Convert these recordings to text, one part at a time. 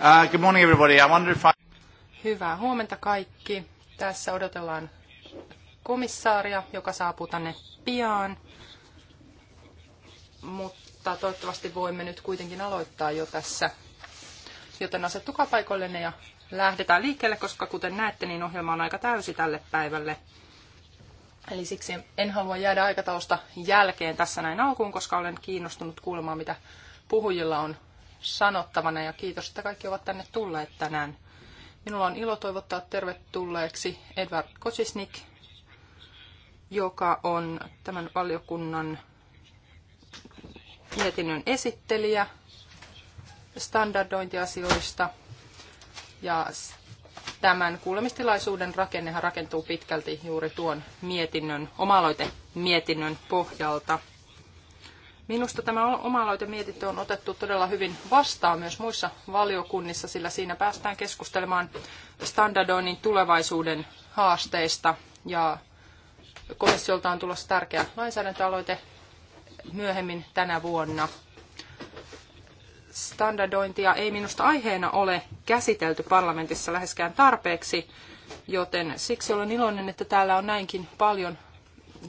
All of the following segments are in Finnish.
Uh, good morning everybody. I wonder if I... Hyvää huomenta kaikki. Tässä odotellaan komissaaria, joka saapuu tänne pian. Mutta toivottavasti voimme nyt kuitenkin aloittaa jo tässä. Joten asettukaa paikoillenne ja lähdetään liikkeelle, koska kuten näette, niin ohjelma on aika täysi tälle päivälle. Eli siksi en halua jäädä aikatausta jälkeen tässä näin alkuun, koska olen kiinnostunut kuulemaan, mitä puhujilla on sanottavana ja kiitos, että kaikki ovat tänne tulleet tänään. Minulla on ilo toivottaa tervetulleeksi Edward Kosisnik, joka on tämän valiokunnan mietinnön esittelijä standardointiasioista. Ja tämän kuulemistilaisuuden rakennehan rakentuu pitkälti juuri tuon mietinnön, oma mietinnön pohjalta – Minusta tämä oma mietintö on otettu todella hyvin vastaan myös muissa valiokunnissa, sillä siinä päästään keskustelemaan standardoinnin tulevaisuuden haasteista. Ja komissiolta on tulossa tärkeä lainsäädäntöaloite myöhemmin tänä vuonna. Standardointia ei minusta aiheena ole käsitelty parlamentissa läheskään tarpeeksi, joten siksi olen iloinen, että täällä on näinkin paljon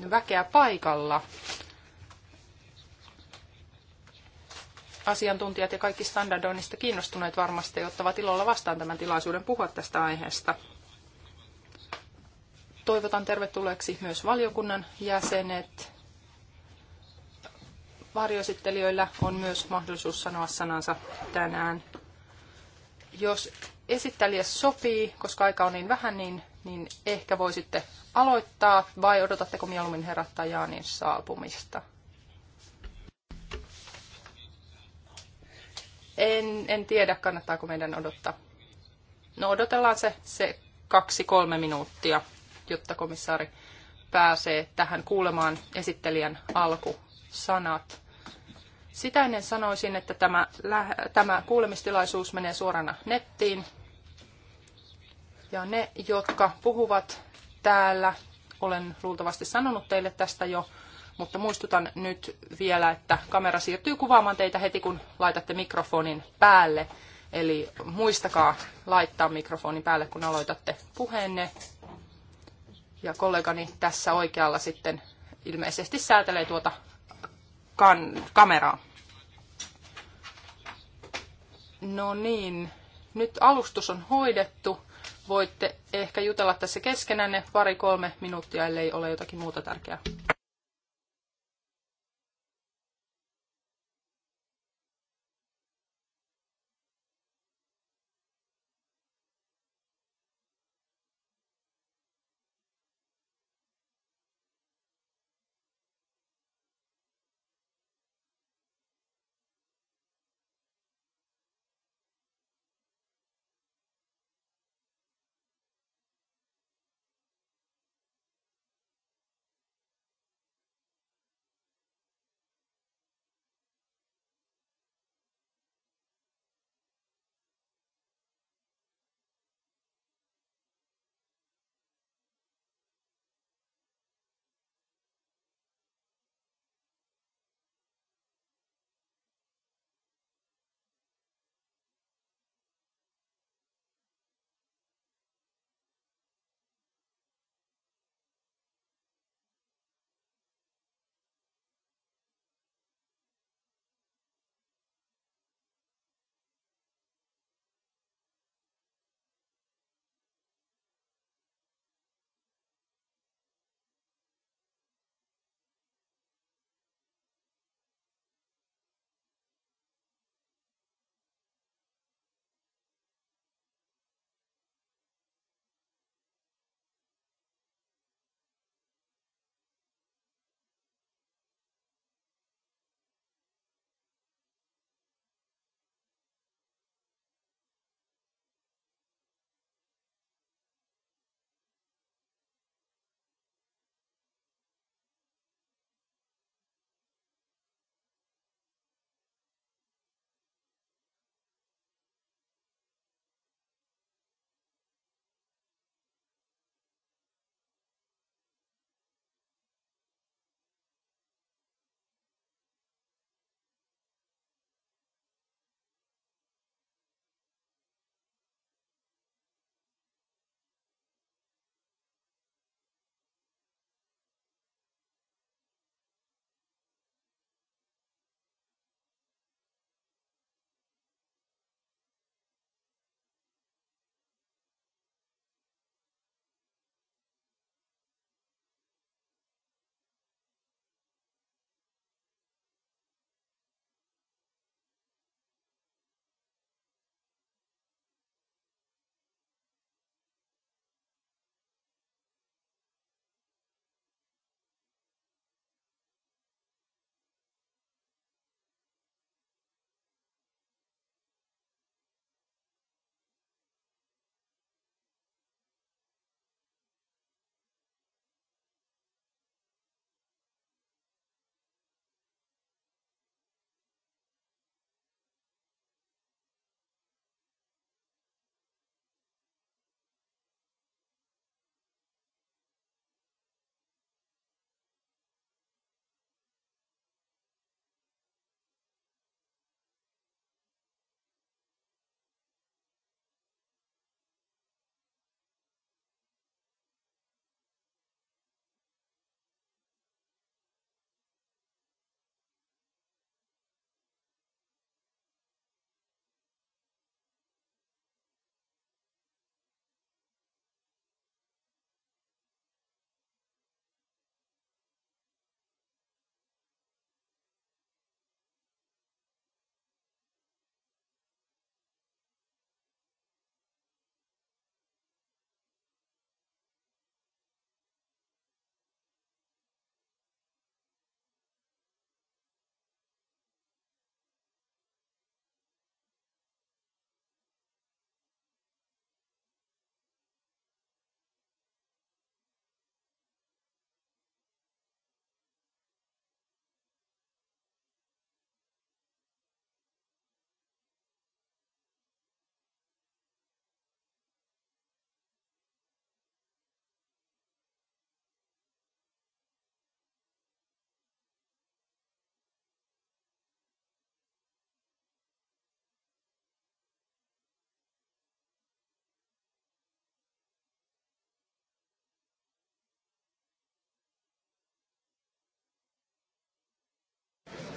väkeä paikalla. asiantuntijat ja kaikki standardoinnista kiinnostuneet varmasti ottavat ilolla vastaan tämän tilaisuuden puhua tästä aiheesta. Toivotan tervetulleeksi myös valiokunnan jäsenet. Varjoesittelijöillä on myös mahdollisuus sanoa sanansa tänään. Jos esittelijä sopii, koska aika on niin vähän, niin, niin ehkä voisitte aloittaa, vai odotatteko mieluummin herättäjää niin saapumista? En, en tiedä, kannattaako meidän odottaa. No odotellaan se, se kaksi-kolme minuuttia, jotta komissaari pääsee tähän kuulemaan esittelijän alkusanat. Sitä ennen sanoisin, että tämä, tämä kuulemistilaisuus menee suorana nettiin. Ja ne, jotka puhuvat täällä, olen luultavasti sanonut teille tästä jo, mutta muistutan nyt vielä, että kamera siirtyy kuvaamaan teitä heti, kun laitatte mikrofonin päälle. Eli muistakaa laittaa mikrofoni päälle, kun aloitatte puheenne. Ja kollegani tässä oikealla sitten ilmeisesti säätelee tuota kan- kameraa. No niin, nyt alustus on hoidettu. Voitte ehkä jutella tässä keskenänne pari-kolme minuuttia, ellei ole jotakin muuta tärkeää.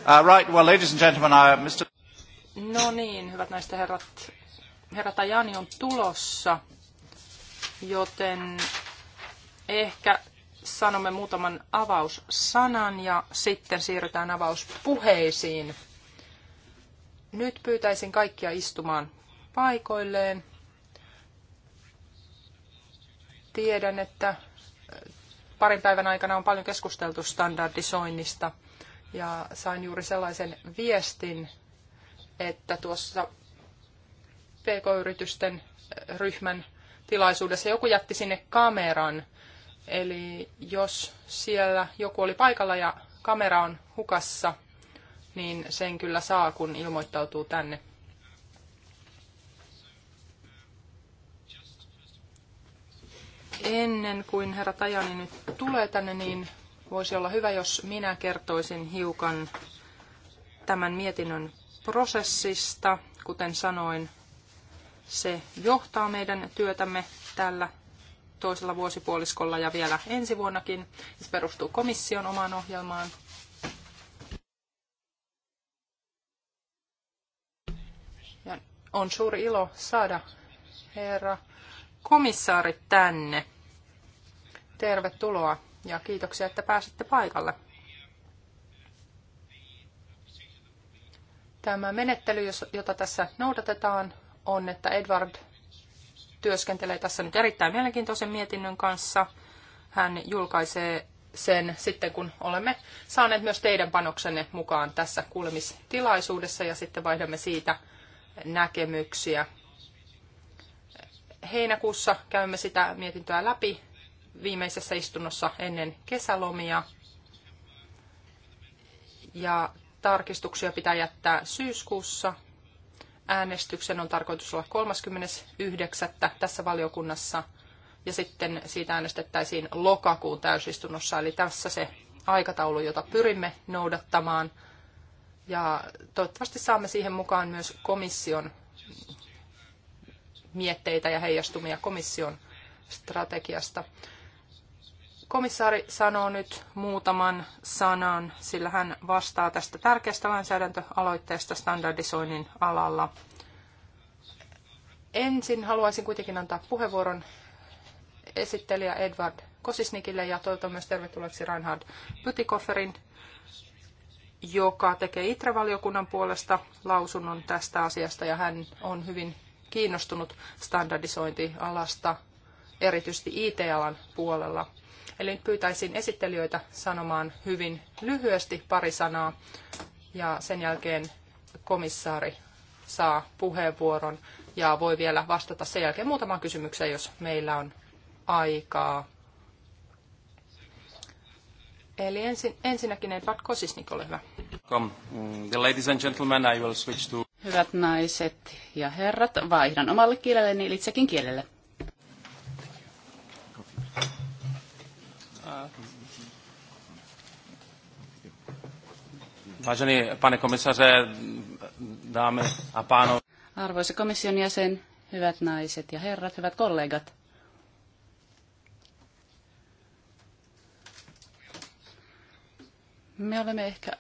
Uh, right, well, ladies and gentlemen, I, uh, Mr. No niin, hyvät naiset ja herrat. Herra Tajani on tulossa, joten ehkä sanomme muutaman avaussanan ja sitten siirrytään avauspuheisiin. Nyt pyytäisin kaikkia istumaan paikoilleen. Tiedän, että parin päivän aikana on paljon keskusteltu standardisoinnista – ja sain juuri sellaisen viestin, että tuossa PK-yritysten äh, ryhmän tilaisuudessa joku jätti sinne kameran. Eli jos siellä joku oli paikalla ja kamera on hukassa, niin sen kyllä saa, kun ilmoittautuu tänne. Ennen kuin herra Tajani nyt tulee tänne, niin Voisi olla hyvä, jos minä kertoisin hiukan tämän mietinnön prosessista. Kuten sanoin, se johtaa meidän työtämme tällä toisella vuosipuoliskolla ja vielä ensi vuonnakin. Se perustuu komission omaan ohjelmaan. Ja on suuri ilo saada herra komissaari tänne. Tervetuloa ja kiitoksia, että pääsitte paikalle. Tämä menettely, jota tässä noudatetaan, on, että Edward työskentelee tässä nyt erittäin mielenkiintoisen mietinnön kanssa. Hän julkaisee sen sitten, kun olemme saaneet myös teidän panoksenne mukaan tässä kuulemistilaisuudessa ja sitten vaihdamme siitä näkemyksiä. Heinäkuussa käymme sitä mietintöä läpi viimeisessä istunnossa ennen kesälomia. Ja tarkistuksia pitää jättää syyskuussa. Äänestyksen on tarkoitus olla 39. tässä valiokunnassa ja sitten siitä äänestettäisiin lokakuun täysistunnossa. Eli tässä se aikataulu, jota pyrimme noudattamaan. Ja toivottavasti saamme siihen mukaan myös komission mietteitä ja heijastumia komission strategiasta komissaari sanoo nyt muutaman sanan, sillä hän vastaa tästä tärkeästä lainsäädäntöaloitteesta standardisoinnin alalla. Ensin haluaisin kuitenkin antaa puheenvuoron esittelijä Edward Kosisnikille ja toivotan myös tervetulleeksi Reinhard Pytikofferin, joka tekee ITRE-valiokunnan puolesta lausunnon tästä asiasta ja hän on hyvin kiinnostunut standardisointialasta, erityisesti IT-alan puolella. Eli pyytäisin esittelijöitä sanomaan hyvin lyhyesti pari sanaa ja sen jälkeen komissaari saa puheenvuoron ja voi vielä vastata sen jälkeen muutamaan kysymykseen, jos meillä on aikaa. Eli ensin, ensinnäkin Edward Kosisnik, ole hyvä. Mm, the ladies and gentlemen, I will switch to... Hyvät naiset ja herrat, vaihdan omalle kielelleni itsekin kielelle. Vážený pane dámy a pánové. Arvoisa komission jäsen, hyvät naiset ja herrat, hyvät kollegat. Me olemme ehkä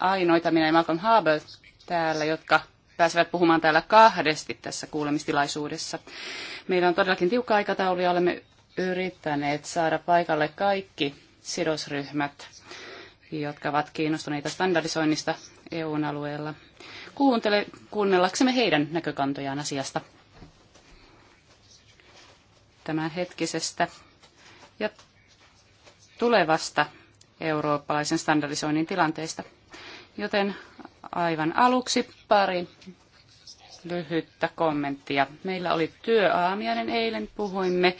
ainoita, minä ja Malcolm Haber täällä, jotka pääsevät puhumaan täällä kahdesti tässä kuulemistilaisuudessa. Meillä on todellakin tiukka aikataulu ja olemme yrittäneet saada paikalle kaikki sidosryhmät jotka ovat kiinnostuneita standardisoinnista EUn alueella. Kuuntele, kuunnellaksemme heidän näkökantojaan asiasta tämänhetkisestä ja tulevasta eurooppalaisen standardisoinnin tilanteesta. Joten aivan aluksi pari lyhyttä kommenttia. Meillä oli työaamiainen eilen, puhuimme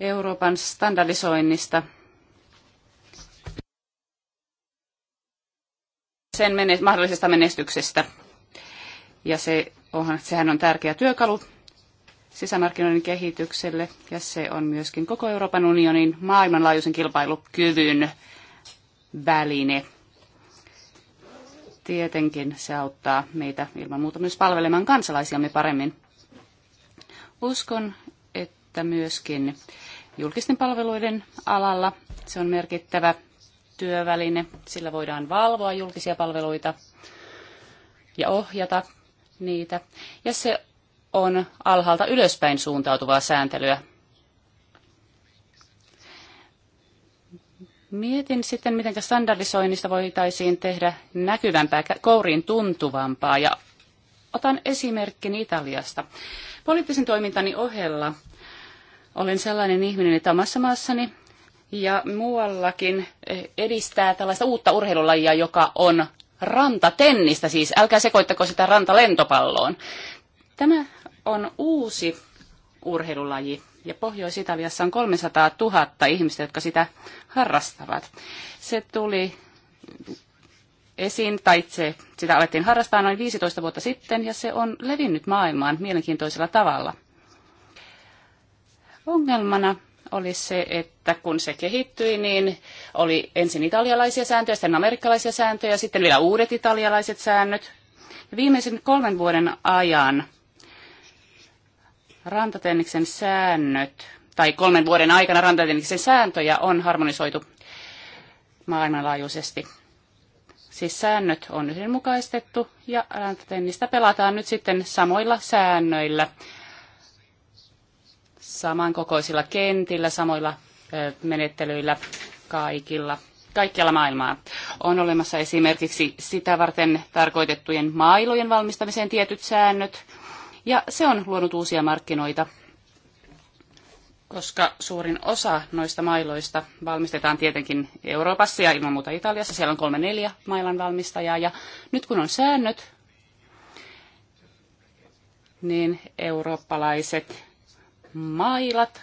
Euroopan standardisoinnista sen mene- mahdollisesta menestyksestä. Ja se onhan, sehän on tärkeä työkalu sisämarkkinoiden kehitykselle ja se on myöskin koko Euroopan unionin maailmanlaajuisen kilpailukyvyn väline. Tietenkin se auttaa meitä ilman muuta myös palvelemaan kansalaisiamme paremmin. Uskon, että myöskin julkisten palveluiden alalla se on merkittävä työväline. Sillä voidaan valvoa julkisia palveluita ja ohjata niitä. Ja se on alhaalta ylöspäin suuntautuvaa sääntelyä. Mietin sitten, miten standardisoinnista voitaisiin tehdä näkyvämpää, kouriin tuntuvampaa. Ja otan esimerkin Italiasta. Poliittisen toimintani ohella olen sellainen ihminen, että omassa maassani ja muuallakin eh, edistää tällaista uutta urheilulajia, joka on rantatennistä siis. Älkää sekoittako sitä rantalentopalloon. Tämä on uusi urheilulaji ja Pohjois-Italiassa on 300 000 ihmistä, jotka sitä harrastavat. Se tuli esiin, tai se, sitä alettiin harrastaa noin 15 vuotta sitten, ja se on levinnyt maailmaan mielenkiintoisella tavalla. Ongelmana oli se, että kun se kehittyi, niin oli ensin italialaisia sääntöjä, sitten amerikkalaisia sääntöjä, sitten vielä uudet italialaiset säännöt. Viimeisen kolmen vuoden ajan rantateenniksen säännöt, tai kolmen vuoden aikana rantateenniksen sääntöjä on harmonisoitu maailmanlaajuisesti. Siis säännöt on yhdenmukaistettu ja rantatennistä pelataan nyt sitten samoilla säännöillä samankokoisilla kentillä, samoilla menettelyillä kaikilla, kaikkialla maailmaa. On olemassa esimerkiksi sitä varten tarkoitettujen mailojen valmistamiseen tietyt säännöt, ja se on luonut uusia markkinoita, koska suurin osa noista mailoista valmistetaan tietenkin Euroopassa ja ilman muuta Italiassa. Siellä on kolme neljä mailan valmistajaa, ja nyt kun on säännöt, niin eurooppalaiset mailat,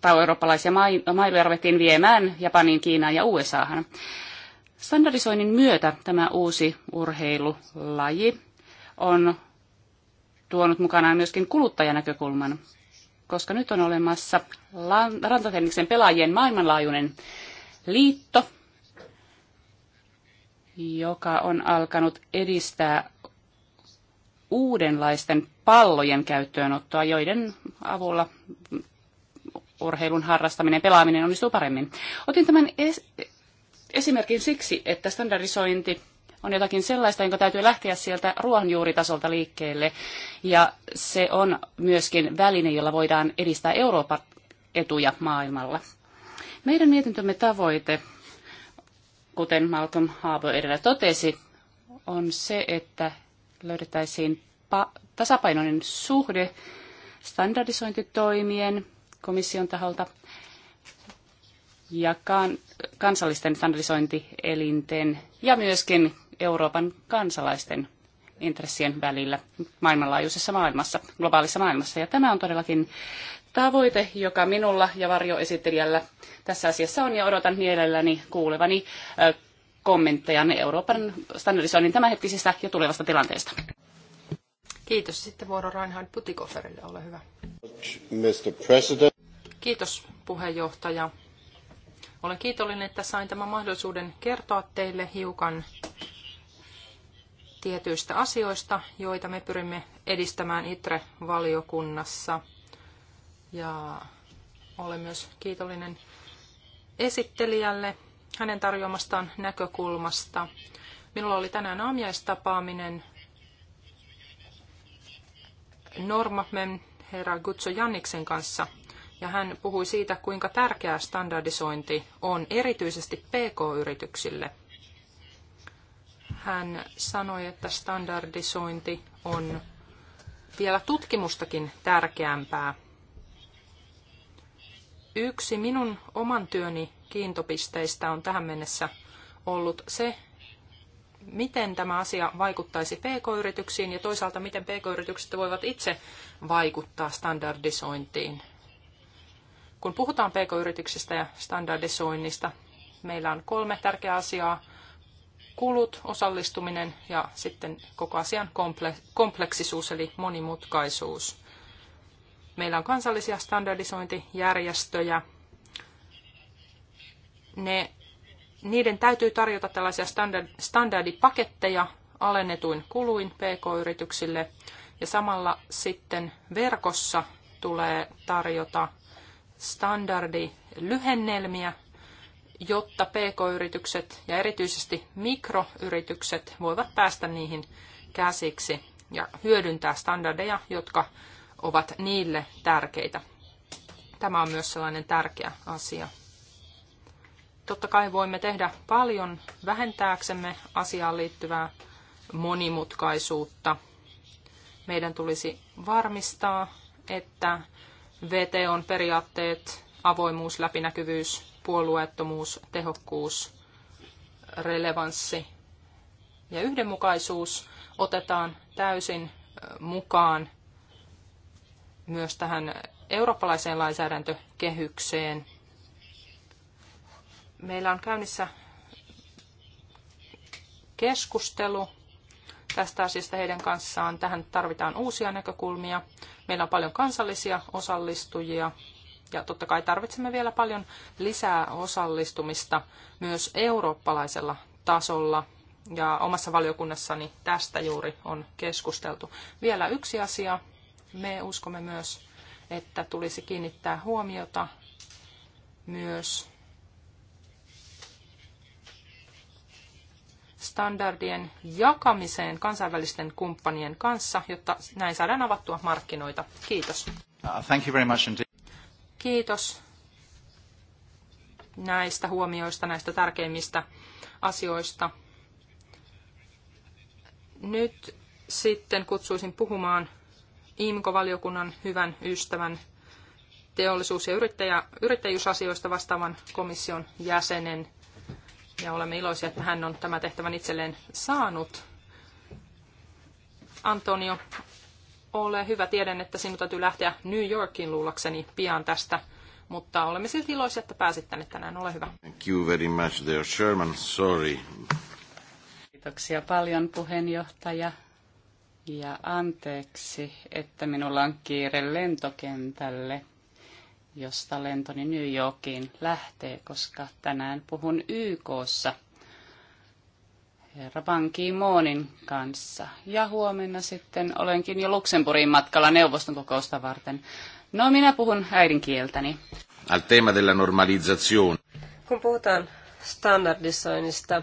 tai eurooppalaisia mailuja ruvettiin viemään Japaniin, Kiinaan ja USAhan. Standardisoinnin myötä tämä uusi urheilulaji on tuonut mukanaan myöskin kuluttajanäkökulman, koska nyt on olemassa rantatenniksen pelaajien maailmanlaajuinen liitto, joka on alkanut edistää uudenlaisten pallojen käyttöönottoa, joiden avulla urheilun harrastaminen, pelaaminen onnistuu paremmin. Otin tämän es- esimerkin siksi, että standardisointi on jotakin sellaista, jonka täytyy lähteä sieltä ruohonjuuritasolta liikkeelle. Ja se on myöskin väline, jolla voidaan edistää Euroopan etuja maailmalla. Meidän mietintömme tavoite, kuten Malcolm Harbour edellä totesi, on se, että löydettäisiin pa- tasapainoinen suhde standardisointitoimien komission taholta ja kansallisten standardisointielinten ja myöskin Euroopan kansalaisten intressien välillä maailmanlaajuisessa maailmassa, globaalissa maailmassa. Ja tämä on todellakin tavoite, joka minulla ja varjoesittelijällä tässä asiassa on, ja odotan mielelläni kuulevani kommentteja Euroopan standardisoinnin tämänhetkisestä ja tulevasta tilanteesta. Kiitos. Sitten vuoro Reinhard Putikoferille. Ole hyvä. Mr. President. Kiitos puheenjohtaja. Olen kiitollinen, että sain tämän mahdollisuuden kertoa teille hiukan tietyistä asioista, joita me pyrimme edistämään ITRE-valiokunnassa. Ja olen myös kiitollinen esittelijälle hänen tarjoamastaan näkökulmasta. Minulla oli tänään aamiaistapaaminen Normamen herra Gutso Janniksen kanssa, ja hän puhui siitä, kuinka tärkeää standardisointi on erityisesti PK-yrityksille. Hän sanoi, että standardisointi on vielä tutkimustakin tärkeämpää. Yksi minun oman työni kiintopisteistä on tähän mennessä ollut se, miten tämä asia vaikuttaisi pk-yrityksiin ja toisaalta miten pk-yritykset voivat itse vaikuttaa standardisointiin. Kun puhutaan pk-yrityksistä ja standardisoinnista, meillä on kolme tärkeää asiaa. Kulut, osallistuminen ja sitten koko asian kompleksisuus eli monimutkaisuus. Meillä on kansallisia standardisointijärjestöjä. Ne niiden täytyy tarjota tällaisia standard, standardipaketteja alennetuin kuluin pk-yrityksille ja samalla sitten verkossa tulee tarjota standardilyhennelmiä, jotta pk-yritykset ja erityisesti mikroyritykset voivat päästä niihin käsiksi ja hyödyntää standardeja, jotka ovat niille tärkeitä. Tämä on myös sellainen tärkeä asia. Totta kai voimme tehdä paljon vähentääksemme asiaan liittyvää monimutkaisuutta. Meidän tulisi varmistaa, että VTOn periaatteet, avoimuus, läpinäkyvyys, puolueettomuus, tehokkuus, relevanssi ja yhdenmukaisuus otetaan täysin mukaan myös tähän eurooppalaiseen lainsäädäntökehykseen. Meillä on käynnissä keskustelu tästä asiasta heidän kanssaan. Tähän tarvitaan uusia näkökulmia. Meillä on paljon kansallisia osallistujia ja totta kai tarvitsemme vielä paljon lisää osallistumista myös eurooppalaisella tasolla. Ja omassa valiokunnassani tästä juuri on keskusteltu. Vielä yksi asia. Me uskomme myös, että tulisi kiinnittää huomiota myös standardien jakamiseen kansainvälisten kumppanien kanssa, jotta näin saadaan avattua markkinoita. Kiitos. Uh, thank you very much indeed. Kiitos näistä huomioista, näistä tärkeimmistä asioista. Nyt sitten kutsuisin puhumaan imco valiokunnan hyvän ystävän teollisuus- ja yrittäjä, yrittäjyysasioista vastaavan komission jäsenen ja olemme iloisia, että hän on tämän tehtävän itselleen saanut. Antonio, ole hyvä. Tiedän, että sinun täytyy lähteä New Yorkiin luulakseni pian tästä, mutta olemme silti iloisia, että pääsit tänne tänään. Ole hyvä. Thank you very much, dear Sherman. Sorry. Kiitoksia paljon puheenjohtaja. Ja anteeksi, että minulla on kiire lentokentälle josta lentoni New Yorkiin lähtee, koska tänään puhun YKssa herra Ban Ki-moonin kanssa. Ja huomenna sitten olenkin jo Luxemburgin matkalla neuvoston kokousta varten. No, minä puhun äidinkieltäni. Al tema della normalizzazione. Kun puhutaan standardisoinnista,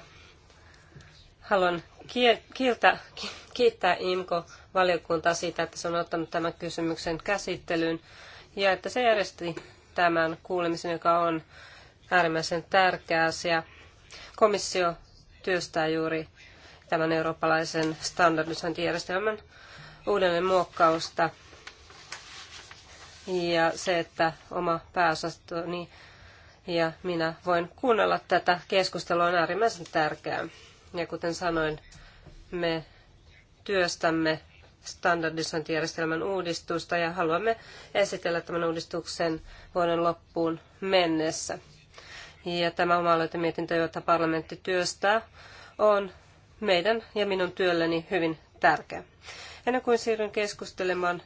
haluan kiiltä, kiittää IMKO-valiokuntaa siitä, että se on ottanut tämän kysymyksen käsittelyyn ja että se järjesti tämän kuulemisen, joka on äärimmäisen tärkeä asia. Komissio työstää juuri tämän eurooppalaisen standardisointijärjestelmän uudelleen muokkausta. Ja se, että oma pääosastoni ja minä voin kuunnella tätä keskustelua on äärimmäisen tärkeää. Ja kuten sanoin, me työstämme standardisointijärjestelmän uudistusta ja haluamme esitellä tämän uudistuksen vuoden loppuun mennessä. Ja tämä oma mietintö, jota parlamentti työstää, on meidän ja minun työlleni hyvin tärkeä. Ennen kuin siirryn keskustelemaan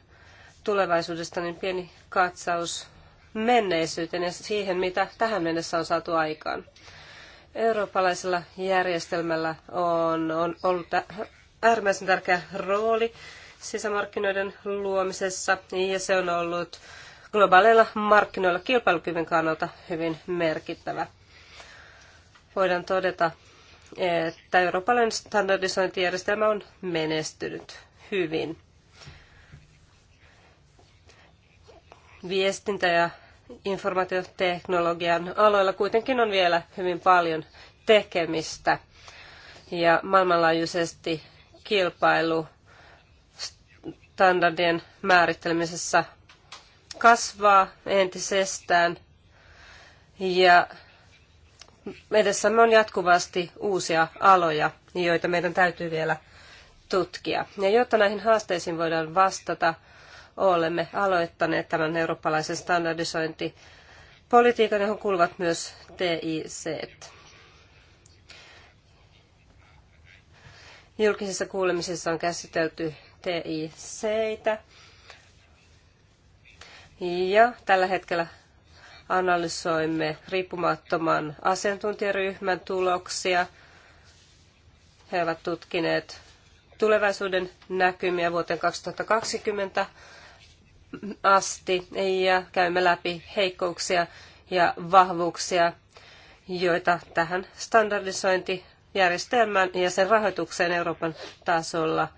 tulevaisuudesta, niin pieni katsaus menneisyyteen ja siihen, mitä tähän mennessä on saatu aikaan. Eurooppalaisella järjestelmällä on, on ollut äärimmäisen tärkeä rooli sisämarkkinoiden luomisessa ja se on ollut globaaleilla markkinoilla kilpailukyvyn kannalta hyvin merkittävä. Voidaan todeta, että eurooppalainen standardisointijärjestelmä on menestynyt hyvin. Viestintä- ja informaatioteknologian aloilla kuitenkin on vielä hyvin paljon tekemistä. Ja maailmanlaajuisesti kilpailu standardien määrittelemisessä kasvaa entisestään ja edessämme on jatkuvasti uusia aloja, joita meidän täytyy vielä tutkia. Ja jotta näihin haasteisiin voidaan vastata, olemme aloittaneet tämän eurooppalaisen standardisointipolitiikan, johon kuuluvat myös TIC. Julkisissa kuulemisissa on käsitelty TICitä. Ja tällä hetkellä analysoimme riippumattoman asiantuntijaryhmän tuloksia. He ovat tutkineet tulevaisuuden näkymiä vuoteen 2020 asti ja käymme läpi heikkouksia ja vahvuuksia, joita tähän standardisointijärjestelmään ja sen rahoitukseen Euroopan tasolla –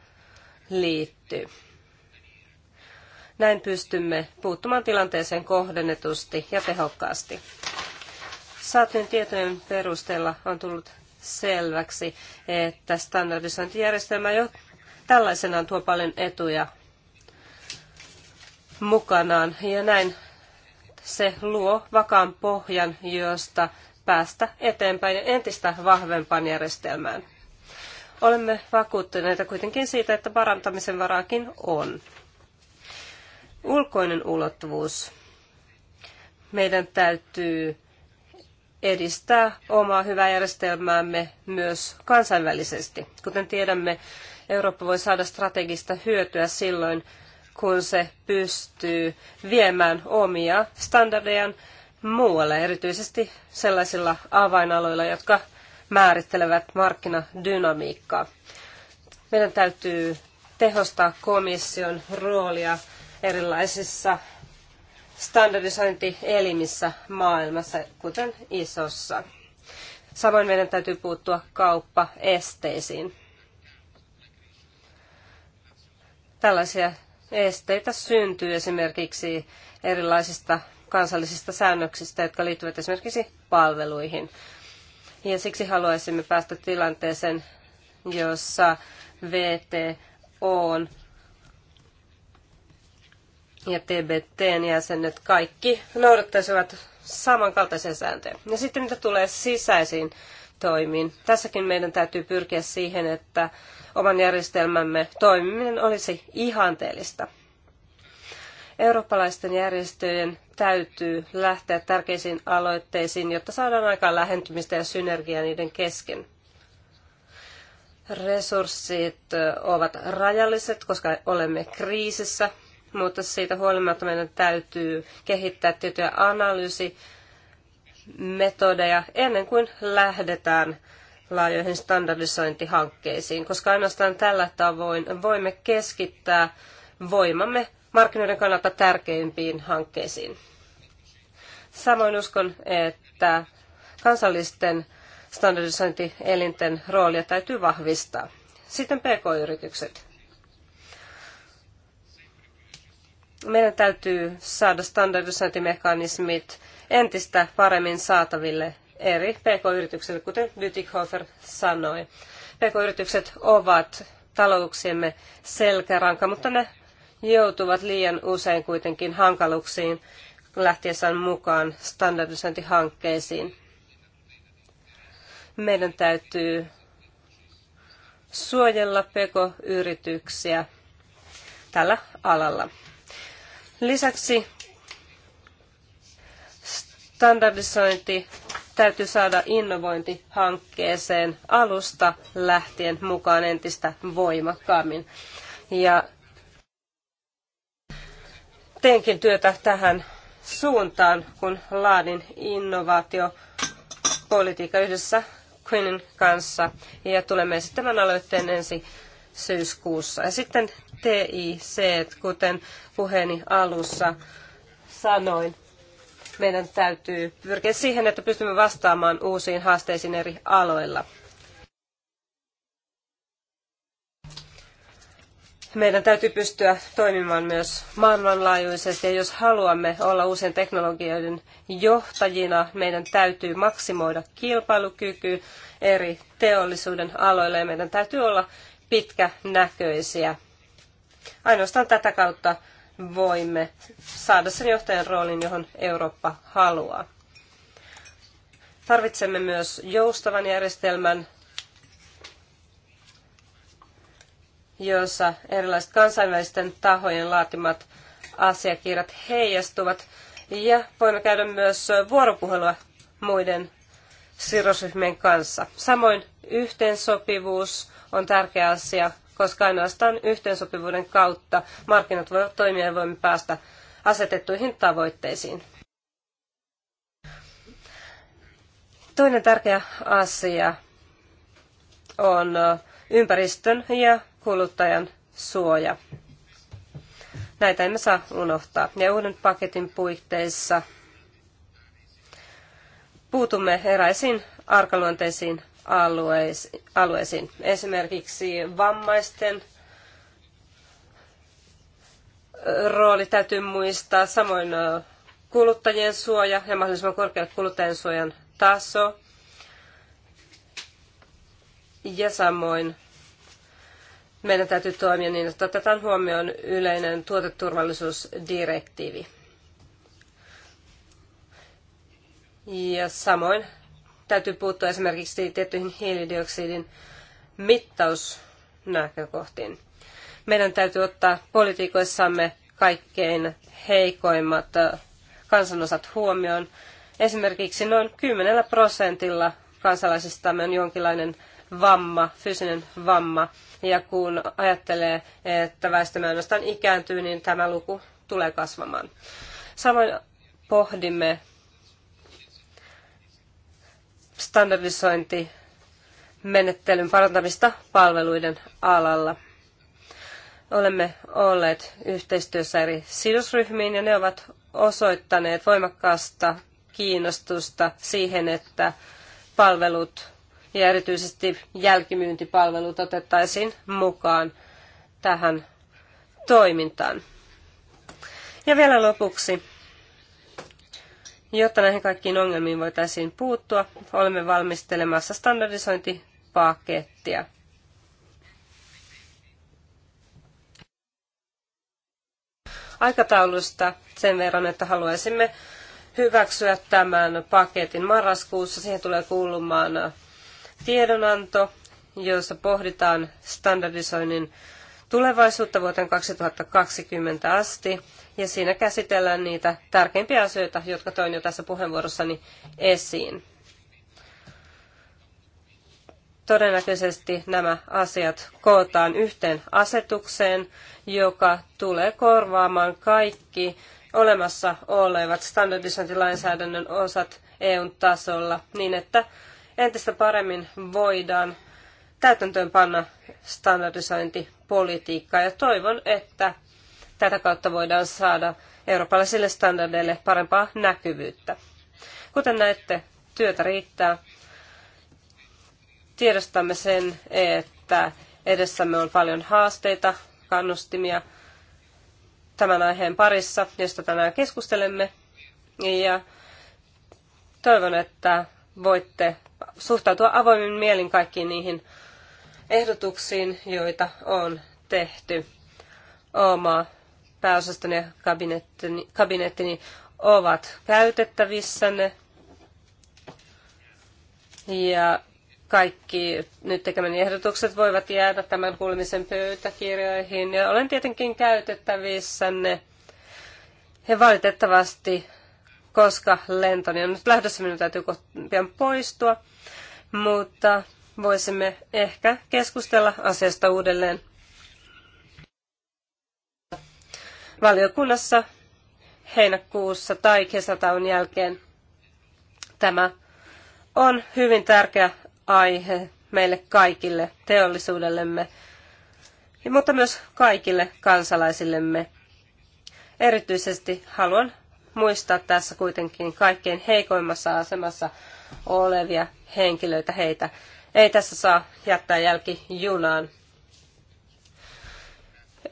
liittyy. Näin pystymme puuttumaan tilanteeseen kohdennetusti ja tehokkaasti. Saatujen tietojen perusteella on tullut selväksi, että standardisointijärjestelmä jo tällaisenaan tuo paljon etuja mukanaan. Ja näin se luo vakaan pohjan, josta päästä eteenpäin entistä vahvempaan järjestelmään. Olemme vakuuttuneita kuitenkin siitä, että parantamisen varaakin on. Ulkoinen ulottuvuus. Meidän täytyy edistää omaa hyvää järjestelmäämme myös kansainvälisesti. Kuten tiedämme, Eurooppa voi saada strategista hyötyä silloin, kun se pystyy viemään omia standardejaan muualle, erityisesti sellaisilla avainaloilla, jotka määrittelevät markkinadynamiikkaa. Meidän täytyy tehostaa komission roolia erilaisissa standardisointielimissä maailmassa, kuten isossa. Samoin meidän täytyy puuttua kauppaesteisiin. Tällaisia esteitä syntyy esimerkiksi erilaisista kansallisista säännöksistä, jotka liittyvät esimerkiksi palveluihin. Ja siksi haluaisimme päästä tilanteeseen, jossa on ja TBTn jäsenet kaikki noudattaisivat samankaltaisia sääntöjä. Ja sitten mitä tulee sisäisiin toimiin. Tässäkin meidän täytyy pyrkiä siihen, että oman järjestelmämme toimiminen olisi ihanteellista. Eurooppalaisten järjestöjen täytyy lähteä tärkeisiin aloitteisiin, jotta saadaan aikaan lähentymistä ja synergiaa niiden kesken. Resurssit ovat rajalliset, koska olemme kriisissä, mutta siitä huolimatta meidän täytyy kehittää tiettyjä analyysimetodeja ennen kuin lähdetään laajoihin standardisointihankkeisiin, koska ainoastaan tällä tavoin voimme keskittää voimamme markkinoiden kannalta tärkeimpiin hankkeisiin. Samoin uskon, että kansallisten standardisointielinten roolia täytyy vahvistaa. Sitten pk-yritykset. Meidän täytyy saada standardisointimekanismit entistä paremmin saataville eri pk-yrityksille, kuten Lütikhofer sanoi. Pk-yritykset ovat talouksiemme selkäranka, mutta ne joutuvat liian usein kuitenkin hankaluksiin lähtiessään mukaan standardisointihankkeisiin. Meidän täytyy suojella pekoyrityksiä yrityksiä tällä alalla. Lisäksi standardisointi täytyy saada innovointihankkeeseen alusta lähtien mukaan entistä voimakkaammin. Ja teenkin työtä tähän suuntaan, kun laadin innovaatiopolitiikka yhdessä Quinnin kanssa ja tulemme esittämään aloitteen ensi syyskuussa. Ja sitten TIC, kuten puheeni alussa sanoin, meidän täytyy pyrkiä siihen, että pystymme vastaamaan uusiin haasteisiin eri aloilla. meidän täytyy pystyä toimimaan myös maailmanlaajuisesti ja jos haluamme olla uusien teknologioiden johtajina, meidän täytyy maksimoida kilpailukyky eri teollisuuden aloilla ja meidän täytyy olla pitkänäköisiä. Ainoastaan tätä kautta voimme saada sen johtajan roolin, johon Eurooppa haluaa. Tarvitsemme myös joustavan järjestelmän, jossa erilaiset kansainvälisten tahojen laatimat asiakirjat heijastuvat. Ja voimme käydä myös vuoropuhelua muiden sidosryhmien kanssa. Samoin yhteensopivuus on tärkeä asia, koska ainoastaan yhteensopivuuden kautta markkinat voivat toimia ja voimme päästä asetettuihin tavoitteisiin. Toinen tärkeä asia on ympäristön ja kuluttajan suoja. Näitä emme saa unohtaa. Ja uuden paketin puitteissa puutumme eräisiin arkaluonteisiin alueisiin. Esimerkiksi vammaisten rooli täytyy muistaa, samoin kuluttajien suoja ja mahdollisimman korkeat kuluttajien suojan taso ja samoin meidän täytyy toimia niin, että otetaan huomioon yleinen tuoteturvallisuusdirektiivi. Ja samoin täytyy puuttua esimerkiksi tiettyihin hiilidioksidin mittausnäkökohtiin. Meidän täytyy ottaa politiikoissamme kaikkein heikoimmat äh, kansanosat huomioon. Esimerkiksi noin 10 prosentilla kansalaisistamme on jonkinlainen vamma, fyysinen vamma. Ja kun ajattelee, että väestömme ainoastaan ikääntyy, niin tämä luku tulee kasvamaan. Samoin pohdimme standardisointi, menettelyn parantamista palveluiden alalla. Olemme olleet yhteistyössä eri sidosryhmiin ja ne ovat osoittaneet voimakkaasta kiinnostusta siihen, että palvelut ja erityisesti jälkimyyntipalvelut otettaisiin mukaan tähän toimintaan. Ja vielä lopuksi, jotta näihin kaikkiin ongelmiin voitaisiin puuttua, olemme valmistelemassa standardisointipakettia. Aikataulusta sen verran, että haluaisimme hyväksyä tämän paketin marraskuussa. Siihen tulee kuulumaan tiedonanto, jossa pohditaan standardisoinnin tulevaisuutta vuoteen 2020 asti. Ja siinä käsitellään niitä tärkeimpiä asioita, jotka toin jo tässä puheenvuorossani esiin. Todennäköisesti nämä asiat kootaan yhteen asetukseen, joka tulee korvaamaan kaikki olemassa olevat standardisointilainsäädännön osat EUn tasolla niin, että entistä paremmin voidaan täytäntöön panna standardisointipolitiikkaa ja toivon, että tätä kautta voidaan saada eurooppalaisille standardeille parempaa näkyvyyttä. Kuten näette, työtä riittää. Tiedostamme sen, että edessämme on paljon haasteita, kannustimia tämän aiheen parissa, josta tänään keskustelemme. Ja toivon, että voitte suhtautua avoimin mielin kaikkiin niihin ehdotuksiin, joita on tehty. Oma pääosaston ja kabinettini, kabinettini ovat käytettävissänne. Ja kaikki nyt tekemäni ehdotukset voivat jäädä tämän kuulemisen pöytäkirjoihin. Ja olen tietenkin käytettävissänne. Ja valitettavasti koska lentoni on nyt lähdössä, minun täytyy pian poistua. Mutta voisimme ehkä keskustella asiasta uudelleen. Valiokunnassa heinäkuussa tai kesätaun jälkeen tämä on hyvin tärkeä aihe meille kaikille, teollisuudellemme, mutta myös kaikille kansalaisillemme. Erityisesti haluan muistaa tässä kuitenkin kaikkein heikoimmassa asemassa olevia henkilöitä heitä. Ei tässä saa jättää jälki junaan.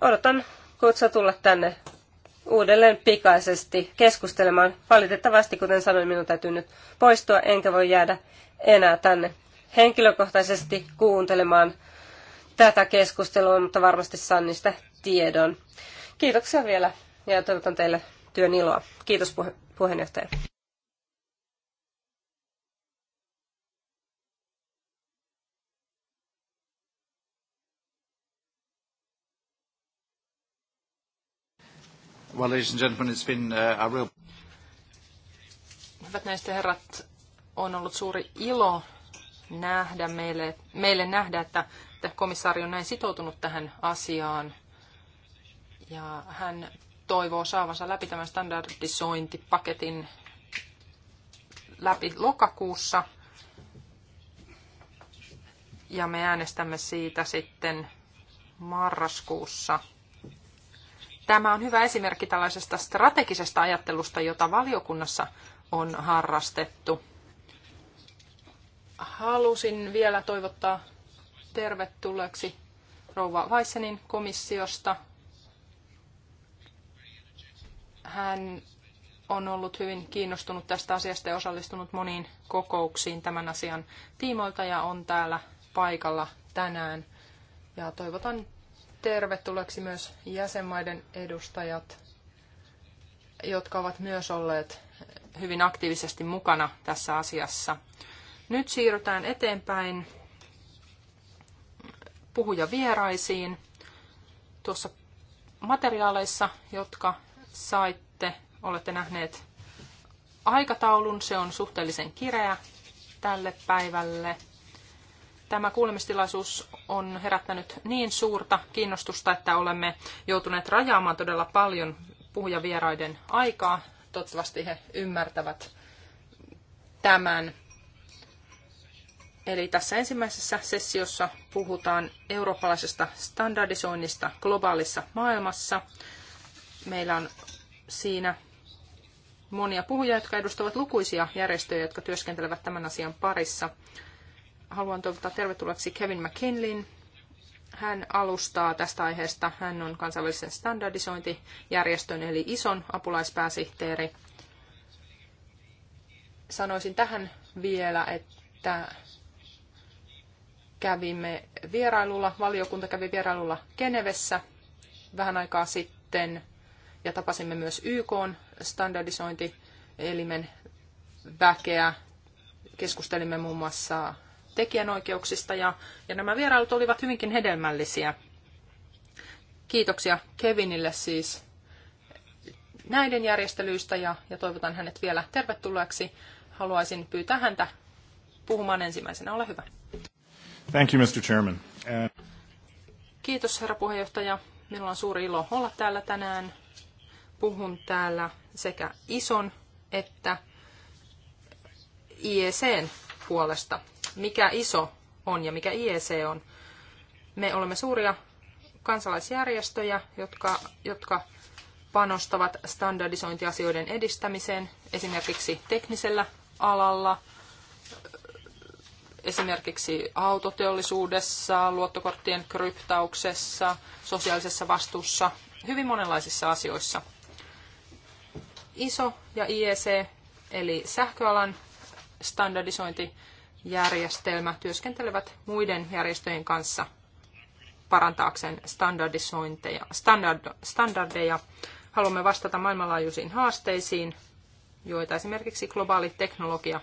Odotan kutsua tulla tänne uudelleen pikaisesti keskustelemaan. Valitettavasti, kuten sanoin, minun täytyy nyt poistua, enkä voi jäädä enää tänne henkilökohtaisesti kuuntelemaan tätä keskustelua, mutta varmasti saan niistä tiedon. Kiitoksia vielä ja toivotan teille työn iloa. Kiitos puhe- puheenjohtaja. Well, ladies and gentlemen, it's been uh, a real... Hyvät näistä herrat, on ollut suuri ilo nähdä meille, meille nähdä, että, että komissaari on näin sitoutunut tähän asiaan. Ja hän toivoo saavansa läpi tämän standardisointipaketin läpi lokakuussa. Ja me äänestämme siitä sitten marraskuussa. Tämä on hyvä esimerkki tällaisesta strategisesta ajattelusta, jota valiokunnassa on harrastettu. Halusin vielä toivottaa tervetulleeksi rouva Weissenin komissiosta hän on ollut hyvin kiinnostunut tästä asiasta ja osallistunut moniin kokouksiin tämän asian tiimoilta ja on täällä paikalla tänään. Ja toivotan tervetulleeksi myös jäsenmaiden edustajat, jotka ovat myös olleet hyvin aktiivisesti mukana tässä asiassa. Nyt siirrytään eteenpäin puhujavieraisiin. Tuossa materiaaleissa, jotka saitte, olette nähneet aikataulun. Se on suhteellisen kireä tälle päivälle. Tämä kuulemistilaisuus on herättänyt niin suurta kiinnostusta, että olemme joutuneet rajaamaan todella paljon puhujavieraiden aikaa. Toivottavasti he ymmärtävät tämän. Eli tässä ensimmäisessä sessiossa puhutaan eurooppalaisesta standardisoinnista globaalissa maailmassa. Meillä on siinä monia puhujia, jotka edustavat lukuisia järjestöjä, jotka työskentelevät tämän asian parissa. Haluan toivottaa tervetulleeksi Kevin McKinleyn. Hän alustaa tästä aiheesta. Hän on kansainvälisen standardisointijärjestön eli ison apulaispääsihteeri. Sanoisin tähän vielä, että kävimme vierailulla, valiokunta kävi vierailulla Genevessä vähän aikaa sitten ja tapasimme myös YK standardisointielimen väkeä. Keskustelimme muun muassa tekijänoikeuksista ja, ja nämä vierailut olivat hyvinkin hedelmällisiä. Kiitoksia Kevinille siis näiden järjestelyistä ja, ja toivotan hänet vielä tervetulleeksi. Haluaisin pyytää häntä puhumaan ensimmäisenä. Ole hyvä. Thank you, Mr. Chairman. Uh, Kiitos, herra puheenjohtaja. Minulla on suuri ilo olla täällä tänään puhun täällä sekä ison että IECn puolesta. Mikä iso on ja mikä IEC on? Me olemme suuria kansalaisjärjestöjä, jotka, jotka panostavat standardisointiasioiden edistämiseen esimerkiksi teknisellä alalla, esimerkiksi autoteollisuudessa, luottokorttien kryptauksessa, sosiaalisessa vastuussa, hyvin monenlaisissa asioissa – ISO ja IEC, eli sähköalan standardisointijärjestelmä, työskentelevät muiden järjestöjen kanssa parantaakseen standardisointeja, standard, standardeja. Haluamme vastata maailmanlaajuisiin haasteisiin, joita esimerkiksi globaali teknologia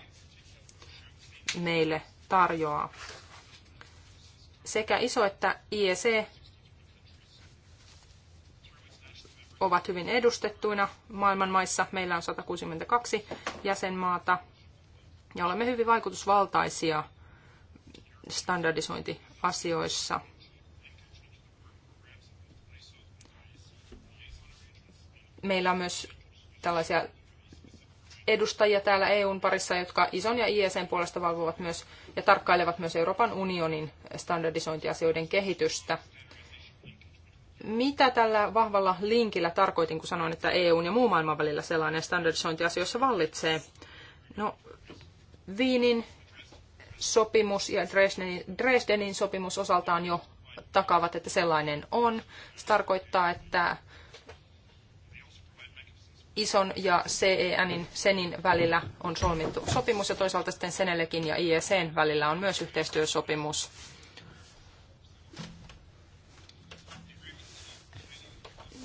meille tarjoaa. Sekä ISO että IEC ovat hyvin edustettuina maailman maissa. Meillä on 162 jäsenmaata ja olemme hyvin vaikutusvaltaisia standardisointiasioissa. Meillä on myös tällaisia edustajia täällä EUn parissa, jotka ISON ja ISN e puolesta valvovat myös ja tarkkailevat myös Euroopan unionin standardisointiasioiden kehitystä – mitä tällä vahvalla linkillä tarkoitin, kun sanoin, että EUn ja muun maailman välillä sellainen standardisointiasioissa vallitsee? No, Viinin sopimus ja Dresdenin, Dresdenin sopimus osaltaan jo takaavat, että sellainen on. Se tarkoittaa, että ISON ja CENin SENin välillä on solmittu sopimus ja toisaalta sitten Senelekin ja IECn välillä on myös yhteistyösopimus.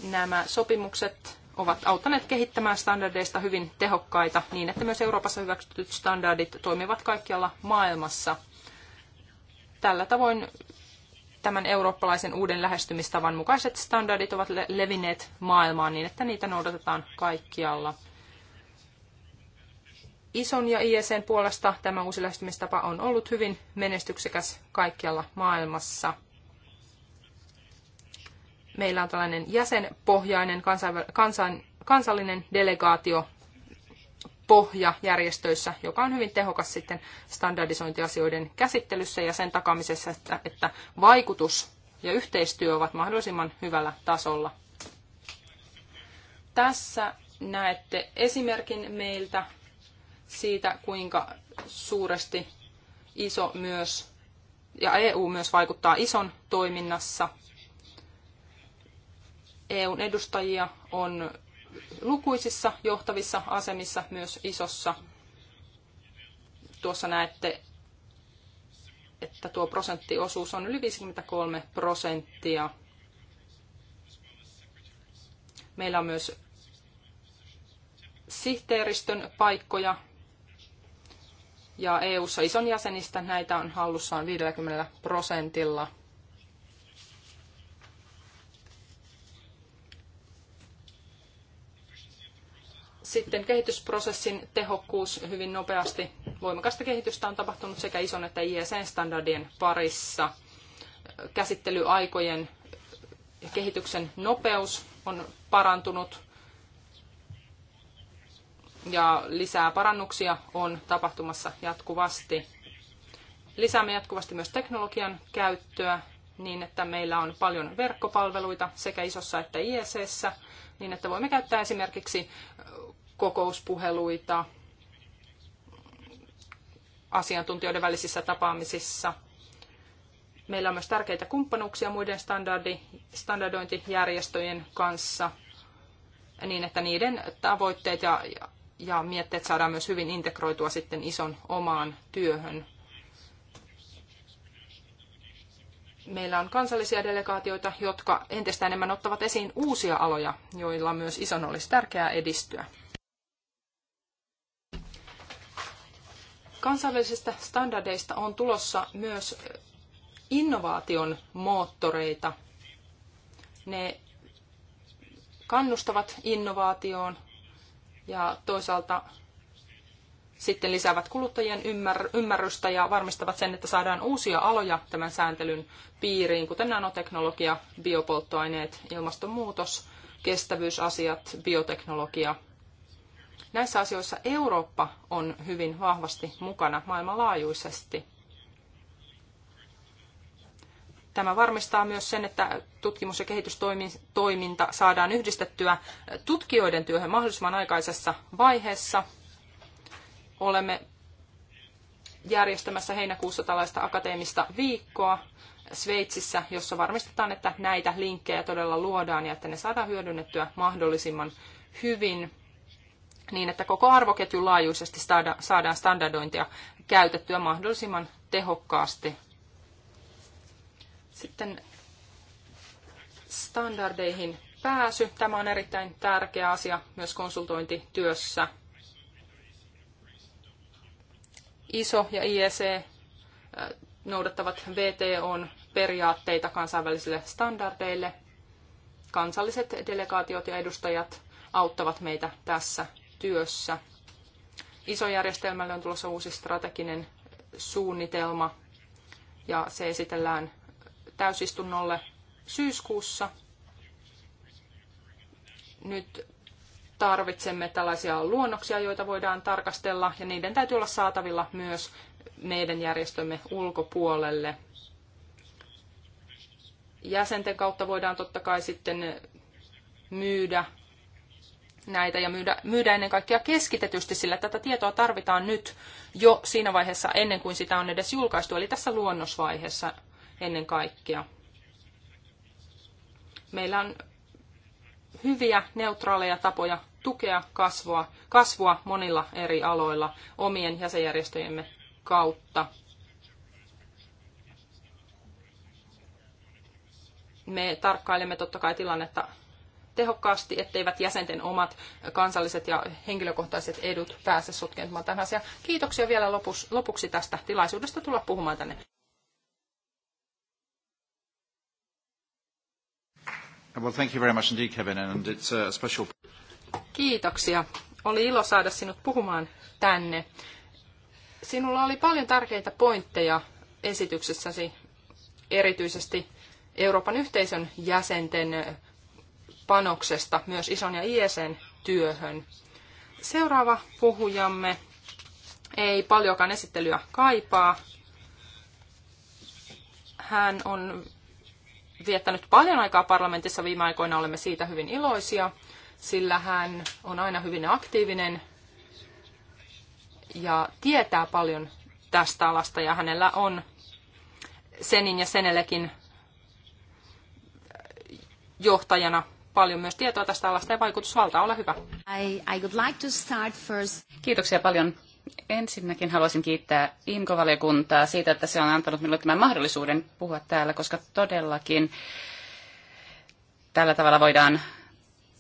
Nämä sopimukset ovat auttaneet kehittämään standardeista hyvin tehokkaita niin, että myös Euroopassa hyväksytyt standardit toimivat kaikkialla maailmassa. Tällä tavoin tämän eurooppalaisen uuden lähestymistavan mukaiset standardit ovat levinneet maailmaan niin, että niitä noudatetaan kaikkialla. ISON ja ISN puolesta tämä uusi lähestymistapa on ollut hyvin menestyksekäs kaikkialla maailmassa – meillä on tällainen jäsenpohjainen kansain, kansallinen delegaatio pohja järjestöissä, joka on hyvin tehokas sitten standardisointiasioiden käsittelyssä ja sen takamisessa, että, että vaikutus ja yhteistyö ovat mahdollisimman hyvällä tasolla. Tässä näette esimerkin meiltä siitä, kuinka suuresti iso myös ja EU myös vaikuttaa ison toiminnassa – EUn edustajia on lukuisissa johtavissa asemissa myös isossa. Tuossa näette, että tuo prosenttiosuus on yli 53 prosenttia. Meillä on myös sihteeristön paikkoja ja EU-ssa ison jäsenistä näitä on hallussaan 50 prosentilla – Sitten kehitysprosessin tehokkuus hyvin nopeasti. Voimakasta kehitystä on tapahtunut sekä ison että ISN-standardien parissa. Käsittelyaikojen ja kehityksen nopeus on parantunut ja lisää parannuksia on tapahtumassa jatkuvasti. Lisäämme jatkuvasti myös teknologian käyttöä niin, että meillä on paljon verkkopalveluita sekä isossa että ISS, niin että voimme käyttää esimerkiksi kokouspuheluita asiantuntijoiden välisissä tapaamisissa. Meillä on myös tärkeitä kumppanuuksia muiden standardi, standardointijärjestöjen kanssa niin, että niiden tavoitteet ja, ja, ja mietteet saadaan myös hyvin integroitua sitten ison omaan työhön. Meillä on kansallisia delegaatioita, jotka entistä enemmän ottavat esiin uusia aloja, joilla myös ison olisi tärkeää edistyä. Kansainvälisistä standardeista on tulossa myös innovaation moottoreita. Ne kannustavat innovaatioon ja toisaalta sitten lisäävät kuluttajien ymmärrystä ja varmistavat sen, että saadaan uusia aloja tämän sääntelyn piiriin, kuten nanoteknologia, biopolttoaineet, ilmastonmuutos, kestävyysasiat, bioteknologia – Näissä asioissa Eurooppa on hyvin vahvasti mukana maailmanlaajuisesti. Tämä varmistaa myös sen, että tutkimus- ja kehitystoiminta saadaan yhdistettyä tutkijoiden työhön mahdollisimman aikaisessa vaiheessa. Olemme järjestämässä heinäkuussa tällaista akateemista viikkoa Sveitsissä, jossa varmistetaan, että näitä linkkejä todella luodaan ja että ne saadaan hyödynnettyä mahdollisimman hyvin niin, että koko arvoketjun laajuisesti saadaan standardointia käytettyä mahdollisimman tehokkaasti. Sitten standardeihin pääsy. Tämä on erittäin tärkeä asia myös konsultointityössä. ISO ja IEC äh, noudattavat VTOn periaatteita kansainvälisille standardeille. Kansalliset delegaatiot ja edustajat auttavat meitä tässä työssä. järjestelmälle on tulossa uusi strateginen suunnitelma ja se esitellään täysistunnolle syyskuussa. Nyt tarvitsemme tällaisia luonnoksia, joita voidaan tarkastella ja niiden täytyy olla saatavilla myös meidän järjestömme ulkopuolelle. Jäsenten kautta voidaan totta kai sitten myydä näitä ja myydä, myydä ennen kaikkea keskitetysti, sillä tätä tietoa tarvitaan nyt jo siinä vaiheessa ennen kuin sitä on edes julkaistu, eli tässä luonnosvaiheessa ennen kaikkea. Meillä on hyviä neutraaleja tapoja tukea kasvua, kasvua monilla eri aloilla omien jäsenjärjestöjemme kautta. Me tarkkailemme totta kai tilannetta tehokkaasti, etteivät jäsenten omat kansalliset ja henkilökohtaiset edut pääse sotkeentumaan tähän asiaan. Kiitoksia vielä lopuksi, lopuksi tästä tilaisuudesta tulla puhumaan tänne. Well, thank you very much indeed, Kevin, and it's a special... Kiitoksia. Oli ilo saada sinut puhumaan tänne. Sinulla oli paljon tärkeitä pointteja esityksessäsi, erityisesti Euroopan yhteisön jäsenten panoksesta myös ison ja iesen työhön. Seuraava puhujamme ei paljonkaan esittelyä kaipaa. Hän on viettänyt paljon aikaa parlamentissa viime aikoina, olemme siitä hyvin iloisia, sillä hän on aina hyvin aktiivinen ja tietää paljon tästä alasta ja hänellä on Senin ja senellekin johtajana paljon myös tietoa tästä alasta ja vaikutusvaltaa. Ole hyvä. I, I would like to start first. Kiitoksia paljon. Ensinnäkin haluaisin kiittää IMKO-valiokuntaa siitä, että se on antanut minulle tämän mahdollisuuden puhua täällä, koska todellakin tällä tavalla voidaan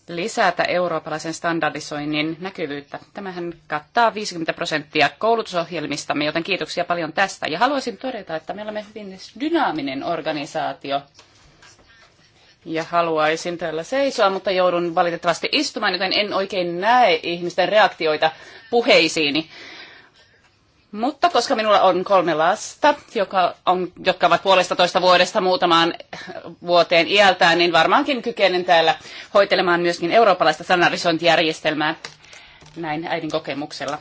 lisätä eurooppalaisen standardisoinnin näkyvyyttä. Tämähän kattaa 50 prosenttia koulutusohjelmistamme, joten kiitoksia paljon tästä. Ja haluaisin todeta, että me olemme hyvin dynaaminen organisaatio ja haluaisin täällä seisoa, mutta joudun valitettavasti istumaan, joten en oikein näe ihmisten reaktioita puheisiini. Mutta koska minulla on kolme lasta, joka on, jotka ovat puolesta toista vuodesta muutamaan vuoteen iältään, niin varmaankin kykenen täällä hoitelemaan myöskin eurooppalaista sanarisointijärjestelmää näin äidin kokemuksella.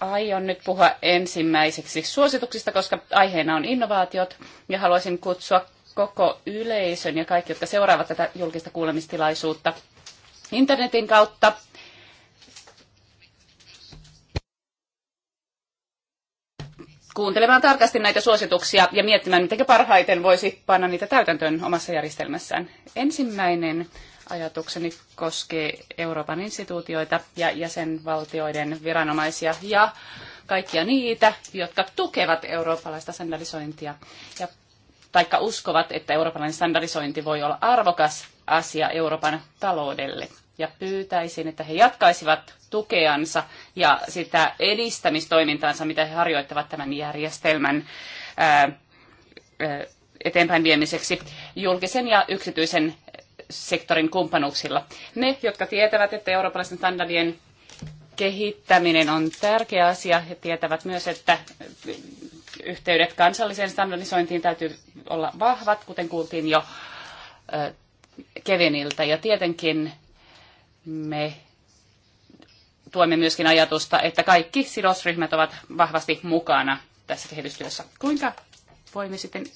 Aion nyt puhua ensimmäiseksi suosituksista, koska aiheena on innovaatiot ja haluaisin kutsua koko yleisön ja kaikki, jotka seuraavat tätä julkista kuulemistilaisuutta internetin kautta. kuuntelemaan tarkasti näitä suosituksia ja miettimään, miten parhaiten voisi panna niitä täytäntöön omassa järjestelmässään. Ensimmäinen ajatukseni koskee Euroopan instituutioita ja jäsenvaltioiden viranomaisia ja kaikkia niitä, jotka tukevat eurooppalaista sandalisointia. Ja taikka uskovat, että eurooppalainen standardisointi voi olla arvokas asia Euroopan taloudelle. Ja pyytäisin, että he jatkaisivat tukeansa ja sitä edistämistoimintaansa, mitä he harjoittavat tämän järjestelmän ää, ää, eteenpäin viemiseksi julkisen ja yksityisen sektorin kumppanuuksilla. Ne, jotka tietävät, että eurooppalaisten standardien kehittäminen on tärkeä asia. ja tietävät myös, että yhteydet kansalliseen standardisointiin täytyy olla vahvat, kuten kuultiin jo Keviniltä. Ja tietenkin me tuemme myöskin ajatusta, että kaikki sidosryhmät ovat vahvasti mukana tässä kehitystyössä. Kuinka voimme sitten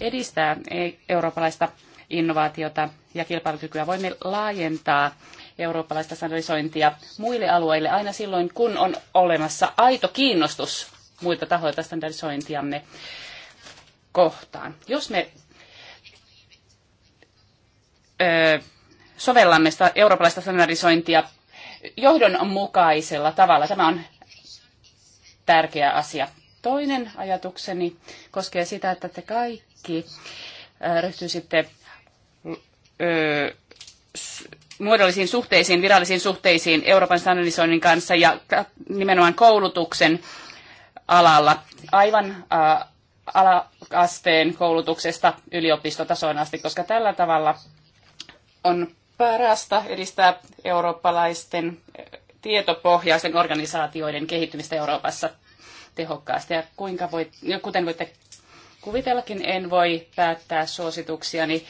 edistää e- eurooppalaista innovaatiota ja kilpailukykyä? Voimme laajentaa eurooppalaista standardisointia muille alueille aina silloin, kun on olemassa aito kiinnostus muilta tahoilta standardisointiamme kohtaan. Jos me ö, sovellamme sitä eurooppalaista standardisointia johdonmukaisella tavalla, tämä on tärkeä asia. Toinen ajatukseni koskee sitä, että te kaikki ryhtyisitte ö, muodollisiin suhteisiin, virallisiin suhteisiin Euroopan standardisoinnin kanssa ja nimenomaan koulutuksen alalla aivan äh, alaasteen koulutuksesta yliopistotasoon asti, koska tällä tavalla on parasta edistää eurooppalaisten äh, tietopohjaisten organisaatioiden kehittymistä Euroopassa tehokkaasti. Ja kuinka voit, no, kuten voitte kuvitellakin, en voi päättää suosituksiani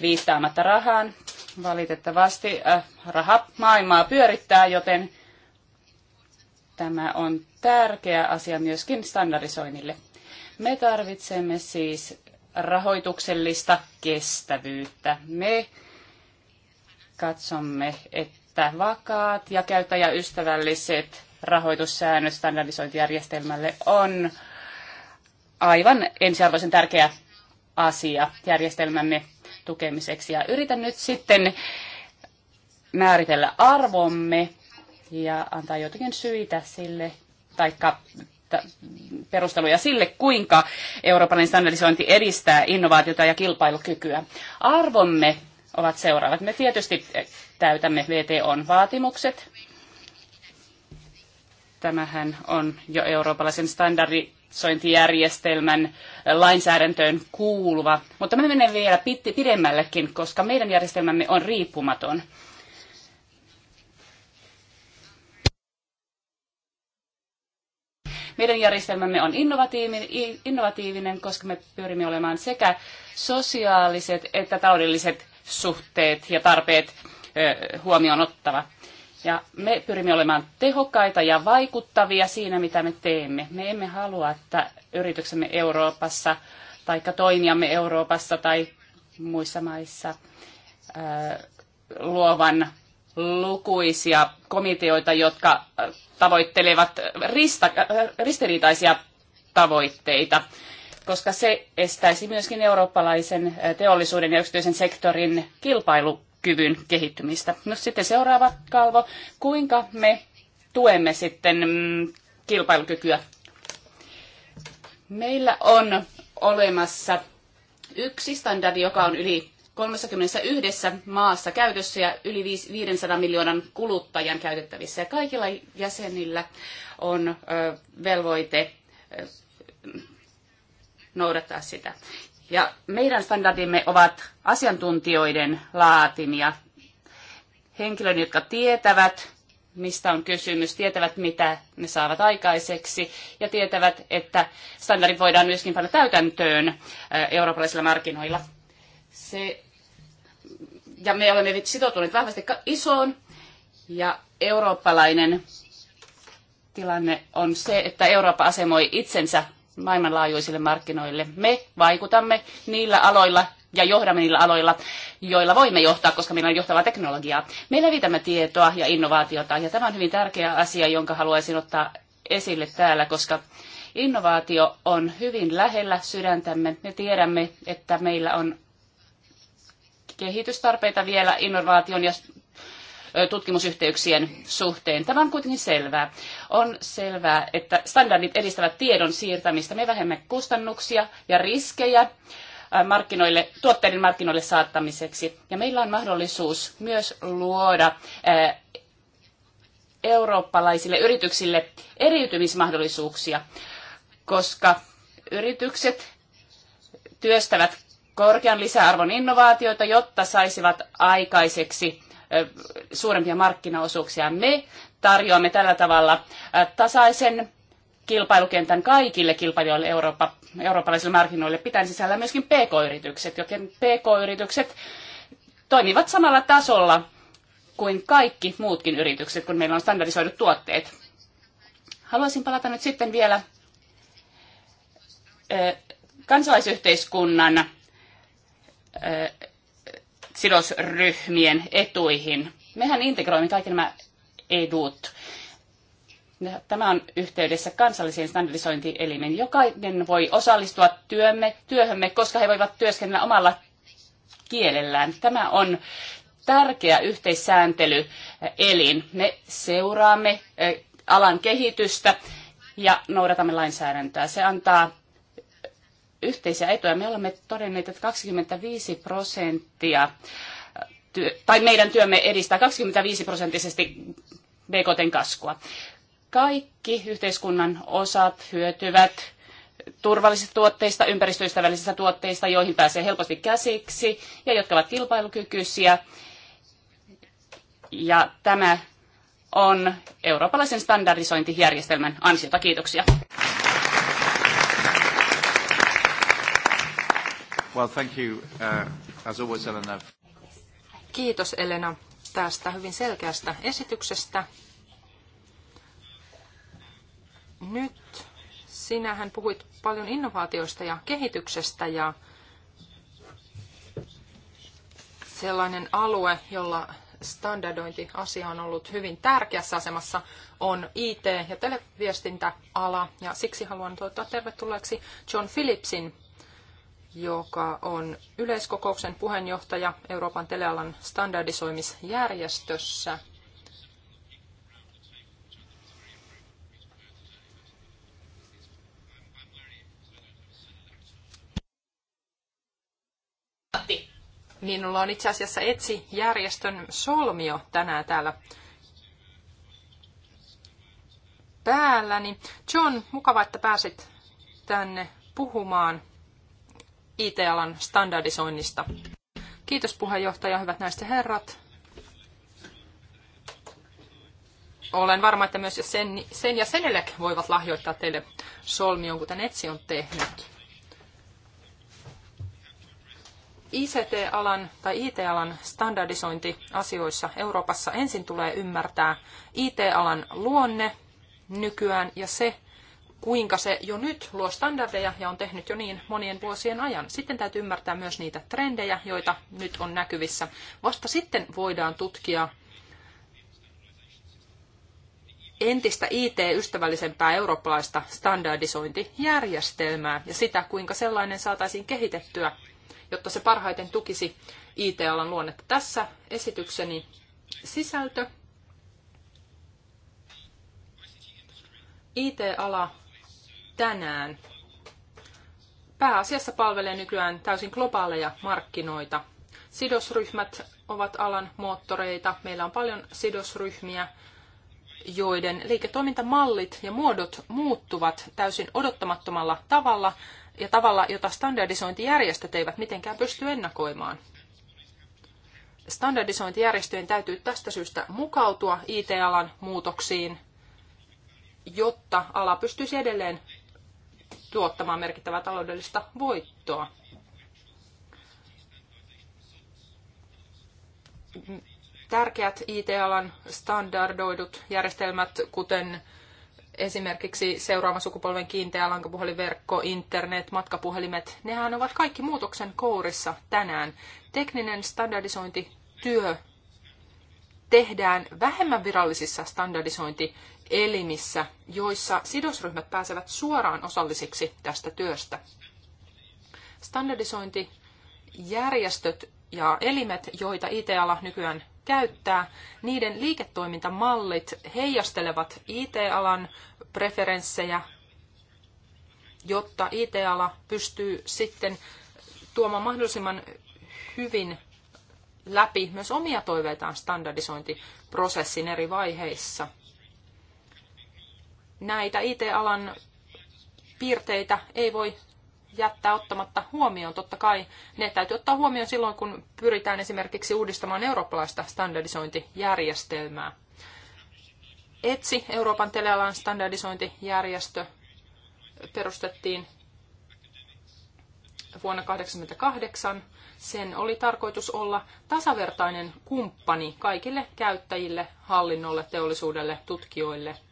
viittaamatta rahaan. Valitettavasti äh, raha maailmaa pyörittää, joten Tämä on tärkeä asia myöskin standardisoinnille. Me tarvitsemme siis rahoituksellista kestävyyttä. Me katsomme, että vakaat ja käyttäjäystävälliset rahoitussäännöt standardisointijärjestelmälle on aivan ensiarvoisen tärkeä asia järjestelmämme tukemiseksi. Ja yritän nyt sitten määritellä arvomme ja antaa jotakin syitä sille, taikka perusteluja sille, kuinka Euroopan standardisointi edistää innovaatiota ja kilpailukykyä. Arvomme ovat seuraavat. Me tietysti täytämme VTOn vaatimukset. Tämähän on jo eurooppalaisen standardisointijärjestelmän lainsäädäntöön kuuluva, mutta me menemme vielä pidemmällekin, koska meidän järjestelmämme on riippumaton. Meidän järjestelmämme on innovatiivinen, koska me pyrimme olemaan sekä sosiaaliset että taloudelliset suhteet ja tarpeet huomioon ottava. Ja me pyrimme olemaan tehokkaita ja vaikuttavia siinä, mitä me teemme. Me emme halua, että yrityksemme Euroopassa tai toimijamme Euroopassa tai muissa maissa luovan lukuisia komiteoita, jotka tavoittelevat rista, äh, ristiriitaisia tavoitteita, koska se estäisi myöskin eurooppalaisen äh, teollisuuden ja yksityisen sektorin kilpailukyvyn kehittymistä. No sitten seuraava kalvo, kuinka me tuemme sitten mm, kilpailukykyä? Meillä on olemassa yksi standardi, joka on yli 31 maassa käytössä ja yli 500 miljoonan kuluttajan käytettävissä. Ja kaikilla jäsenillä on velvoite noudattaa sitä. Ja meidän standardimme ovat asiantuntijoiden laatimia. Henkilöiden, jotka tietävät, mistä on kysymys, tietävät, mitä ne saavat aikaiseksi ja tietävät, että standardit voidaan myöskin panna täytäntöön eurooppalaisilla markkinoilla. Se ja me olemme sitoutuneet vahvasti isoon ja eurooppalainen tilanne on se, että Eurooppa asemoi itsensä maailmanlaajuisille markkinoille. Me vaikutamme niillä aloilla ja johdamme niillä aloilla, joilla voimme johtaa, koska meillä on johtavaa teknologiaa. Me levitämme tietoa ja innovaatiota, ja tämä on hyvin tärkeä asia, jonka haluaisin ottaa esille täällä, koska innovaatio on hyvin lähellä sydäntämme. Me tiedämme, että meillä on kehitystarpeita vielä innovaation ja tutkimusyhteyksien suhteen. Tämä on kuitenkin selvää. On selvää, että standardit edistävät tiedon siirtämistä. Me vähemmän kustannuksia ja riskejä markkinoille, tuotteiden markkinoille saattamiseksi. Ja meillä on mahdollisuus myös luoda eurooppalaisille yrityksille eriytymismahdollisuuksia, koska yritykset työstävät korkean lisäarvon innovaatioita, jotta saisivat aikaiseksi suurempia markkinaosuuksia. Me tarjoamme tällä tavalla tasaisen kilpailukentän kaikille kilpailijoille Eurooppa, eurooppalaisille markkinoille, pitäen sisällä myöskin PK-yritykset, joten PK-yritykset toimivat samalla tasolla kuin kaikki muutkin yritykset, kun meillä on standardisoidut tuotteet. Haluaisin palata nyt sitten vielä kansalaisyhteiskunnan sidosryhmien etuihin. Mehän integroimme kaikki nämä edut. Tämä on yhteydessä kansalliseen standardisointielimen. Jokainen voi osallistua työmme, työhömme, koska he voivat työskennellä omalla kielellään. Tämä on tärkeä yhteissääntelyelin. Me seuraamme alan kehitystä ja noudatamme lainsäädäntöä. Se antaa yhteisiä etuja. Me olemme todenneet, että 25 prosenttia, tai meidän työmme edistää 25 prosenttisesti BKTn kasvua. Kaikki yhteiskunnan osat hyötyvät turvallisista tuotteista, ympäristöystävällisistä tuotteista, joihin pääsee helposti käsiksi ja jotka ovat kilpailukykyisiä. Ja tämä on eurooppalaisen standardisointijärjestelmän ansiota. Kiitoksia. Well, thank you, uh, as always, Elena. Kiitos Elena tästä hyvin selkeästä esityksestä. Nyt sinähän puhuit paljon innovaatioista ja kehityksestä ja sellainen alue, jolla standardointiasia on ollut hyvin tärkeässä asemassa, on IT- ja televiestintäala. Ja siksi haluan toivottaa tervetulleeksi John Phillipsin joka on yleiskokouksen puheenjohtaja Euroopan telealan standardisoimisjärjestössä. Minulla on itse asiassa Etsi-järjestön solmio tänään täällä päälläni. Niin John, mukava, että pääsit tänne puhumaan. IT-alan standardisoinnista. Kiitos puheenjohtaja, hyvät näistä herrat. Olen varma, että myös sen, sen ja Senelek voivat lahjoittaa teille solmion, kuten Etsi on tehnyt. ICT-alan tai IT-alan standardisointi asioissa Euroopassa ensin tulee ymmärtää IT-alan luonne nykyään ja se, kuinka se jo nyt luo standardeja ja on tehnyt jo niin monien vuosien ajan. Sitten täytyy ymmärtää myös niitä trendejä, joita nyt on näkyvissä. Vasta sitten voidaan tutkia entistä IT-ystävällisempää eurooppalaista standardisointijärjestelmää ja sitä, kuinka sellainen saataisiin kehitettyä, jotta se parhaiten tukisi IT-alan luonnetta. Tässä esitykseni sisältö. IT-ala tänään pääasiassa palvelee nykyään täysin globaaleja markkinoita. Sidosryhmät ovat alan moottoreita. Meillä on paljon sidosryhmiä, joiden liiketoimintamallit ja muodot muuttuvat täysin odottamattomalla tavalla ja tavalla, jota standardisointijärjestöt eivät mitenkään pysty ennakoimaan. Standardisointijärjestöjen täytyy tästä syystä mukautua IT-alan muutoksiin, jotta ala pystyisi edelleen tuottamaan merkittävää taloudellista voittoa. Tärkeät IT-alan standardoidut järjestelmät, kuten esimerkiksi seuraavan sukupolven kiinteä lankapuhelinverkko, internet, matkapuhelimet, nehän ovat kaikki muutoksen kourissa tänään. Tekninen standardisointityö tehdään vähemmän virallisissa standardisointi- elimissä, joissa sidosryhmät pääsevät suoraan osallisiksi tästä työstä. Standardisointi järjestöt ja elimet, joita IT-ala nykyään käyttää, niiden liiketoimintamallit heijastelevat IT-alan preferenssejä, jotta IT-ala pystyy sitten tuomaan mahdollisimman hyvin läpi myös omia toiveitaan standardisointiprosessin eri vaiheissa – näitä IT-alan piirteitä ei voi jättää ottamatta huomioon. Totta kai ne täytyy ottaa huomioon silloin, kun pyritään esimerkiksi uudistamaan eurooppalaista standardisointijärjestelmää. ETSI, Euroopan telealan standardisointijärjestö, perustettiin vuonna 1988. Sen oli tarkoitus olla tasavertainen kumppani kaikille käyttäjille, hallinnolle, teollisuudelle, tutkijoille –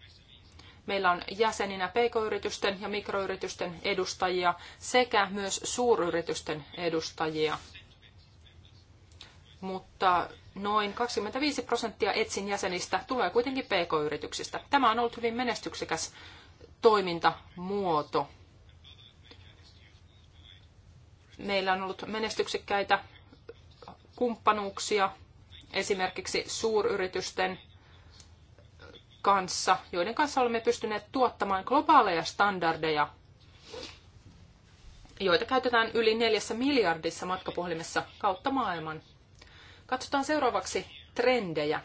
Meillä on jäseninä pk-yritysten ja mikroyritysten edustajia sekä myös suuryritysten edustajia. Mutta noin 25 prosenttia etsin jäsenistä tulee kuitenkin pk-yrityksistä. Tämä on ollut hyvin menestyksekäs toimintamuoto. Meillä on ollut menestyksekkäitä kumppanuuksia esimerkiksi suuryritysten kanssa, joiden kanssa olemme pystyneet tuottamaan globaaleja standardeja, joita käytetään yli neljässä miljardissa matkapuhelimessa kautta maailman. Katsotaan seuraavaksi trendejä.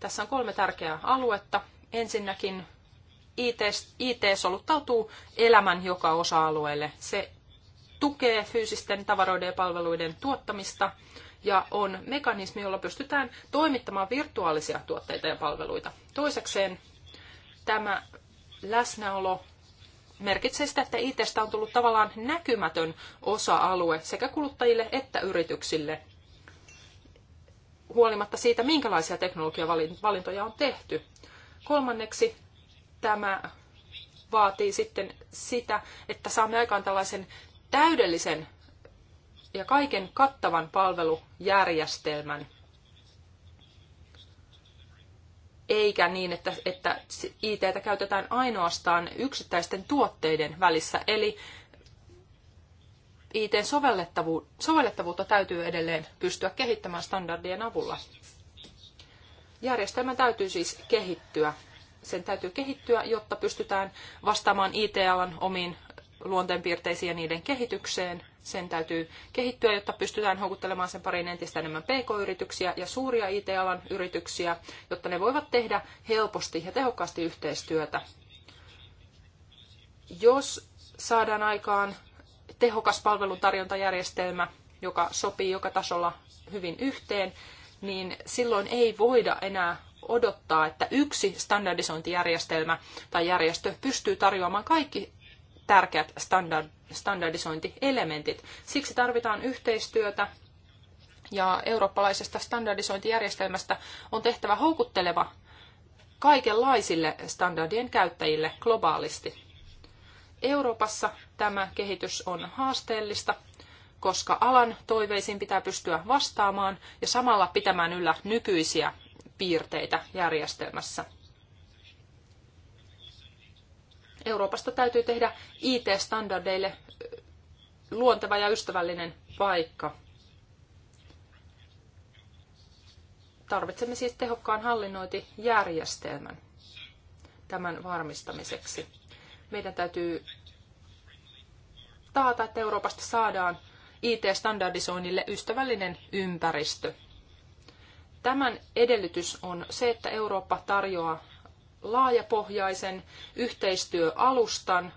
Tässä on kolme tärkeää aluetta. Ensinnäkin IT, IT soluttautuu elämän joka osa-alueelle. Se tukee fyysisten tavaroiden ja palveluiden tuottamista, ja on mekanismi, jolla pystytään toimittamaan virtuaalisia tuotteita ja palveluita. Toisekseen tämä läsnäolo merkitsee sitä, että itestä on tullut tavallaan näkymätön osa-alue sekä kuluttajille että yrityksille, huolimatta siitä, minkälaisia teknologiavalintoja on tehty. Kolmanneksi tämä vaatii sitten sitä, että saamme aikaan tällaisen täydellisen ja kaiken kattavan palvelujärjestelmän, eikä niin, että, että ITtä käytetään ainoastaan yksittäisten tuotteiden välissä. Eli IT-sovellettavuutta täytyy edelleen pystyä kehittämään standardien avulla. Järjestelmä täytyy siis kehittyä. Sen täytyy kehittyä, jotta pystytään vastaamaan IT-alan omiin luonteenpiirteisiin ja niiden kehitykseen – sen täytyy kehittyä, jotta pystytään houkuttelemaan sen pariin entistä enemmän pk-yrityksiä ja suuria IT-alan yrityksiä, jotta ne voivat tehdä helposti ja tehokkaasti yhteistyötä. Jos saadaan aikaan tehokas palveluntarjontajärjestelmä, joka sopii joka tasolla hyvin yhteen, niin silloin ei voida enää odottaa, että yksi standardisointijärjestelmä tai järjestö pystyy tarjoamaan kaikki tärkeät standardit standardisointielementit. Siksi tarvitaan yhteistyötä ja eurooppalaisesta standardisointijärjestelmästä on tehtävä houkutteleva kaikenlaisille standardien käyttäjille globaalisti. Euroopassa tämä kehitys on haasteellista, koska alan toiveisiin pitää pystyä vastaamaan ja samalla pitämään yllä nykyisiä piirteitä järjestelmässä. Euroopasta täytyy tehdä IT-standardeille luonteva ja ystävällinen paikka. Tarvitsemme siis tehokkaan hallinnointijärjestelmän tämän varmistamiseksi. Meidän täytyy taata, että Euroopasta saadaan IT-standardisoinnille ystävällinen ympäristö. Tämän edellytys on se, että Eurooppa tarjoaa laajapohjaisen yhteistyöalustan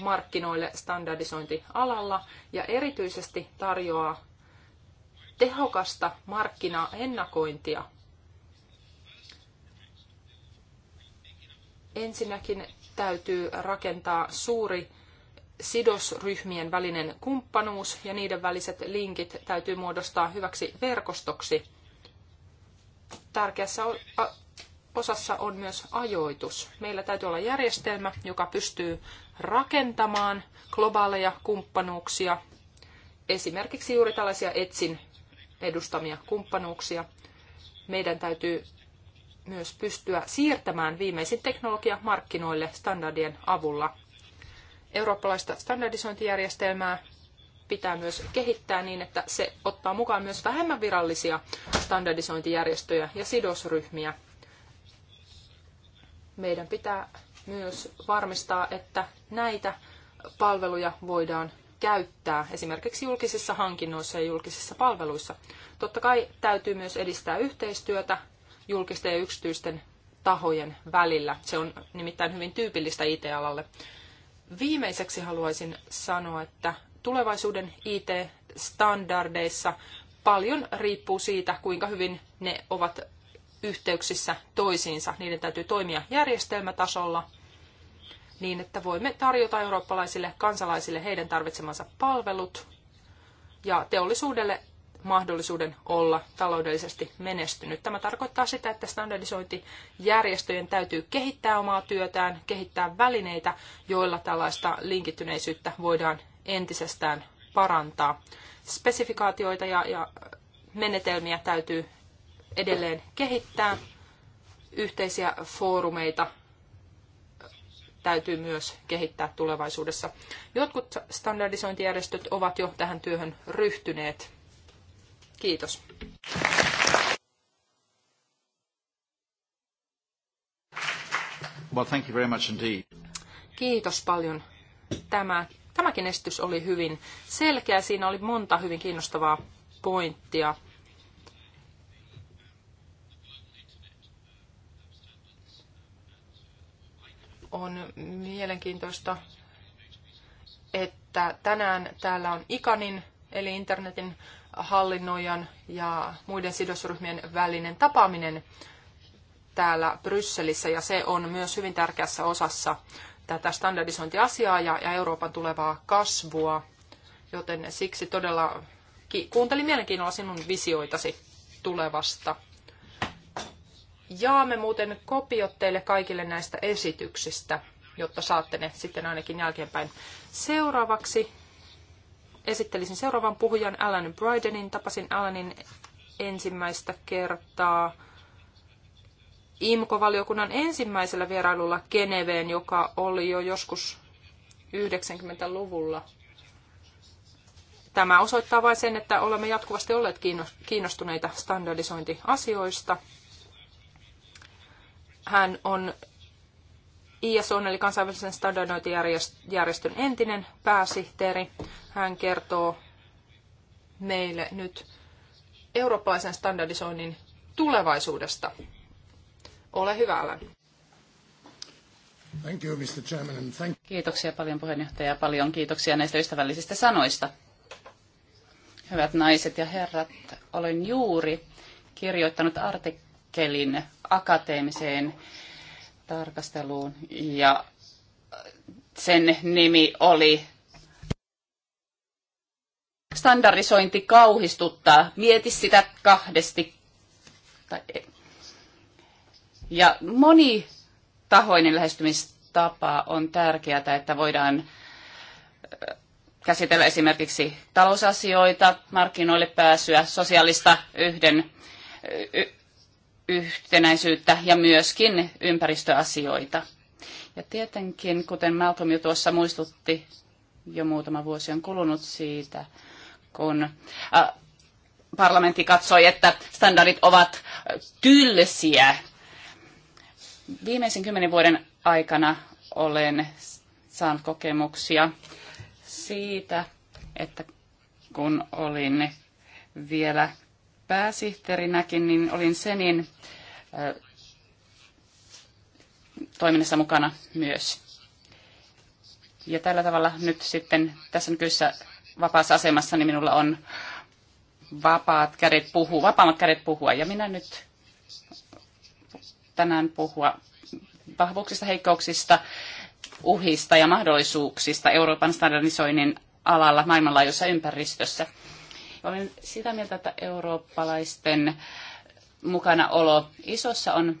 markkinoille standardisointialalla ja erityisesti tarjoaa tehokasta markkinaennakointia. Ensinnäkin täytyy rakentaa suuri sidosryhmien välinen kumppanuus ja niiden väliset linkit täytyy muodostaa hyväksi verkostoksi. Tärkeässä osassa on myös ajoitus. Meillä täytyy olla järjestelmä, joka pystyy rakentamaan globaaleja kumppanuuksia, esimerkiksi juuri tällaisia etsin edustamia kumppanuuksia. Meidän täytyy myös pystyä siirtämään viimeisin teknologia markkinoille standardien avulla. Eurooppalaista standardisointijärjestelmää pitää myös kehittää niin, että se ottaa mukaan myös vähemmän virallisia standardisointijärjestöjä ja sidosryhmiä – meidän pitää myös varmistaa, että näitä palveluja voidaan käyttää esimerkiksi julkisissa hankinnoissa ja julkisissa palveluissa. Totta kai täytyy myös edistää yhteistyötä julkisten ja yksityisten tahojen välillä. Se on nimittäin hyvin tyypillistä IT-alalle. Viimeiseksi haluaisin sanoa, että tulevaisuuden IT-standardeissa paljon riippuu siitä, kuinka hyvin ne ovat yhteyksissä toisiinsa. Niiden täytyy toimia järjestelmätasolla niin, että voimme tarjota eurooppalaisille kansalaisille heidän tarvitsemansa palvelut ja teollisuudelle mahdollisuuden olla taloudellisesti menestynyt. Tämä tarkoittaa sitä, että standardisointijärjestöjen täytyy kehittää omaa työtään, kehittää välineitä, joilla tällaista linkittyneisyyttä voidaan entisestään parantaa. Spesifikaatioita ja, ja menetelmiä täytyy edelleen kehittää. Yhteisiä foorumeita täytyy myös kehittää tulevaisuudessa. Jotkut standardisointijärjestöt ovat jo tähän työhön ryhtyneet. Kiitos. Well, thank you very much indeed. Kiitos paljon. Tämä, tämäkin esitys oli hyvin selkeä. Siinä oli monta hyvin kiinnostavaa pointtia. On mielenkiintoista, että tänään täällä on ICANin eli internetin hallinnoijan ja muiden sidosryhmien välinen tapaaminen täällä Brysselissä ja se on myös hyvin tärkeässä osassa tätä standardisointiasiaa ja, ja Euroopan tulevaa kasvua, joten siksi todella kuuntelin mielenkiinnolla sinun visioitasi tulevasta Jaamme muuten kopiot teille kaikille näistä esityksistä, jotta saatte ne sitten ainakin jälkeenpäin. Seuraavaksi esittelisin seuraavan puhujan Alan Brydenin. Tapasin Alanin ensimmäistä kertaa imco valiokunnan ensimmäisellä vierailulla Geneveen, joka oli jo joskus 90-luvulla. Tämä osoittaa vain sen, että olemme jatkuvasti olleet kiinnostuneita standardisointiasioista – hän on ISO, eli kansainvälisen standardointijärjestön entinen pääsihteeri. Hän kertoo meille nyt eurooppalaisen standardisoinnin tulevaisuudesta. Ole hyvä, Alan. Thank you, Mr. Chairman, and thank... Kiitoksia paljon puheenjohtaja paljon kiitoksia näistä ystävällisistä sanoista. Hyvät naiset ja herrat, olen juuri kirjoittanut artikkelin artikkelin akateemiseen tarkasteluun ja sen nimi oli Standardisointi kauhistuttaa. Mieti sitä kahdesti. Ja moni tahoinen lähestymistapa on tärkeää, että voidaan käsitellä esimerkiksi talousasioita, markkinoille pääsyä, sosiaalista yhden, yhtenäisyyttä ja myöskin ympäristöasioita. Ja tietenkin, kuten Malcolm jo tuossa muistutti, jo muutama vuosi on kulunut siitä, kun parlamentti katsoi, että standardit ovat tylsiä. Viimeisen kymmenen vuoden aikana olen saanut kokemuksia siitä, että kun olin vielä pääsihteerinäkin, niin olin Senin toiminnassa mukana myös. Ja tällä tavalla nyt sitten tässä nykyisessä vapaassa asemassa, niin minulla on vapaat kädet puhua, vapaammat kädet puhua. Ja minä nyt tänään puhua vahvuuksista, heikkouksista, uhista ja mahdollisuuksista Euroopan standardisoinnin alalla maailmanlaajuisessa ympäristössä. Olen sitä mieltä, että eurooppalaisten mukanaolo isossa on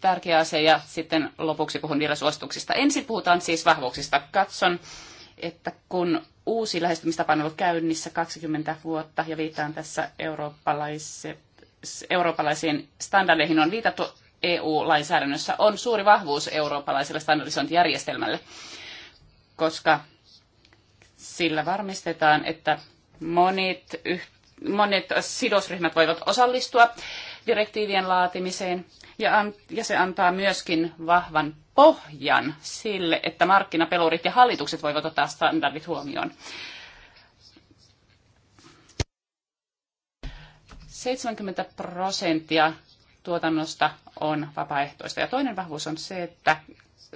tärkeä asia ja sitten lopuksi puhun vielä suosituksista. Ensin puhutaan siis vahvuuksista. Katson, että kun uusi lähestymistapa on ollut käynnissä 20 vuotta ja viitaan tässä eurooppalaisiin standardeihin on viitattu EU-lainsäädännössä, on suuri vahvuus eurooppalaiselle standardisointijärjestelmälle, koska sillä varmistetaan, että Monet, monet sidosryhmät voivat osallistua direktiivien laatimiseen ja, ja se antaa myöskin vahvan pohjan sille, että markkinapelurit ja hallitukset voivat ottaa standardit huomioon. 70 prosenttia tuotannosta on vapaaehtoista. Ja toinen vahvuus on se, että,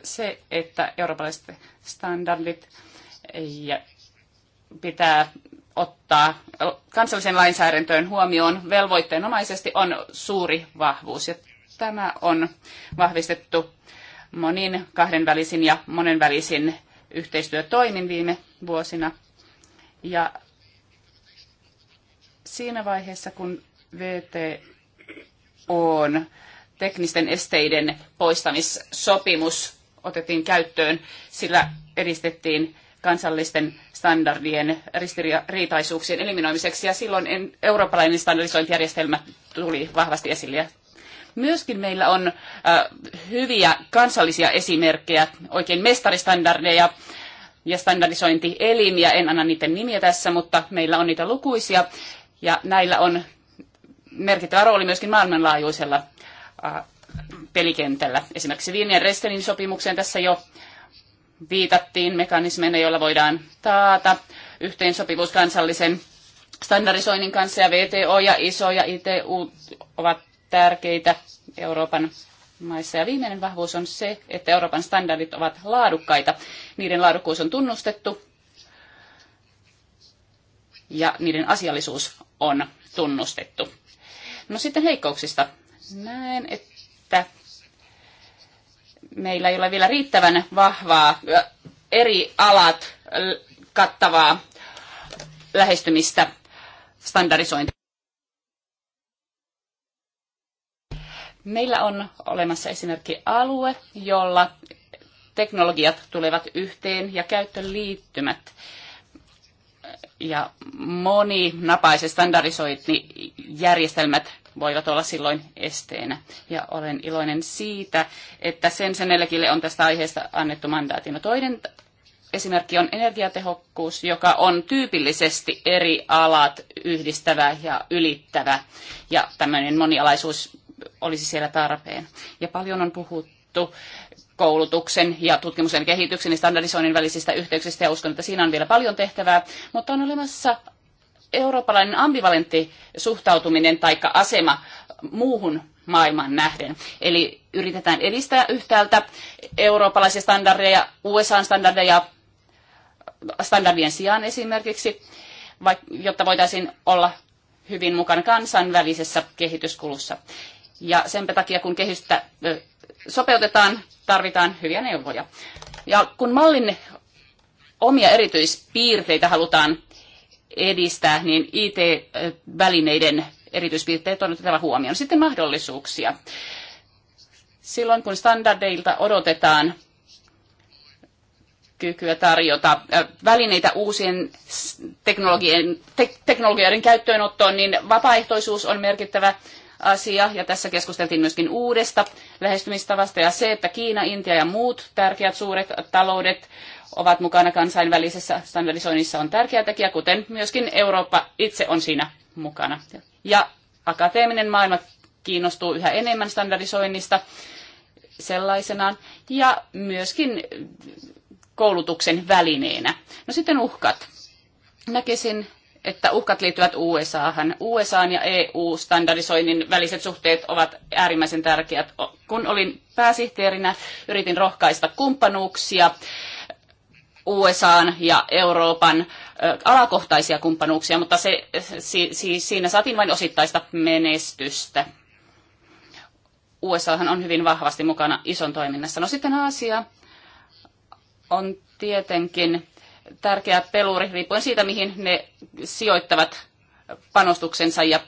se, että eurooppalaiset standardit ja pitää ottaa kansalliseen lainsäädäntöön huomioon velvoitteenomaisesti on suuri vahvuus. Ja tämä on vahvistettu monin kahdenvälisin ja monenvälisin yhteistyötoimin viime vuosina. Ja siinä vaiheessa, kun VTO on teknisten esteiden poistamissopimus otettiin käyttöön, sillä edistettiin kansallisten standardien ristiriitaisuuksien eliminoimiseksi ja silloin eurooppalainen standardisointijärjestelmä tuli vahvasti esille. myöskin meillä on äh, hyviä kansallisia esimerkkejä, oikein mestaristandardeja ja standardisointielimiä, en anna niiden nimiä tässä, mutta meillä on niitä lukuisia ja näillä on merkittävä rooli myöskin maailmanlaajuisella äh, pelikentällä. Esimerkiksi Viinien Restenin sopimukseen tässä jo viitattiin mekanismeina, joilla voidaan taata yhteensopivuus kansallisen standardisoinnin kanssa ja VTO ja ISO ja ITU ovat tärkeitä Euroopan maissa. Ja viimeinen vahvuus on se, että Euroopan standardit ovat laadukkaita. Niiden laadukkuus on tunnustettu ja niiden asiallisuus on tunnustettu. No sitten heikkouksista. Näen, että meillä ei ole vielä riittävän vahvaa eri alat kattavaa lähestymistä standardisointi. Meillä on olemassa esimerkki alue, jolla teknologiat tulevat yhteen ja käyttöliittymät ja standardisoitni järjestelmät voivat olla silloin esteenä. Ja olen iloinen siitä, että sen senellekin on tästä aiheesta annettu mandaatti. No toinen esimerkki on energiatehokkuus, joka on tyypillisesti eri alat yhdistävä ja ylittävä. Ja tämmöinen monialaisuus olisi siellä tarpeen. Ja paljon on puhuttu koulutuksen ja tutkimuksen kehityksen ja standardisoinnin välisistä yhteyksistä ja uskon, että siinä on vielä paljon tehtävää, mutta on olemassa eurooppalainen ambivalentti suhtautuminen tai asema muuhun maailman nähden. Eli yritetään edistää yhtäältä eurooppalaisia standardeja, USA-standardeja standardien sijaan esimerkiksi, jotta voitaisiin olla hyvin mukana kansainvälisessä kehityskulussa. Ja sen takia, kun kehystä sopeutetaan, tarvitaan hyviä neuvoja. Ja kun mallin omia erityispiirteitä halutaan edistää, niin IT-välineiden erityispiirteet on otettava huomioon. Sitten mahdollisuuksia. Silloin kun standardeilta odotetaan kykyä tarjota äh, välineitä uusien teknologioiden käyttöönottoon, niin vapaaehtoisuus on merkittävä asia, ja tässä keskusteltiin myöskin uudesta lähestymistavasta, ja se, että Kiina, Intia ja muut tärkeät suuret taloudet ovat mukana kansainvälisessä standardisoinnissa on tärkeä tekijä, kuten myöskin Eurooppa itse on siinä mukana. Ja akateeminen maailma kiinnostuu yhä enemmän standardisoinnista sellaisenaan ja myöskin koulutuksen välineenä. No sitten uhkat. Näkisin, että uhkat liittyvät USAhan. USAan ja EU-standardisoinnin väliset suhteet ovat äärimmäisen tärkeät. Kun olin pääsihteerinä, yritin rohkaista kumppanuuksia USA ja Euroopan alakohtaisia kumppanuuksia, mutta se, si, si, siinä saatiin vain osittaista menestystä. USAhan on hyvin vahvasti mukana ison toiminnassa. No sitten Aasia on tietenkin tärkeä peluri, riippuen siitä, mihin ne sijoittavat panostuksensa ja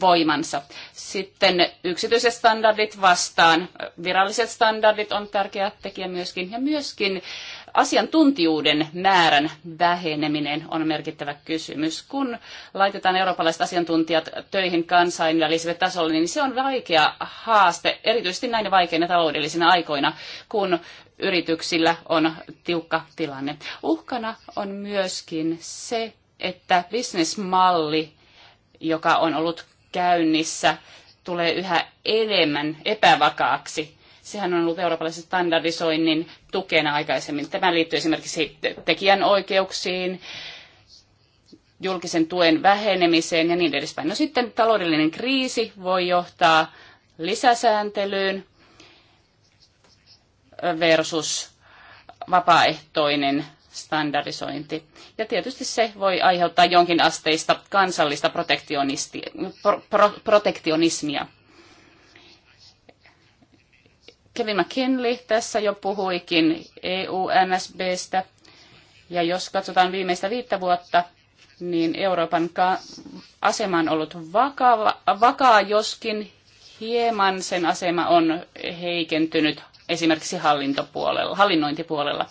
voimansa. Sitten yksityiset standardit vastaan. Viralliset standardit on tärkeä tekijä myöskin. Ja myöskin asiantuntijuuden määrän väheneminen on merkittävä kysymys. Kun laitetaan eurooppalaiset asiantuntijat töihin kansainväliselle tasolle, niin se on vaikea haaste, erityisesti näinä vaikeina taloudellisina aikoina, kun yrityksillä on tiukka tilanne. Uhkana on myöskin se, että bisnesmalli, joka on ollut käynnissä, tulee yhä enemmän epävakaaksi Sehän on ollut eurooppalaisen standardisoinnin tukena aikaisemmin. Tämä liittyy esimerkiksi tekijänoikeuksiin, julkisen tuen vähenemiseen ja niin edespäin. No sitten taloudellinen kriisi voi johtaa lisäsääntelyyn versus vapaaehtoinen standardisointi. Ja tietysti se voi aiheuttaa jonkin asteista kansallista pro, pro, protektionismia. Kevin McKinley tässä jo puhuikin EU-NSBstä. Ja jos katsotaan viimeistä viittä vuotta, niin Euroopan asema on ollut vakava, vakaa, joskin hieman sen asema on heikentynyt esimerkiksi hallintopuolella, hallinnointipuolella.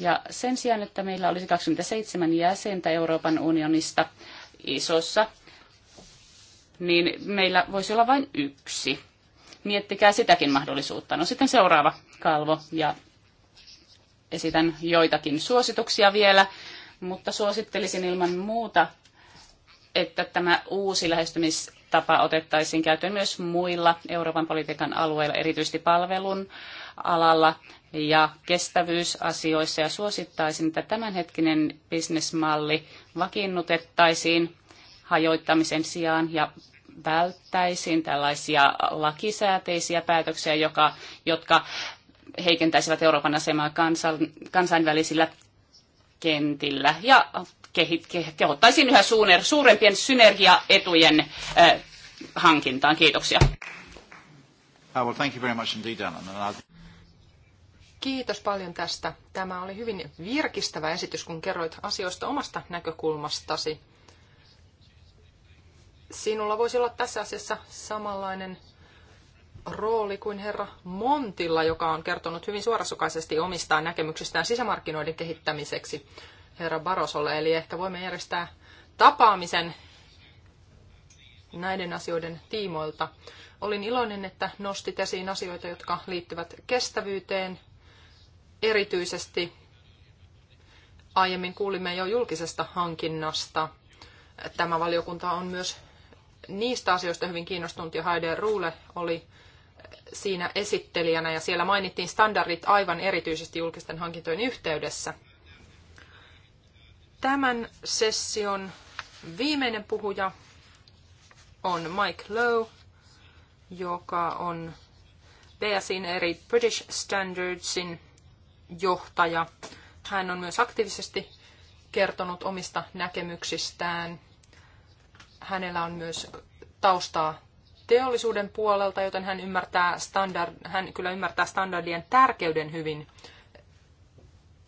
Ja sen sijaan, että meillä olisi 27 jäsentä Euroopan unionista isossa, niin meillä voisi olla vain yksi Miettikää sitäkin mahdollisuutta. No sitten seuraava kalvo ja esitän joitakin suosituksia vielä, mutta suosittelisin ilman muuta, että tämä uusi lähestymistapa otettaisiin käyttöön myös muilla Euroopan politiikan alueilla, erityisesti palvelun alalla ja kestävyysasioissa ja suosittaisin, että tämänhetkinen bisnesmalli vakiinnutettaisiin hajoittamisen sijaan ja välttäisin tällaisia lakisääteisiä päätöksiä, joka, jotka heikentäisivät Euroopan asemaa kansan, kansainvälisillä kentillä ja kehit, ke, kehottaisin yhä suuner, suurempien synergiaetujen äh, hankintaan. Kiitoksia. Ah, Kiitos paljon tästä. Tämä oli hyvin virkistävä esitys, kun kerroit asioista omasta näkökulmastasi sinulla voisi olla tässä asiassa samanlainen rooli kuin herra Montilla, joka on kertonut hyvin suorasukaisesti omistaa näkemyksistään sisämarkkinoiden kehittämiseksi herra Barosolle. Eli ehkä voimme järjestää tapaamisen näiden asioiden tiimoilta. Olin iloinen, että nostit esiin asioita, jotka liittyvät kestävyyteen. Erityisesti aiemmin kuulimme jo julkisesta hankinnasta. Tämä valiokunta on myös niistä asioista hyvin kiinnostunut ja Heide Ruule oli siinä esittelijänä ja siellä mainittiin standardit aivan erityisesti julkisten hankintojen yhteydessä. Tämän session viimeinen puhuja on Mike Lowe, joka on BSIn eri British Standardsin johtaja. Hän on myös aktiivisesti kertonut omista näkemyksistään Hänellä on myös taustaa teollisuuden puolelta, joten hän, ymmärtää standard, hän kyllä ymmärtää standardien tärkeyden hyvin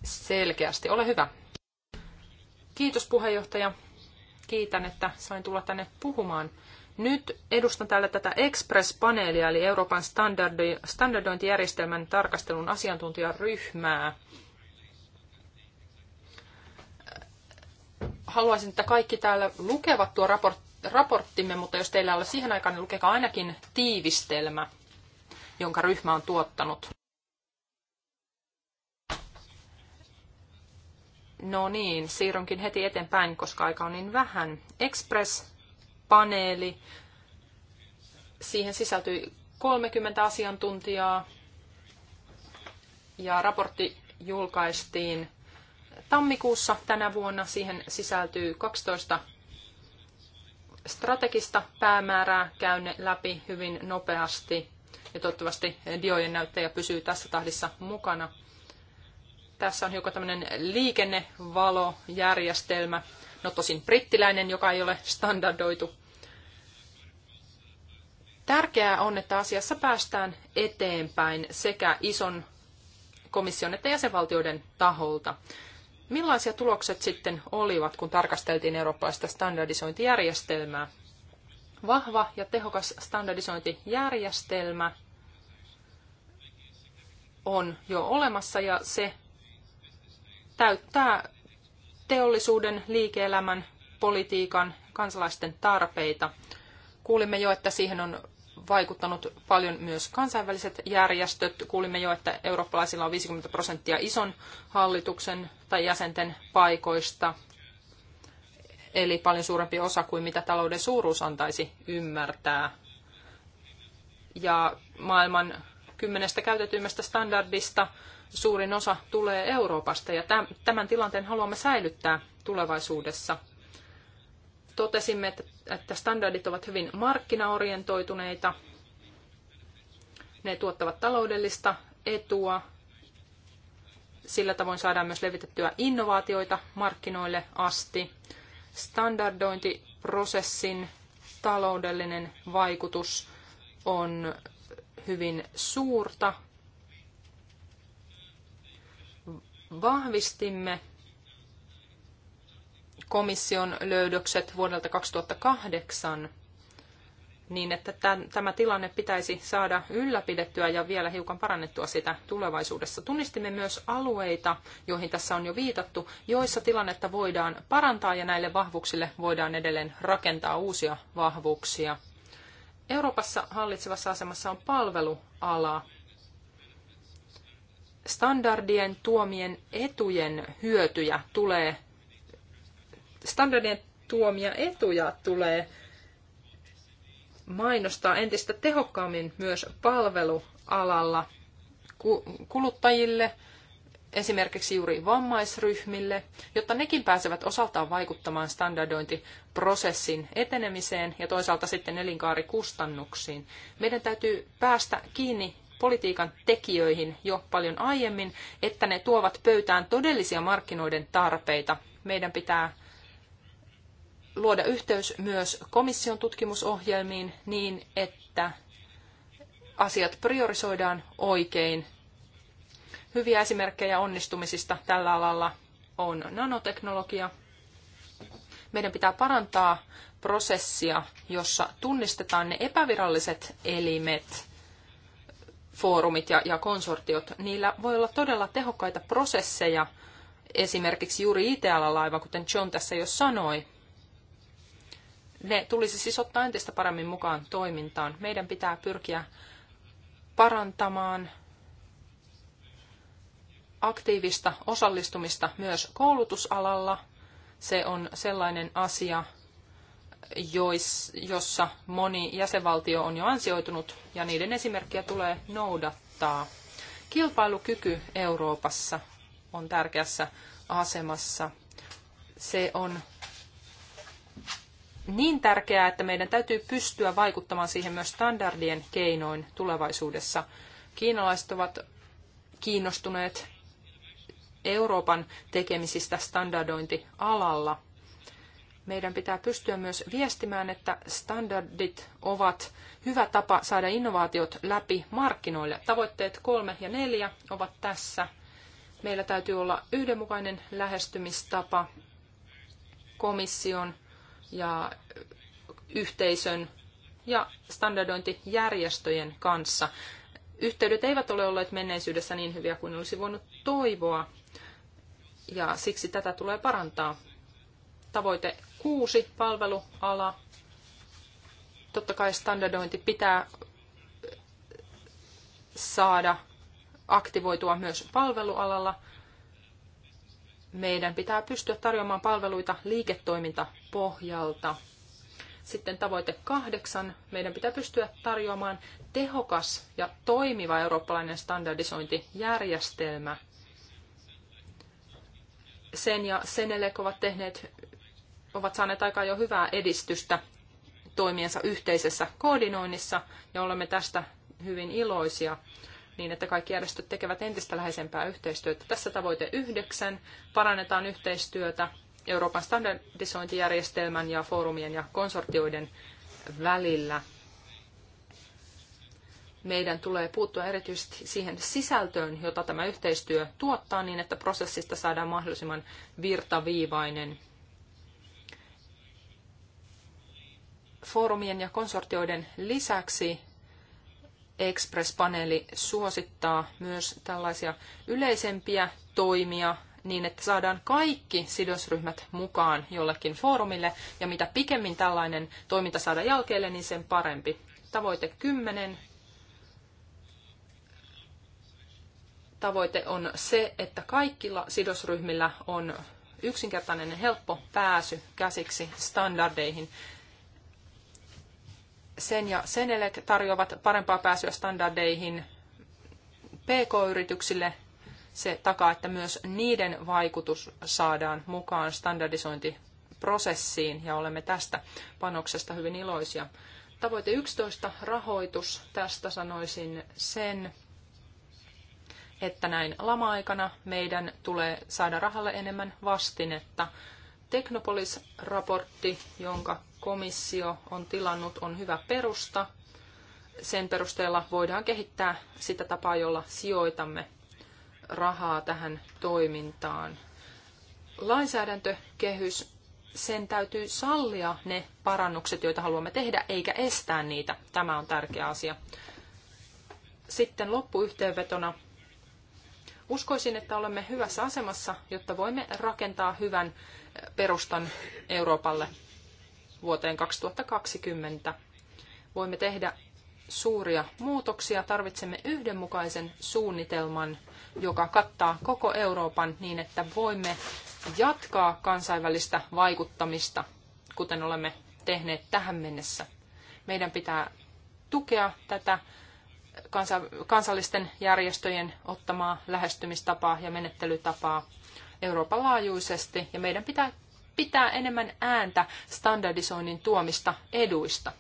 selkeästi. Ole hyvä. Kiitos puheenjohtaja. Kiitän, että sain tulla tänne puhumaan. Nyt edustan täällä tätä Express-paneelia, eli Euroopan standardointijärjestelmän tarkastelun asiantuntijaryhmää. Haluaisin, että kaikki täällä lukevat tuo raportti raporttimme, mutta jos teillä on siihen aikaan, niin lukekaa ainakin tiivistelmä, jonka ryhmä on tuottanut. No niin, siirrynkin heti eteenpäin, koska aika on niin vähän. Express-paneeli. Siihen sisältyi 30 asiantuntijaa ja raportti julkaistiin tammikuussa tänä vuonna. Siihen sisältyy 12 strategista päämäärää käyn läpi hyvin nopeasti ja toivottavasti diojen näyttäjä pysyy tässä tahdissa mukana. Tässä on hiukan tämmöinen liikennevalojärjestelmä, no tosin brittiläinen, joka ei ole standardoitu. Tärkeää on, että asiassa päästään eteenpäin sekä ison komission että jäsenvaltioiden taholta. Millaisia tulokset sitten olivat, kun tarkasteltiin eurooppalaista standardisointijärjestelmää? Vahva ja tehokas standardisointijärjestelmä on jo olemassa ja se täyttää teollisuuden, liike-elämän, politiikan, kansalaisten tarpeita. Kuulimme jo, että siihen on vaikuttanut paljon myös kansainväliset järjestöt. Kuulimme jo, että eurooppalaisilla on 50 prosenttia ison hallituksen tai jäsenten paikoista, eli paljon suurempi osa kuin mitä talouden suuruus antaisi ymmärtää. Ja maailman kymmenestä käytetyimmästä standardista suurin osa tulee Euroopasta, ja tämän tilanteen haluamme säilyttää tulevaisuudessa. Totesimme, että että standardit ovat hyvin markkinaorientoituneita, ne tuottavat taloudellista etua, sillä tavoin saadaan myös levitettyä innovaatioita markkinoille asti. Standardointiprosessin taloudellinen vaikutus on hyvin suurta. Vahvistimme komission löydökset vuodelta 2008 niin, että tämä tilanne pitäisi saada ylläpidettyä ja vielä hiukan parannettua sitä tulevaisuudessa. Tunnistimme myös alueita, joihin tässä on jo viitattu, joissa tilannetta voidaan parantaa ja näille vahvuuksille voidaan edelleen rakentaa uusia vahvuuksia. Euroopassa hallitsevassa asemassa on palveluala. Standardien tuomien etujen hyötyjä tulee standardien tuomia etuja tulee mainostaa entistä tehokkaammin myös palvelualalla kuluttajille, esimerkiksi juuri vammaisryhmille, jotta nekin pääsevät osaltaan vaikuttamaan standardointiprosessin etenemiseen ja toisaalta sitten elinkaarikustannuksiin. Meidän täytyy päästä kiinni politiikan tekijöihin jo paljon aiemmin, että ne tuovat pöytään todellisia markkinoiden tarpeita. Meidän pitää luoda yhteys myös komission tutkimusohjelmiin niin, että asiat priorisoidaan oikein. Hyviä esimerkkejä onnistumisista tällä alalla on nanoteknologia. Meidän pitää parantaa prosessia, jossa tunnistetaan ne epäviralliset elimet, foorumit ja, ja konsortiot. Niillä voi olla todella tehokkaita prosesseja esimerkiksi juuri IT-alalla, aivan kuten John tässä jo sanoi, ne tulisi siis ottaa entistä paremmin mukaan toimintaan. Meidän pitää pyrkiä parantamaan aktiivista osallistumista myös koulutusalalla. Se on sellainen asia, jois, jossa moni jäsenvaltio on jo ansioitunut ja niiden esimerkkiä tulee noudattaa. Kilpailukyky Euroopassa on tärkeässä asemassa. Se on niin tärkeää, että meidän täytyy pystyä vaikuttamaan siihen myös standardien keinoin tulevaisuudessa. Kiinalaiset ovat kiinnostuneet Euroopan tekemisistä standardointialalla. Meidän pitää pystyä myös viestimään, että standardit ovat hyvä tapa saada innovaatiot läpi markkinoille. Tavoitteet kolme ja neljä ovat tässä. Meillä täytyy olla yhdenmukainen lähestymistapa komission ja yhteisön ja standardointijärjestöjen kanssa. Yhteydet eivät ole olleet menneisyydessä niin hyviä kuin olisi voinut toivoa, ja siksi tätä tulee parantaa. Tavoite kuusi, palveluala. Totta kai standardointi pitää saada aktivoitua myös palvelualalla – meidän pitää pystyä tarjoamaan palveluita liiketoimintapohjalta. Sitten tavoite kahdeksan, meidän pitää pystyä tarjoamaan tehokas ja toimiva eurooppalainen standardisointijärjestelmä. Sen ja Senelek ovat tehneet, ovat saaneet aikaan jo hyvää edistystä toimiensa yhteisessä koordinoinnissa ja olemme tästä hyvin iloisia niin, että kaikki järjestöt tekevät entistä läheisempää yhteistyötä. Tässä tavoite yhdeksän. Parannetaan yhteistyötä Euroopan standardisointijärjestelmän ja foorumien ja konsortioiden välillä. Meidän tulee puuttua erityisesti siihen sisältöön, jota tämä yhteistyö tuottaa niin, että prosessista saadaan mahdollisimman virtaviivainen. Foorumien ja konsortioiden lisäksi Express-paneeli suosittaa myös tällaisia yleisempiä toimia niin, että saadaan kaikki sidosryhmät mukaan jollekin foorumille, ja mitä pikemmin tällainen toiminta saada jälkeelle, niin sen parempi. Tavoite 10. Tavoite on se, että kaikilla sidosryhmillä on yksinkertainen ja helppo pääsy käsiksi standardeihin. Sen ja Senelec tarjoavat parempaa pääsyä standardeihin PK-yrityksille. Se takaa, että myös niiden vaikutus saadaan mukaan standardisointiprosessiin ja olemme tästä panoksesta hyvin iloisia. Tavoite 11, rahoitus. Tästä sanoisin sen, että näin lama-aikana meidän tulee saada rahalle enemmän vastinetta. Teknopolis-raportti, jonka komissio on tilannut, on hyvä perusta. Sen perusteella voidaan kehittää sitä tapaa, jolla sijoitamme rahaa tähän toimintaan. Lainsäädäntökehys, sen täytyy sallia ne parannukset, joita haluamme tehdä, eikä estää niitä. Tämä on tärkeä asia. Sitten loppuyhteenvetona. Uskoisin, että olemme hyvässä asemassa, jotta voimme rakentaa hyvän perustan Euroopalle vuoteen 2020. Voimme tehdä suuria muutoksia. Tarvitsemme yhdenmukaisen suunnitelman, joka kattaa koko Euroopan niin, että voimme jatkaa kansainvälistä vaikuttamista, kuten olemme tehneet tähän mennessä. Meidän pitää tukea tätä kansallisten järjestöjen ottamaa lähestymistapaa ja menettelytapaa Euroopan laajuisesti, ja meidän pitää pitää enemmän ääntä standardisoinnin tuomista eduista.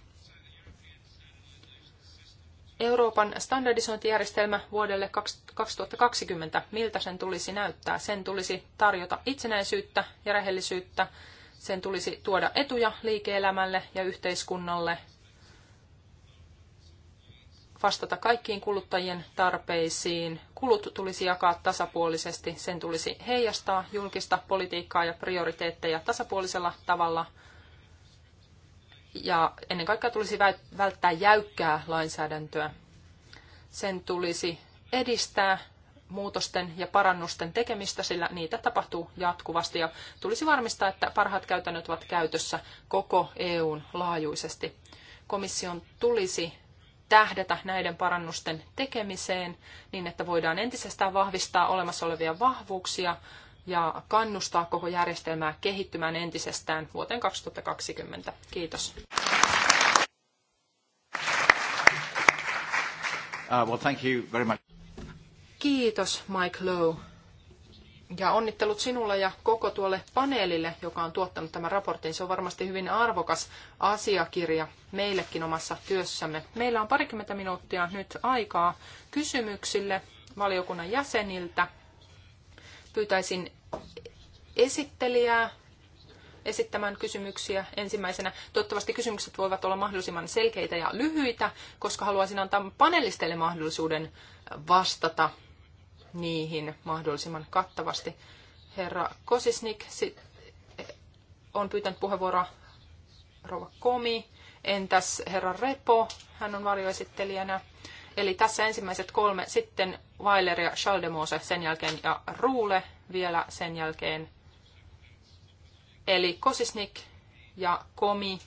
Euroopan standardisointijärjestelmä vuodelle 2020, miltä sen tulisi näyttää? Sen tulisi tarjota itsenäisyyttä ja rehellisyyttä, sen tulisi tuoda etuja liike-elämälle ja yhteiskunnalle, vastata kaikkiin kuluttajien tarpeisiin. Kulut tulisi jakaa tasapuolisesti, sen tulisi heijastaa julkista politiikkaa ja prioriteetteja tasapuolisella tavalla. Ja ennen kaikkea tulisi välttää jäykkää lainsäädäntöä. Sen tulisi edistää muutosten ja parannusten tekemistä, sillä niitä tapahtuu jatkuvasti ja tulisi varmistaa, että parhaat käytännöt ovat käytössä koko EUn laajuisesti. Komission tulisi tähdätä näiden parannusten tekemiseen niin, että voidaan entisestään vahvistaa olemassa olevia vahvuuksia ja kannustaa koko järjestelmää kehittymään entisestään vuoteen 2020. Kiitos. Uh, well, thank you very much. Kiitos Mike Lowe ja onnittelut sinulle ja koko tuolle paneelille, joka on tuottanut tämän raportin. Se on varmasti hyvin arvokas asiakirja meillekin omassa työssämme. Meillä on parikymmentä minuuttia nyt aikaa kysymyksille valiokunnan jäseniltä. Pyytäisin esittelijää esittämään kysymyksiä ensimmäisenä. Toivottavasti kysymykset voivat olla mahdollisimman selkeitä ja lyhyitä, koska haluaisin antaa panelisteille mahdollisuuden vastata niihin mahdollisimman kattavasti. Herra Kosisnik sit, on pyytänyt puheenvuoroa Rova Komi. Entäs herra Repo, hän on varjoesittelijänä. Eli tässä ensimmäiset kolme, sitten Weiler ja Schaldemose sen jälkeen ja Ruule vielä sen jälkeen. Eli Kosisnik ja Komi,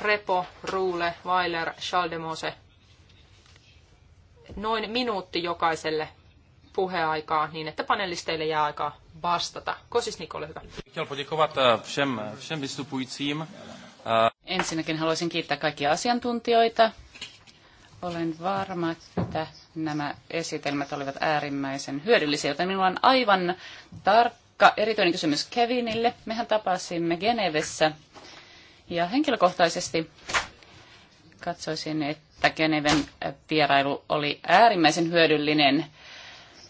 Repo, Ruule, Weiler, Schaldemose noin minuutti jokaiselle puheaikaa niin, että panelisteille jää aikaa vastata. Kosis Niko, ole hyvä. E, e, Ensinnäkin haluaisin kiittää kaikkia asiantuntijoita. Olen varma, että nämä esitelmät olivat äärimmäisen hyödyllisiä, joten minulla on aivan tarkka erityinen kysymys Kevinille. Mehän tapasimme Genevessä ja henkilökohtaisesti Katsoisin, että Geneven vierailu oli äärimmäisen hyödyllinen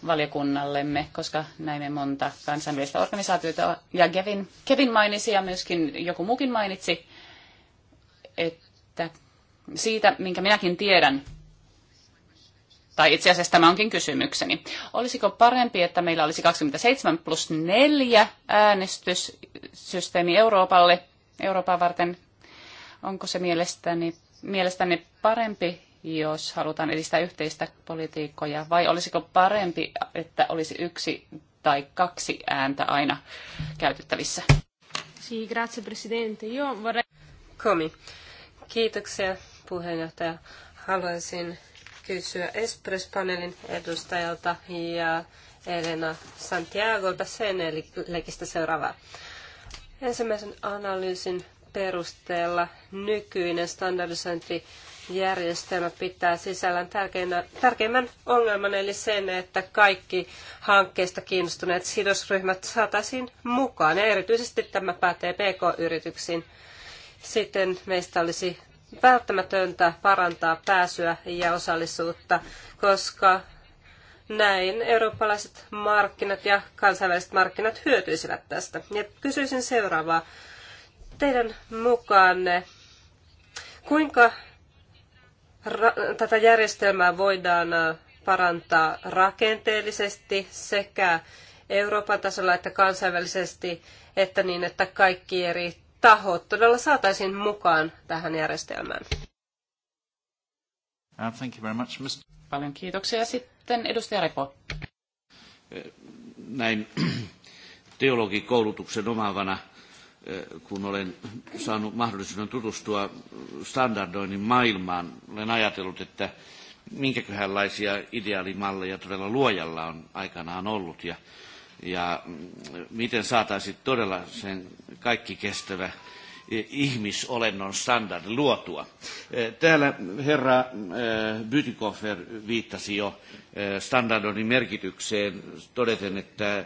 valiokunnallemme, koska näimme monta kansainvälistä organisaatiota. Ja Kevin, Kevin mainitsi ja myöskin joku muukin mainitsi, että siitä, minkä minäkin tiedän, tai itse asiassa tämä onkin kysymykseni. Olisiko parempi, että meillä olisi 27 plus 4 äänestyssysteemi Euroopalle, Euroopan varten? Onko se mielestäni mielestäni parempi, jos halutaan edistää yhteistä politiikkoja, vai olisiko parempi, että olisi yksi tai kaksi ääntä aina käytettävissä? Sì, grazie Presidente. Io vorrei... Komi. Kiitoksia puheenjohtaja. Haluaisin kysyä Espress-paneelin edustajalta ja Elena Santiago legistä seuraavaa. Ensimmäisen analyysin perusteella nykyinen standardisointijärjestelmä pitää sisällään tärkeimmän ongelman, eli sen, että kaikki hankkeista kiinnostuneet sidosryhmät saataisiin mukaan, ja erityisesti tämä pätee PK-yrityksiin. Sitten meistä olisi välttämätöntä parantaa pääsyä ja osallisuutta, koska näin eurooppalaiset markkinat ja kansainväliset markkinat hyötyisivät tästä. Ja kysyisin seuraavaa teidän mukaanne, kuinka tätä järjestelmää voidaan parantaa rakenteellisesti sekä Euroopan tasolla että kansainvälisesti, että niin, että kaikki eri tahot todella saataisiin mukaan tähän järjestelmään. Uh, thank you very much, Mr. Paljon kiitoksia. Sitten edustaja Repo. Eh, näin teologikoulutuksen omaavana Eh, kun olen saanut mahdollisuuden tutustua standardoinnin maailmaan, olen ajatellut, että minkäköhänlaisia ideaalimalleja todella luojalla on aikanaan ollut ja, ja miten saataisiin todella sen kaikki kestävä ihmisolennon standardi luotua. Eh, täällä herra eh, Bytikofer viittasi jo Eh, standardoinnin merkitykseen todeten, että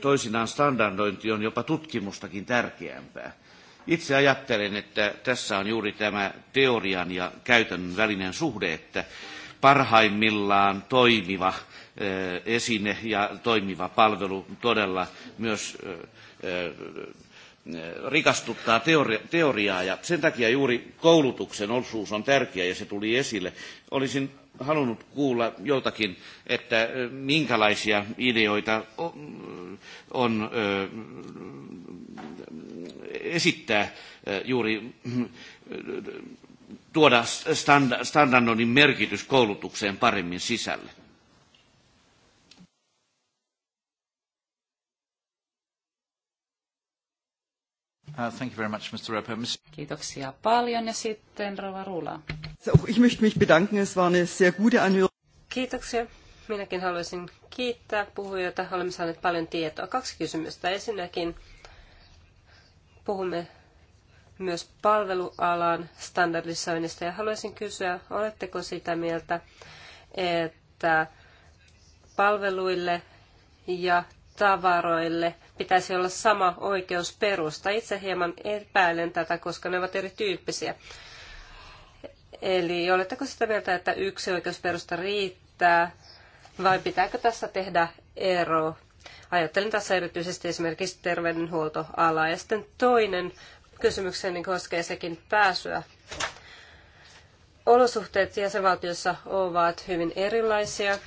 toisinaan standardointi on jopa tutkimustakin tärkeämpää. Itse ajattelen, että tässä on juuri tämä teorian ja käytännön välinen suhde, että parhaimmillaan toimiva eh, esine ja toimiva palvelu todella myös eh, rikastuttaa teoriaa ja sen takia juuri koulutuksen osuus on tärkeä ja se tuli esille. Olisin halunnut kuulla jotakin, että minkälaisia ideoita on esittää juuri tuoda standardin merkitys koulutukseen paremmin sisälle. Uh, thank you very much, Mr. Kiitoksia paljon ja sitten Rova Rula. Ich möchte mich bedanken, es war eine sehr gute Anhörung. Kiitoksia. Minäkin haluaisin kiittää puhujoita. Olemme saaneet paljon tietoa. Kaksi kysymystä. Ensinnäkin puhumme myös palvelualan standardisoinnista ja haluaisin kysyä, oletteko sitä mieltä, että palveluille ja tavaroille pitäisi olla sama oikeusperusta. Itse hieman epäilen tätä, koska ne ovat erityyppisiä. Eli oletteko sitä mieltä, että yksi oikeusperusta riittää vai pitääkö tässä tehdä ero? Ajattelin tässä erityisesti esimerkiksi terveydenhuoltoalaa. Ja sitten toinen kysymykseni niin koskee sekin pääsyä. Olosuhteet jäsenvaltiossa ovat hyvin erilaisia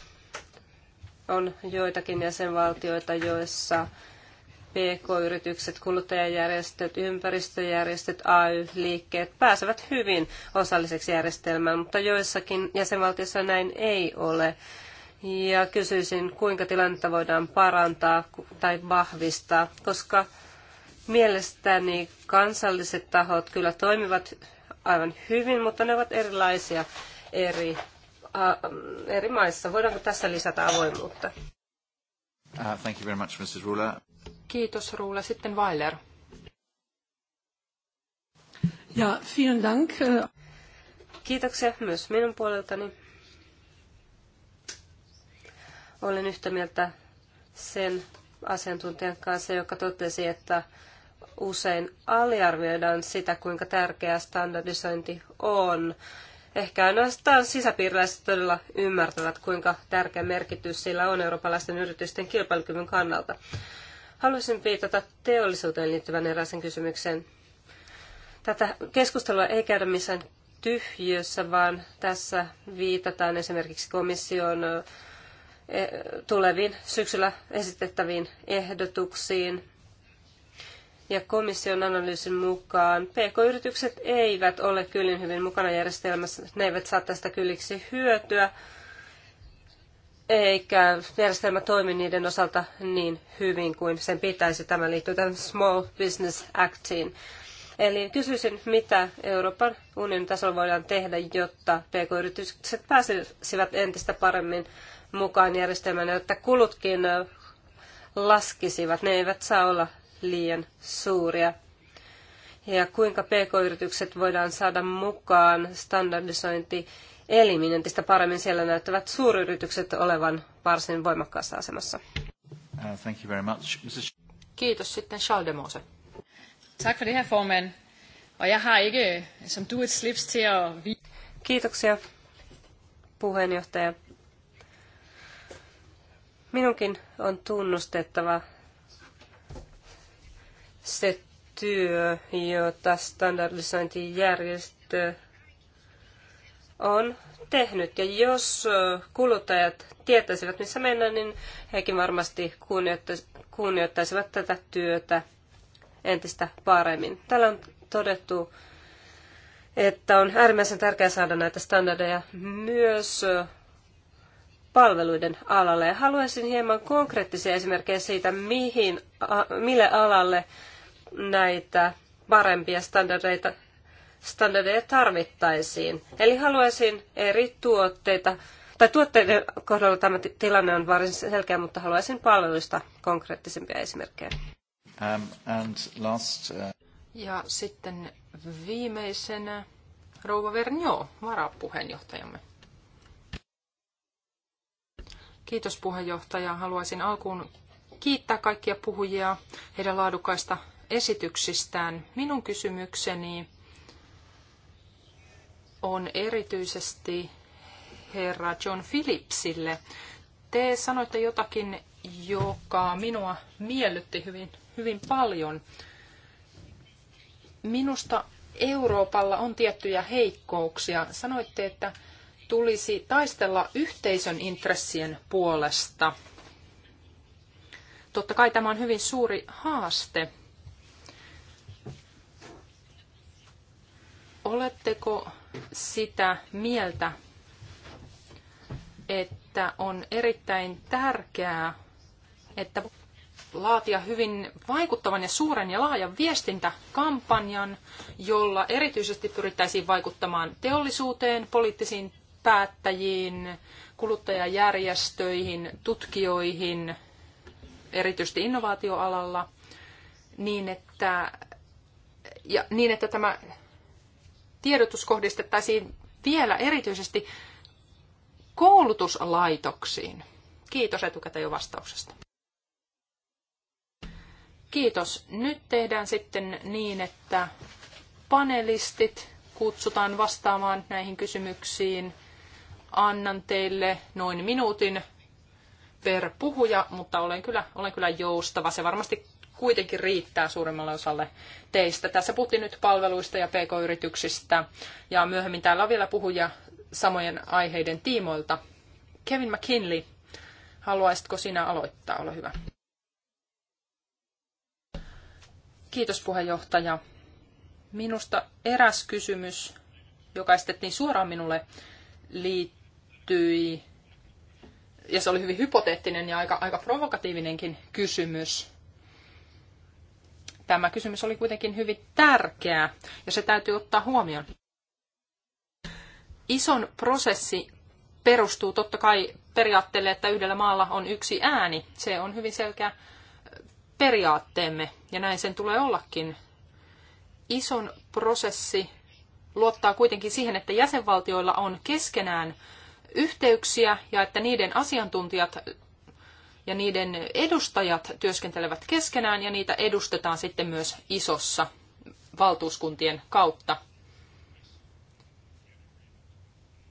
on joitakin jäsenvaltioita, joissa PK-yritykset, kuluttajajärjestöt, ympäristöjärjestöt, AY-liikkeet pääsevät hyvin osalliseksi järjestelmään, mutta joissakin jäsenvaltioissa näin ei ole. Ja kysyisin, kuinka tilannetta voidaan parantaa tai vahvistaa, koska mielestäni kansalliset tahot kyllä toimivat aivan hyvin, mutta ne ovat erilaisia eri eri maissa. Voidaanko tässä lisätä avoimuutta? Uh, thank you very much, Mrs. Ruler. Kiitos, Ruula. Sitten Weiler. Ja, vielen dank. Äh, Kiitoksia myös minun puoleltani. Olen yhtä mieltä sen asiantuntijan kanssa, joka totesi, että usein aliarvioidaan sitä, kuinka tärkeä standardisointi on Ehkä ainoastaan sisäpiiriläiset todella ymmärtävät, kuinka tärkeä merkitys sillä on eurooppalaisten yritysten kilpailukyvyn kannalta. Haluaisin viitata teollisuuteen liittyvän eräisen kysymykseen. Tätä keskustelua ei käydä missään tyhjössä, vaan tässä viitataan esimerkiksi komission eh, tuleviin syksyllä esitettäviin ehdotuksiin ja komission analyysin mukaan PK-yritykset eivät ole kyllin hyvin mukana järjestelmässä. Ne eivät saa tästä kylliksi hyötyä, eikä järjestelmä toimi niiden osalta niin hyvin kuin sen pitäisi. Tämä liittyy tämän Small Business Actiin. Eli kysyisin, mitä Euroopan unionin tasolla voidaan tehdä, jotta PK-yritykset pääsisivät entistä paremmin mukaan järjestelmään, jotta kulutkin laskisivat. Ne eivät saa olla liian suuria. Ja kuinka pk-yritykset voidaan saada mukaan standardisointi elimin entistä paremmin. Siellä näyttävät suuryritykset olevan varsin voimakkaassa asemassa. Uh, thank you very much. Mrs. Kiitos sitten Charles de Mose. Tak for det her, formand. Og jeg har ikke, øh, som du, et slips til at... Kiitoksia, puheenjohtaja. Minunkin on tunnustettava, se työ, jota standardisointijärjestö on tehnyt. Ja jos kuluttajat tietäisivät, missä mennään, niin hekin varmasti kunnioittaisivat tätä työtä entistä paremmin. Täällä on todettu, että on äärimmäisen tärkeää saada näitä standardeja myös palveluiden alalle. Ja haluaisin hieman konkreettisia esimerkkejä siitä, mihin, mille alalle näitä parempia standardeita, standardeja tarvittaisiin. Eli haluaisin eri tuotteita, tai tuotteiden kohdalla tämä tilanne on varsin selkeä, mutta haluaisin palveluista konkreettisempia esimerkkejä. Um, and last, uh... Ja sitten viimeisenä rouva Vernio, varapuheenjohtajamme. Kiitos puheenjohtaja. Haluaisin alkuun kiittää kaikkia puhujia heidän laadukkaista esityksistään. Minun kysymykseni on erityisesti herra John Phillipsille. Te sanoitte jotakin, joka minua miellytti hyvin, hyvin paljon. Minusta Euroopalla on tiettyjä heikkouksia. Sanoitte, että tulisi taistella yhteisön intressien puolesta. Totta kai tämä on hyvin suuri haaste. Oletteko sitä mieltä, että on erittäin tärkeää, että laatia hyvin vaikuttavan ja suuren ja laajan viestintäkampanjan, jolla erityisesti pyrittäisiin vaikuttamaan teollisuuteen, poliittisiin päättäjiin, kuluttajajärjestöihin, tutkijoihin, erityisesti innovaatioalalla, niin että, ja, niin että tämä tiedotus kohdistettaisiin vielä erityisesti koulutuslaitoksiin. Kiitos etukäteen jo vastauksesta. Kiitos. Nyt tehdään sitten niin, että panelistit kutsutaan vastaamaan näihin kysymyksiin. Annan teille noin minuutin per puhuja, mutta olen kyllä, olen kyllä joustava. Se varmasti kuitenkin riittää suurimmalle osalle teistä. Tässä puhuttiin nyt palveluista ja pk-yrityksistä ja myöhemmin täällä on vielä puhuja samojen aiheiden tiimoilta. Kevin McKinley, haluaisitko sinä aloittaa? Ole hyvä. Kiitos puheenjohtaja. Minusta eräs kysymys, joka estettiin suoraan minulle, liittyi, ja se oli hyvin hypoteettinen ja aika, aika provokatiivinenkin kysymys, Tämä kysymys oli kuitenkin hyvin tärkeä ja se täytyy ottaa huomioon. Ison prosessi perustuu totta kai periaatteelle, että yhdellä maalla on yksi ääni. Se on hyvin selkeä periaatteemme ja näin sen tulee ollakin. Ison prosessi luottaa kuitenkin siihen, että jäsenvaltioilla on keskenään yhteyksiä ja että niiden asiantuntijat ja niiden edustajat työskentelevät keskenään ja niitä edustetaan sitten myös isossa valtuuskuntien kautta.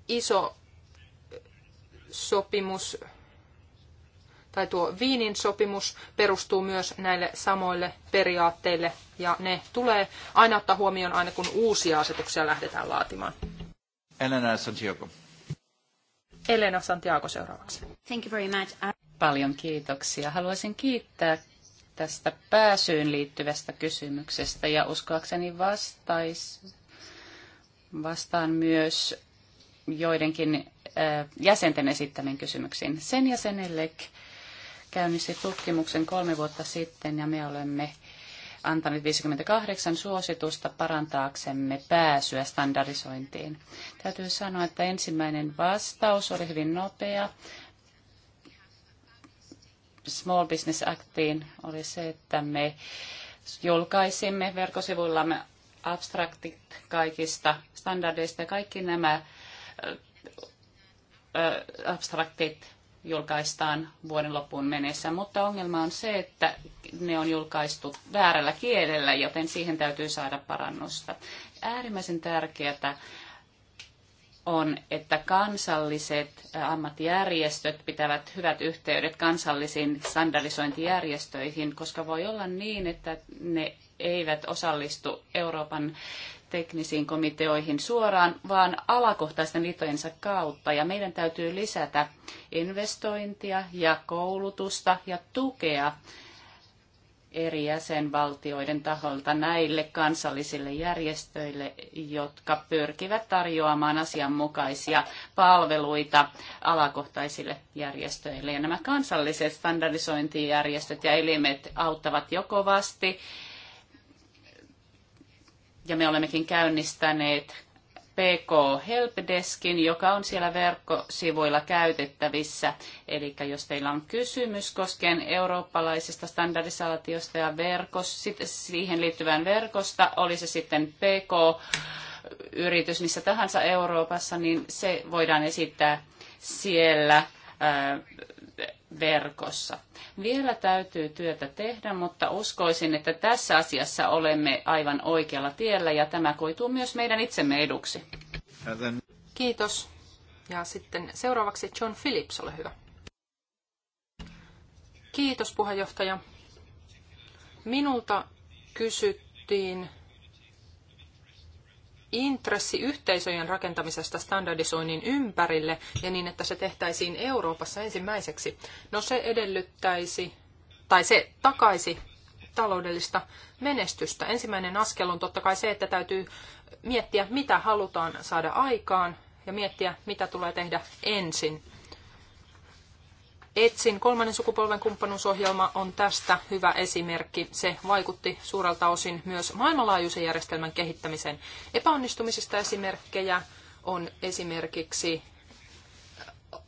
Iso sopimus tai tuo Viinin sopimus perustuu myös näille samoille periaatteille ja ne tulee aina ottaa huomioon aina kun uusia asetuksia lähdetään laatimaan. Elena Santiago. Elena Santiago seuraavaksi. Thank you very much. Paljon kiitoksia. Haluaisin kiittää tästä pääsyyn liittyvästä kysymyksestä ja uskoakseni vastais, vastaan myös joidenkin jäsenten esittämiin kysymyksiin. Sen ja Senelek käynnisti tutkimuksen kolme vuotta sitten ja me olemme antaneet 58 suositusta parantaaksemme pääsyä standardisointiin. Täytyy sanoa, että ensimmäinen vastaus oli hyvin nopea. Small Business Actiin oli se, että me julkaisimme verkkosivuillamme abstraktit kaikista standardeista kaikki nämä abstraktit julkaistaan vuoden loppuun mennessä, mutta ongelma on se, että ne on julkaistu väärällä kielellä, joten siihen täytyy saada parannusta. Äärimmäisen tärkeää on, että kansalliset ammattijärjestöt pitävät hyvät yhteydet kansallisiin standardisointijärjestöihin, koska voi olla niin, että ne eivät osallistu Euroopan teknisiin komiteoihin suoraan, vaan alakohtaisten liittojensa kautta. Ja meidän täytyy lisätä investointia ja koulutusta ja tukea eri jäsenvaltioiden taholta näille kansallisille järjestöille, jotka pyrkivät tarjoamaan asianmukaisia palveluita alakohtaisille järjestöille. Ja nämä kansalliset standardisointijärjestöt ja elimet auttavat jokovasti. Ja me olemmekin käynnistäneet PK Helpdeskin, joka on siellä verkkosivuilla käytettävissä. Eli jos teillä on kysymys koskien eurooppalaisesta standardisaatiosta ja verkos, siihen liittyvään verkosta, oli se sitten PK yritys missä tahansa Euroopassa, niin se voidaan esittää siellä verkossa. Vielä täytyy työtä tehdä, mutta uskoisin, että tässä asiassa olemme aivan oikealla tiellä ja tämä koituu myös meidän itsemme eduksi. Kiitos. Ja sitten seuraavaksi John Phillips, ole hyvä. Kiitos puheenjohtaja. Minulta kysyttiin intressi yhteisöjen rakentamisesta standardisoinnin ympärille ja niin, että se tehtäisiin Euroopassa ensimmäiseksi. No se edellyttäisi, tai se takaisi taloudellista menestystä. Ensimmäinen askel on totta kai se, että täytyy miettiä, mitä halutaan saada aikaan ja miettiä, mitä tulee tehdä ensin. Etsin kolmannen sukupolven kumppanuusohjelma on tästä hyvä esimerkki. Se vaikutti suurelta osin myös maailmanlaajuisen järjestelmän kehittämisen epäonnistumisista esimerkkejä on esimerkiksi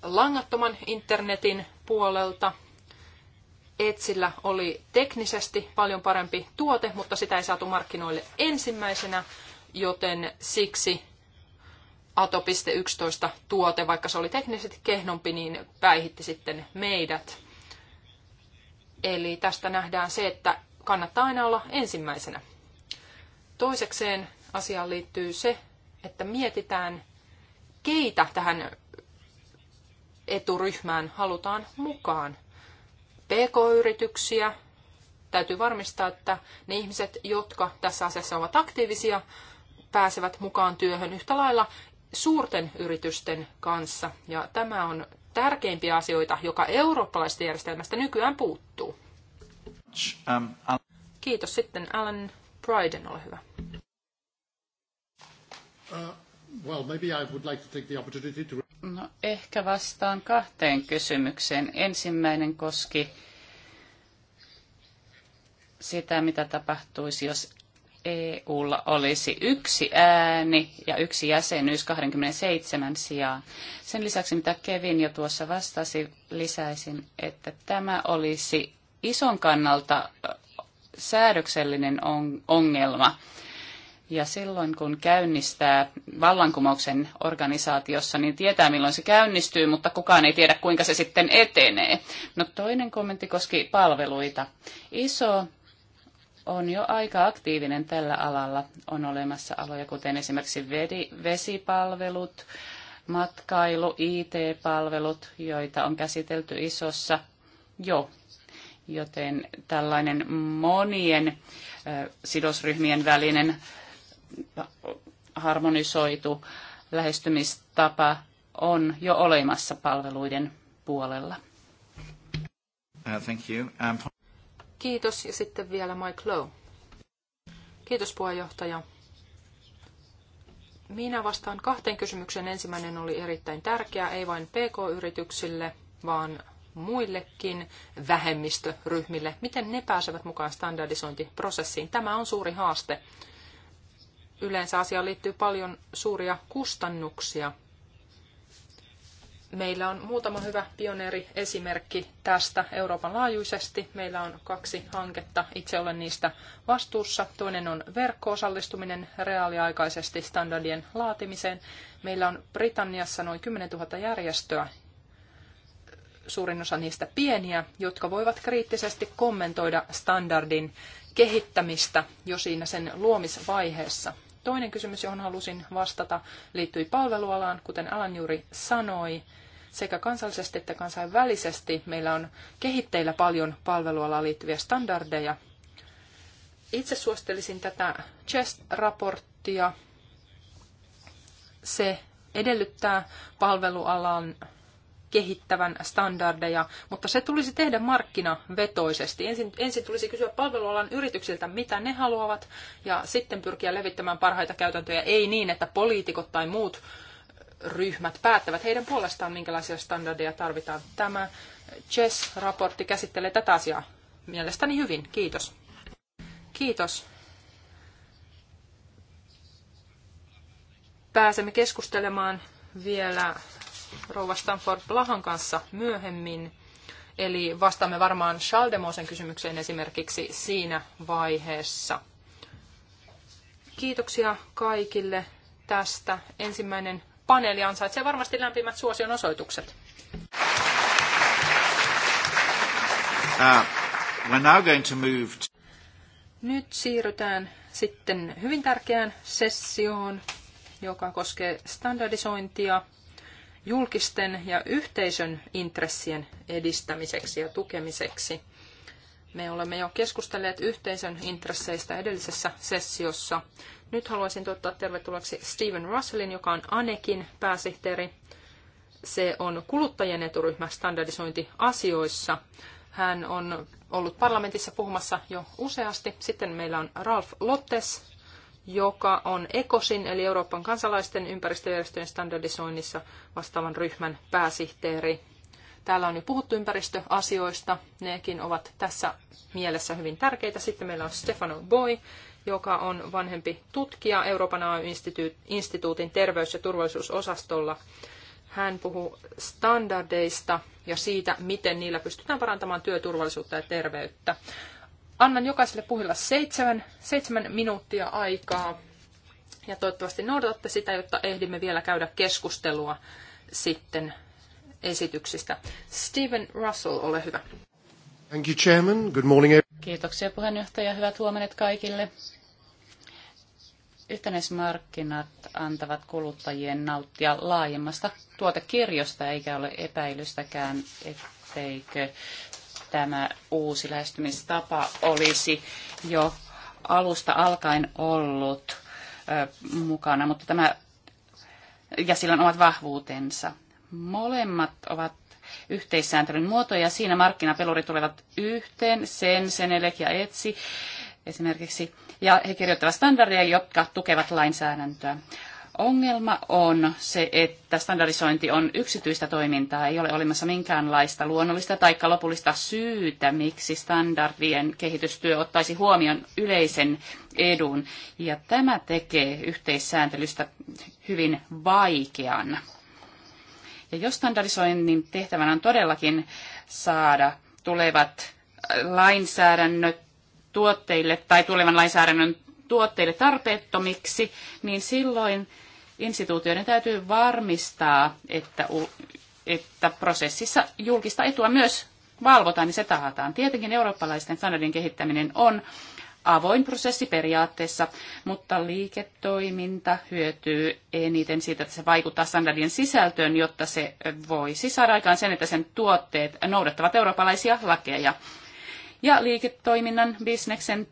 langattoman internetin puolelta. Etsillä oli teknisesti paljon parempi tuote, mutta sitä ei saatu markkinoille ensimmäisenä, joten siksi Ato.11 tuote, vaikka se oli teknisesti kehnompi, niin päihitti sitten meidät. Eli tästä nähdään se, että kannattaa aina olla ensimmäisenä. Toisekseen asiaan liittyy se, että mietitään, keitä tähän eturyhmään halutaan mukaan. PK-yrityksiä, täytyy varmistaa, että ne ihmiset, jotka tässä asiassa ovat aktiivisia, pääsevät mukaan työhön yhtä lailla suurten yritysten kanssa. Ja tämä on tärkeimpiä asioita, joka eurooppalaisesta järjestelmästä nykyään puuttuu. Um, Kiitos sitten Alan Bryden, ole hyvä. Uh, no, ehkä vastaan kahteen kysymykseen. Ensimmäinen koski sitä, mitä tapahtuisi, jos EUlla olisi yksi ääni ja yksi jäsenyys 27 sijaan. Sen lisäksi, mitä Kevin jo tuossa vastasi, lisäisin, että tämä olisi ison kannalta säädöksellinen ongelma. Ja silloin, kun käynnistää vallankumouksen organisaatiossa, niin tietää, milloin se käynnistyy, mutta kukaan ei tiedä, kuinka se sitten etenee. No toinen kommentti koski palveluita. Iso on jo aika aktiivinen tällä alalla. On olemassa aloja, kuten esimerkiksi vesipalvelut, matkailu, IT-palvelut, joita on käsitelty isossa jo. Joten tällainen monien sidosryhmien välinen harmonisoitu lähestymistapa on jo olemassa palveluiden puolella. Uh, thank you. Um, Kiitos ja sitten vielä Mike Lowe. Kiitos puheenjohtaja. Minä vastaan kahteen kysymykseen. Ensimmäinen oli erittäin tärkeä, ei vain PK-yrityksille, vaan muillekin vähemmistöryhmille. Miten ne pääsevät mukaan standardisointiprosessiin? Tämä on suuri haaste. Yleensä asiaan liittyy paljon suuria kustannuksia. Meillä on muutama hyvä pioneeriesimerkki tästä Euroopan laajuisesti. Meillä on kaksi hanketta, itse olen niistä vastuussa. Toinen on verkko-osallistuminen reaaliaikaisesti standardien laatimiseen. Meillä on Britanniassa noin 10 000 järjestöä, suurin osa niistä pieniä, jotka voivat kriittisesti kommentoida standardin kehittämistä jo siinä sen luomisvaiheessa. Toinen kysymys, johon halusin vastata, liittyi palvelualaan. Kuten Alan juuri sanoi, sekä kansallisesti että kansainvälisesti meillä on kehitteillä paljon palvelualaan liittyviä standardeja. Itse suosittelisin tätä CHEST-raporttia. Se edellyttää palvelualan kehittävän standardeja, mutta se tulisi tehdä markkinavetoisesti. Ensin, ensin tulisi kysyä palvelualan yrityksiltä, mitä ne haluavat, ja sitten pyrkiä levittämään parhaita käytäntöjä, ei niin, että poliitikot tai muut ryhmät päättävät heidän puolestaan, minkälaisia standardeja tarvitaan. Tämä CHESS-raportti käsittelee tätä asiaa mielestäni hyvin. Kiitos. Kiitos. Pääsemme keskustelemaan vielä rouva Stanford Blahan kanssa myöhemmin. Eli vastaamme varmaan Schaldemosen kysymykseen esimerkiksi siinä vaiheessa. Kiitoksia kaikille tästä. Ensimmäinen paneeli ansaitsee varmasti lämpimät suosion osoitukset. Uh, we're now going to move to... Nyt siirrytään sitten hyvin tärkeään sessioon, joka koskee standardisointia julkisten ja yhteisön intressien edistämiseksi ja tukemiseksi. Me olemme jo keskustelleet yhteisön intresseistä edellisessä sessiossa. Nyt haluaisin toivottaa tervetulleeksi Steven Russellin, joka on Anekin pääsihteeri. Se on kuluttajien eturyhmä standardisointiasioissa. Hän on ollut parlamentissa puhumassa jo useasti. Sitten meillä on Ralf Lottes, joka on ECOSin eli Euroopan kansalaisten ympäristöjärjestöjen standardisoinnissa vastaavan ryhmän pääsihteeri. Täällä on jo puhuttu ympäristöasioista, nekin ovat tässä mielessä hyvin tärkeitä. Sitten meillä on Stefano Boy, joka on vanhempi tutkija Euroopan AY-instituutin terveys- ja turvallisuusosastolla. Hän puhuu standardeista ja siitä, miten niillä pystytään parantamaan työturvallisuutta ja terveyttä. Annan jokaiselle puhilla seitsemän, seitsemän minuuttia aikaa ja toivottavasti noudatatte sitä, jotta ehdimme vielä käydä keskustelua sitten esityksistä. Stephen Russell, ole hyvä. Thank you, Chairman. Good morning. Kiitoksia puheenjohtaja. Hyvät huomenet kaikille. Yhtenäismarkkinat antavat kuluttajien nauttia laajemmasta tuotekirjosta, eikä ole epäilystäkään, etteikö tämä uusi lähestymistapa olisi jo alusta alkaen ollut mukana, mutta tämä, ja sillä on omat vahvuutensa. Molemmat ovat yhteissääntelyn muotoja. Siinä markkinapelurit tulevat yhteen, sen, senelek ja etsi esimerkiksi, ja he kirjoittavat standardeja, jotka tukevat lainsäädäntöä. Ongelma on se, että standardisointi on yksityistä toimintaa. Ei ole olemassa minkäänlaista luonnollista tai lopullista syytä, miksi standardien kehitystyö ottaisi huomioon yleisen edun. Ja tämä tekee yhteissääntelystä hyvin vaikean. Ja jos standardisoinnin tehtävänä on todellakin saada tulevat lainsäädännöt tuotteille tai tulevan lainsäädännön tuotteille tarpeettomiksi, niin silloin instituutioiden täytyy varmistaa, että, että prosessissa julkista etua myös valvotaan, niin se tahataan. Tietenkin eurooppalaisten standardien kehittäminen on avoin prosessi periaatteessa, mutta liiketoiminta hyötyy eniten siitä, että se vaikuttaa standardien sisältöön, jotta se voisi saada aikaan sen, että sen tuotteet noudattavat eurooppalaisia lakeja. Ja liiketoiminnan bisneksen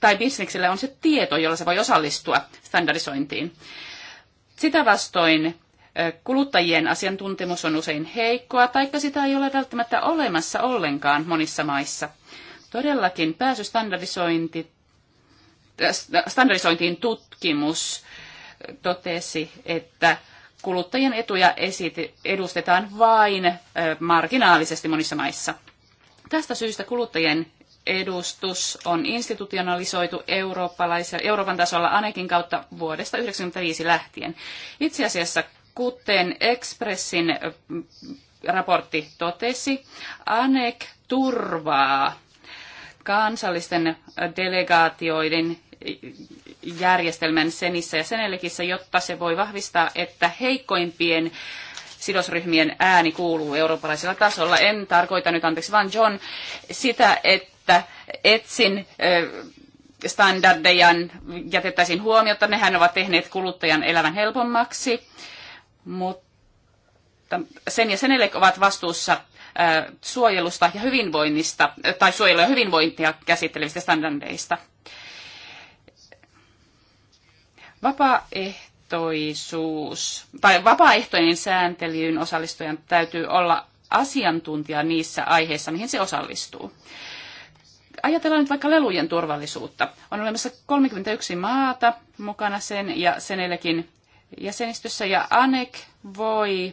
tai bisneksillä on se tieto, jolla se voi osallistua standardisointiin. Sitä vastoin kuluttajien asiantuntemus on usein heikkoa, taikka sitä ei ole välttämättä olemassa ollenkaan monissa maissa. Todellakin pääsy standardisointi, standardisointiin tutkimus totesi, että kuluttajien etuja edustetaan vain marginaalisesti monissa maissa. Tästä syystä kuluttajien edustus on institutionalisoitu Euroopan tasolla ainakin kautta vuodesta 1995 lähtien. Itse asiassa kuten Expressin raportti totesi, ANEC turvaa kansallisten delegaatioiden järjestelmän Senissä ja Senelekissä, jotta se voi vahvistaa, että heikoimpien sidosryhmien ääni kuuluu eurooppalaisella tasolla. En tarkoita nyt, anteeksi vaan John, sitä, että että etsin standardeja jätettäisiin huomiota. Nehän ovat tehneet kuluttajan elämän helpommaksi, mutta sen ja senelle ovat vastuussa suojelusta ja hyvinvoinnista, tai suojelua ja hyvinvointia käsittelevistä standardeista. Vapaaehtoisuus, tai vapaaehtoinen sääntelyyn osallistujan täytyy olla asiantuntija niissä aiheissa, mihin se osallistuu. Ajatellaan nyt vaikka lelujen turvallisuutta. On olemassa 31 maata mukana sen ja senellekin jäsenistössä ja ANEC voi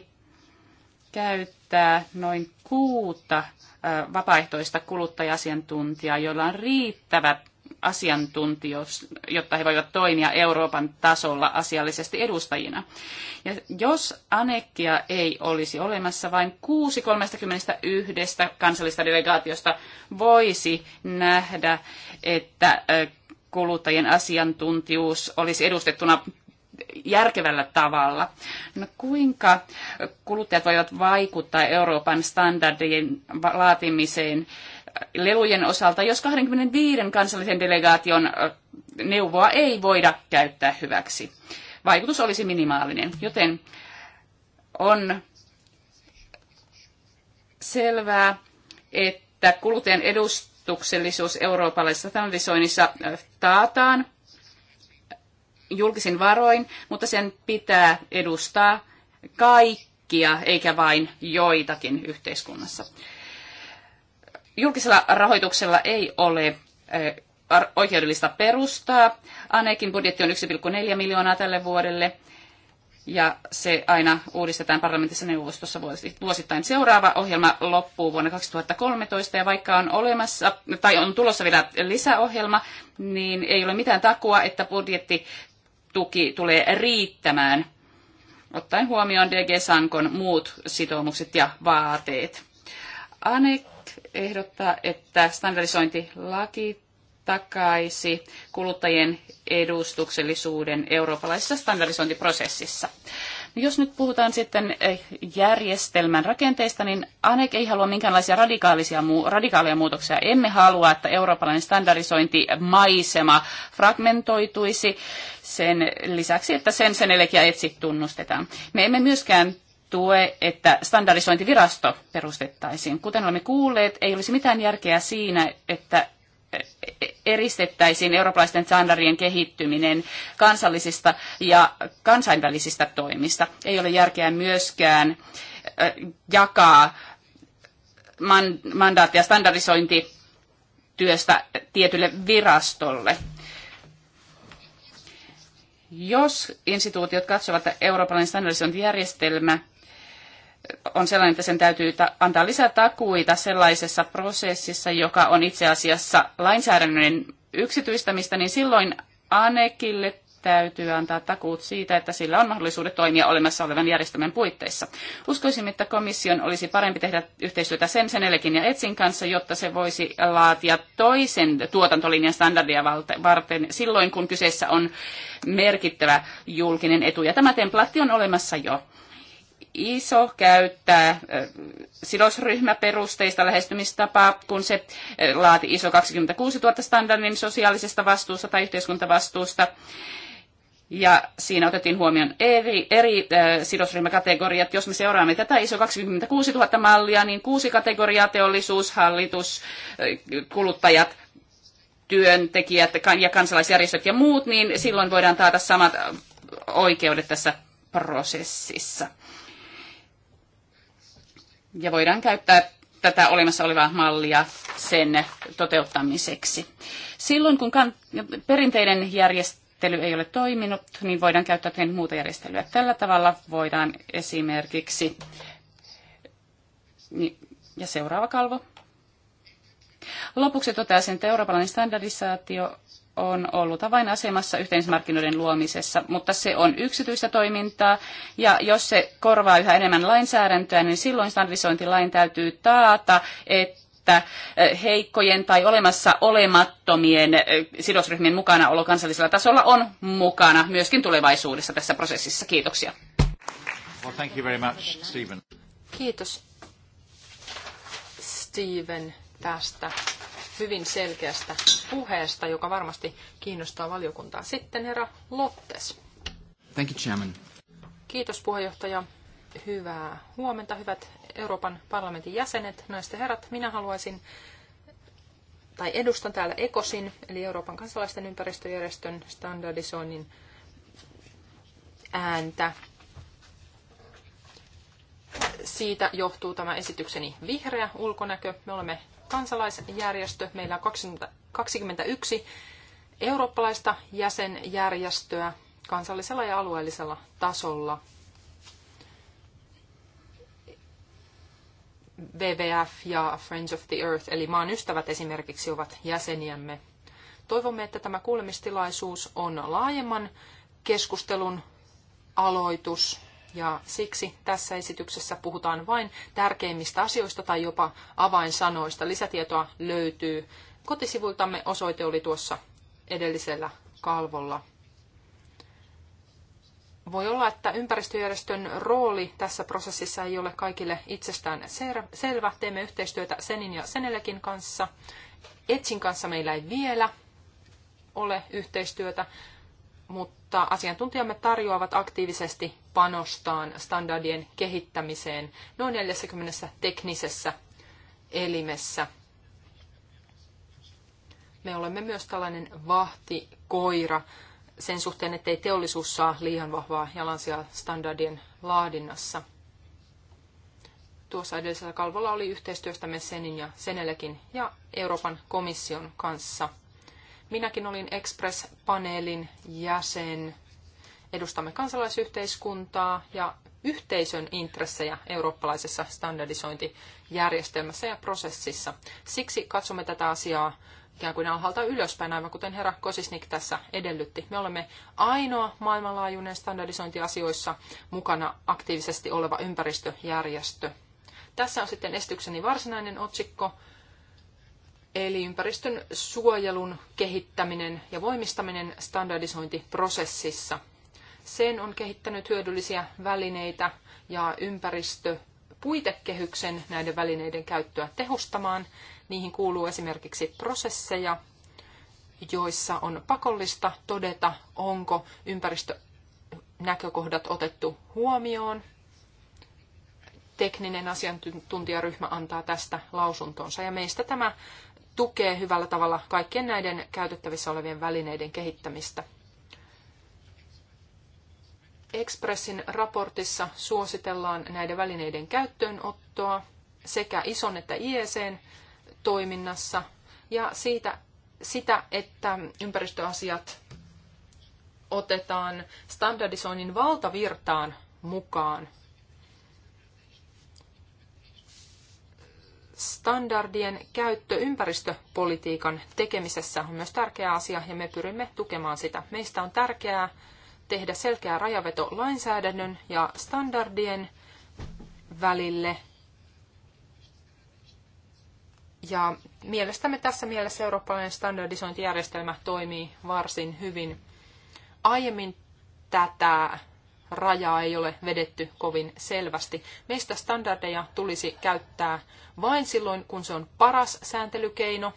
käyttää noin kuutta vapaaehtoista kuluttaja-asiantuntijaa, joilla on riittävät asiantuntijoiksi, jotta he voivat toimia Euroopan tasolla asiallisesti edustajina. Ja jos anekkia ei olisi olemassa, vain 6 31 kansallista delegaatiosta voisi nähdä, että kuluttajien asiantuntijuus olisi edustettuna järkevällä tavalla. No kuinka kuluttajat voivat vaikuttaa Euroopan standardien laatimiseen lelujen osalta, jos 25 kansallisen delegaation neuvoa ei voida käyttää hyväksi. Vaikutus olisi minimaalinen, joten on selvää, että kuluttajan edustuksellisuus eurooppalaisessa standardisoinnissa taataan julkisin varoin, mutta sen pitää edustaa kaikkia, eikä vain joitakin yhteiskunnassa julkisella rahoituksella ei ole oikeudellista perustaa. Anekin budjetti on 1,4 miljoonaa tälle vuodelle ja se aina uudistetaan parlamentissa neuvostossa vuosittain. Seuraava ohjelma loppuu vuonna 2013 ja vaikka on olemassa tai on tulossa vielä lisäohjelma, niin ei ole mitään takua, että budjettituki tulee riittämään ottaen huomioon DG Sankon muut sitoumukset ja vaateet. Anek ehdottaa, että standardisointilaki takaisi kuluttajien edustuksellisuuden eurooppalaisessa standardisointiprosessissa. No, jos nyt puhutaan sitten eh, järjestelmän rakenteista, niin ANEK ei halua minkäänlaisia radikaalisia, radikaaleja muutoksia. Emme halua, että eurooppalainen standardisointimaisema fragmentoituisi sen lisäksi, että sen sen senelekiä etsit tunnustetaan. Me emme myöskään tue, että standardisointivirasto perustettaisiin. Kuten olemme kuulleet, ei olisi mitään järkeä siinä, että eristettäisiin eurooppalaisten standardien kehittyminen kansallisista ja kansainvälisistä toimista. Ei ole järkeä myöskään jakaa mandaattia standardisointityöstä tietylle virastolle. Jos instituutiot katsovat, että eurooppalainen standardisointijärjestelmä on sellainen, että sen täytyy antaa lisää takuita sellaisessa prosessissa, joka on itse asiassa lainsäädännön yksityistämistä, niin silloin ANEKille täytyy antaa takuut siitä, että sillä on mahdollisuudet toimia olemassa olevan järjestelmän puitteissa. Uskoisin, että komission olisi parempi tehdä yhteistyötä Sensenellekin ja Etsin kanssa, jotta se voisi laatia toisen tuotantolinjan standardia varten silloin, kun kyseessä on merkittävä julkinen etu. Ja tämä templatti on olemassa jo. ISO käyttää sidosryhmäperusteista lähestymistapaa, kun se laati ISO 26000 standardin sosiaalisesta vastuusta tai yhteiskuntavastuusta. Ja siinä otettiin huomioon eri, eri äh, sidosryhmäkategoriat. Jos me seuraamme tätä ISO 26 000 mallia, niin kuusi kategoriaa, teollisuus, hallitus, äh, kuluttajat, työntekijät ja kansalaisjärjestöt ja muut, niin silloin voidaan taata samat oikeudet tässä prosessissa. Ja voidaan käyttää tätä olemassa olevaa mallia sen toteuttamiseksi. Silloin kun perinteinen järjestely ei ole toiminut, niin voidaan käyttää muuta järjestelyä. Tällä tavalla voidaan esimerkiksi, niin, ja seuraava kalvo, Lopuksi toteaisin, että eurooppalainen standardisaatio on ollut avainasemassa yhteismarkkinoiden luomisessa, mutta se on yksityistä toimintaa ja jos se korvaa yhä enemmän lainsäädäntöä, niin silloin standardisointilain täytyy taata, että eh, heikkojen tai olemassa olemattomien eh, sidosryhmien mukanaolo kansallisella tasolla on mukana myöskin tulevaisuudessa tässä prosessissa. Kiitoksia. Well, thank you very much, Stephen. Kiitos Steven tästä hyvin selkeästä puheesta, joka varmasti kiinnostaa valiokuntaa. Sitten herra Lottes. Thank you, Chairman. Kiitos puheenjohtaja. Hyvää huomenta, hyvät Euroopan parlamentin jäsenet, naiset ja herrat. Minä haluaisin tai edustan täällä ECOSin, eli Euroopan kansalaisten ympäristöjärjestön standardisoinnin ääntä. Siitä johtuu tämä esitykseni vihreä ulkonäkö. Me olemme kansalaisjärjestö. Meillä on 21 eurooppalaista jäsenjärjestöä kansallisella ja alueellisella tasolla. WWF ja Friends of the Earth, eli maan ystävät esimerkiksi, ovat jäseniämme. Toivomme, että tämä kuulemistilaisuus on laajemman keskustelun aloitus ja siksi tässä esityksessä puhutaan vain tärkeimmistä asioista tai jopa avainsanoista. Lisätietoa löytyy kotisivultamme. Osoite oli tuossa edellisellä kalvolla. Voi olla, että ympäristöjärjestön rooli tässä prosessissa ei ole kaikille itsestään selvä. Teemme yhteistyötä Senin ja Senelekin kanssa. Etsin kanssa meillä ei vielä ole yhteistyötä mutta asiantuntijamme tarjoavat aktiivisesti panostaan standardien kehittämiseen noin 40 teknisessä elimessä. Me olemme myös tällainen vahtikoira sen suhteen, ettei teollisuus saa liian vahvaa jalansijaa standardien laadinnassa. Tuossa edellisellä kalvolla oli yhteistyöstämme Senin ja Senelekin ja Euroopan komission kanssa – Minäkin olin Express-paneelin jäsen. Edustamme kansalaisyhteiskuntaa ja yhteisön intressejä eurooppalaisessa standardisointijärjestelmässä ja prosessissa. Siksi katsomme tätä asiaa ikään kuin alhaalta ylöspäin, aivan kuten herra Kosisnik tässä edellytti. Me olemme ainoa maailmanlaajuinen standardisointiasioissa mukana aktiivisesti oleva ympäristöjärjestö. Tässä on sitten esitykseni varsinainen otsikko, Eli ympäristön suojelun kehittäminen ja voimistaminen standardisointiprosessissa. Sen on kehittänyt hyödyllisiä välineitä ja ympäristöpuitekehyksen näiden välineiden käyttöä tehostamaan. Niihin kuuluu esimerkiksi prosesseja, joissa on pakollista todeta, onko ympäristönäkökohdat otettu huomioon. Tekninen asiantuntijaryhmä antaa tästä lausuntonsa ja meistä tämä tukee hyvällä tavalla kaikkien näiden käytettävissä olevien välineiden kehittämistä. Expressin raportissa suositellaan näiden välineiden käyttöönottoa sekä ison että IECn toiminnassa ja siitä, sitä, että ympäristöasiat otetaan standardisoinnin valtavirtaan mukaan standardien käyttö ympäristöpolitiikan tekemisessä on myös tärkeä asia ja me pyrimme tukemaan sitä. Meistä on tärkeää tehdä selkeä rajaveto lainsäädännön ja standardien välille. Ja mielestämme tässä mielessä eurooppalainen standardisointijärjestelmä toimii varsin hyvin. Aiemmin tätä rajaa ei ole vedetty kovin selvästi. Meistä standardeja tulisi käyttää vain silloin, kun se on paras sääntelykeino.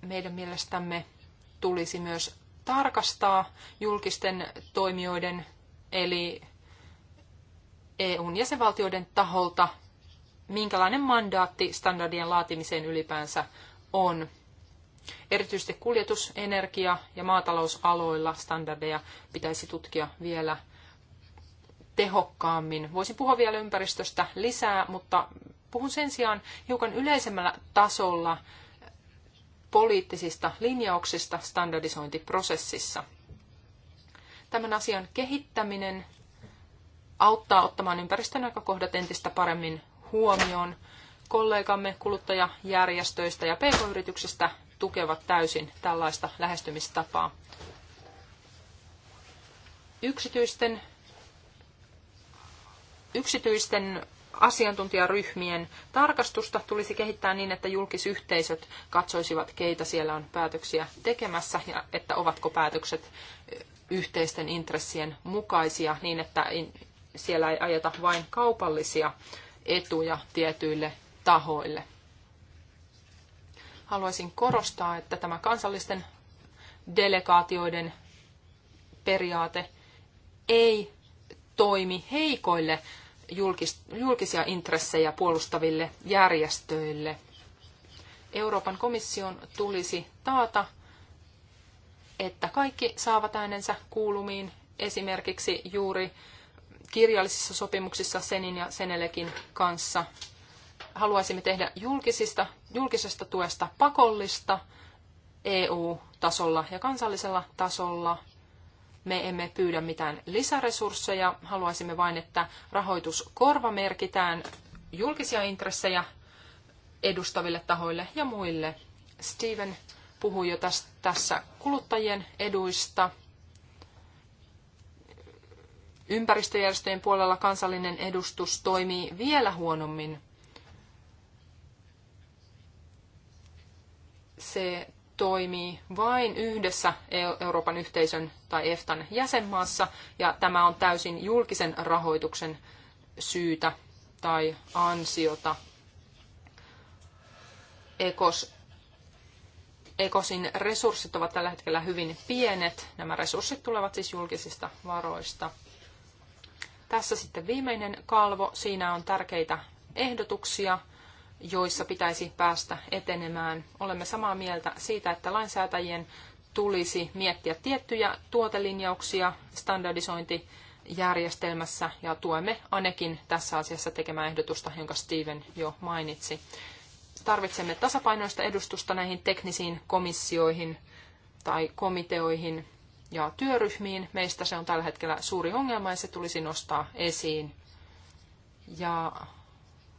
Meidän mielestämme tulisi myös tarkastaa julkisten toimijoiden eli EUn jäsenvaltioiden taholta, minkälainen mandaatti standardien laatimiseen ylipäänsä on. Erityisesti kuljetus-, energia- ja maatalousaloilla standardeja pitäisi tutkia vielä tehokkaammin. Voisin puhua vielä ympäristöstä lisää, mutta puhun sen sijaan hiukan yleisemmällä tasolla poliittisista linjauksista standardisointiprosessissa. Tämän asian kehittäminen auttaa ottamaan ympäristönäkökohdat entistä paremmin huomioon. Kollegamme kuluttajajärjestöistä ja pk-yrityksistä tukevat täysin tällaista lähestymistapaa. Yksityisten, yksityisten asiantuntijaryhmien tarkastusta tulisi kehittää niin, että julkisyhteisöt katsoisivat, keitä siellä on päätöksiä tekemässä ja että ovatko päätökset yhteisten intressien mukaisia niin, että siellä ei ajeta vain kaupallisia etuja tietyille tahoille haluaisin korostaa, että tämä kansallisten delegaatioiden periaate ei toimi heikoille julkisia intressejä puolustaville järjestöille. Euroopan komission tulisi taata, että kaikki saavat äänensä kuulumiin esimerkiksi juuri kirjallisissa sopimuksissa Senin ja Senelekin kanssa haluaisimme tehdä julkisista, julkisesta tuesta pakollista EU-tasolla ja kansallisella tasolla. Me emme pyydä mitään lisäresursseja, haluaisimme vain, että rahoitus korvamerkitään julkisia intressejä edustaville tahoille ja muille. Steven puhui jo tässä kuluttajien eduista. Ympäristöjärjestöjen puolella kansallinen edustus toimii vielä huonommin se toimii vain yhdessä Euroopan yhteisön tai EFTAn jäsenmaassa, ja tämä on täysin julkisen rahoituksen syytä tai ansiota. Ekos, Ekosin resurssit ovat tällä hetkellä hyvin pienet. Nämä resurssit tulevat siis julkisista varoista. Tässä sitten viimeinen kalvo. Siinä on tärkeitä ehdotuksia – joissa pitäisi päästä etenemään. Olemme samaa mieltä siitä, että lainsäätäjien tulisi miettiä tiettyjä tuotelinjauksia standardisointijärjestelmässä ja tuemme Anekin tässä asiassa tekemään ehdotusta, jonka Steven jo mainitsi. Tarvitsemme tasapainoista edustusta näihin teknisiin komissioihin tai komiteoihin ja työryhmiin. Meistä se on tällä hetkellä suuri ongelma ja se tulisi nostaa esiin. Ja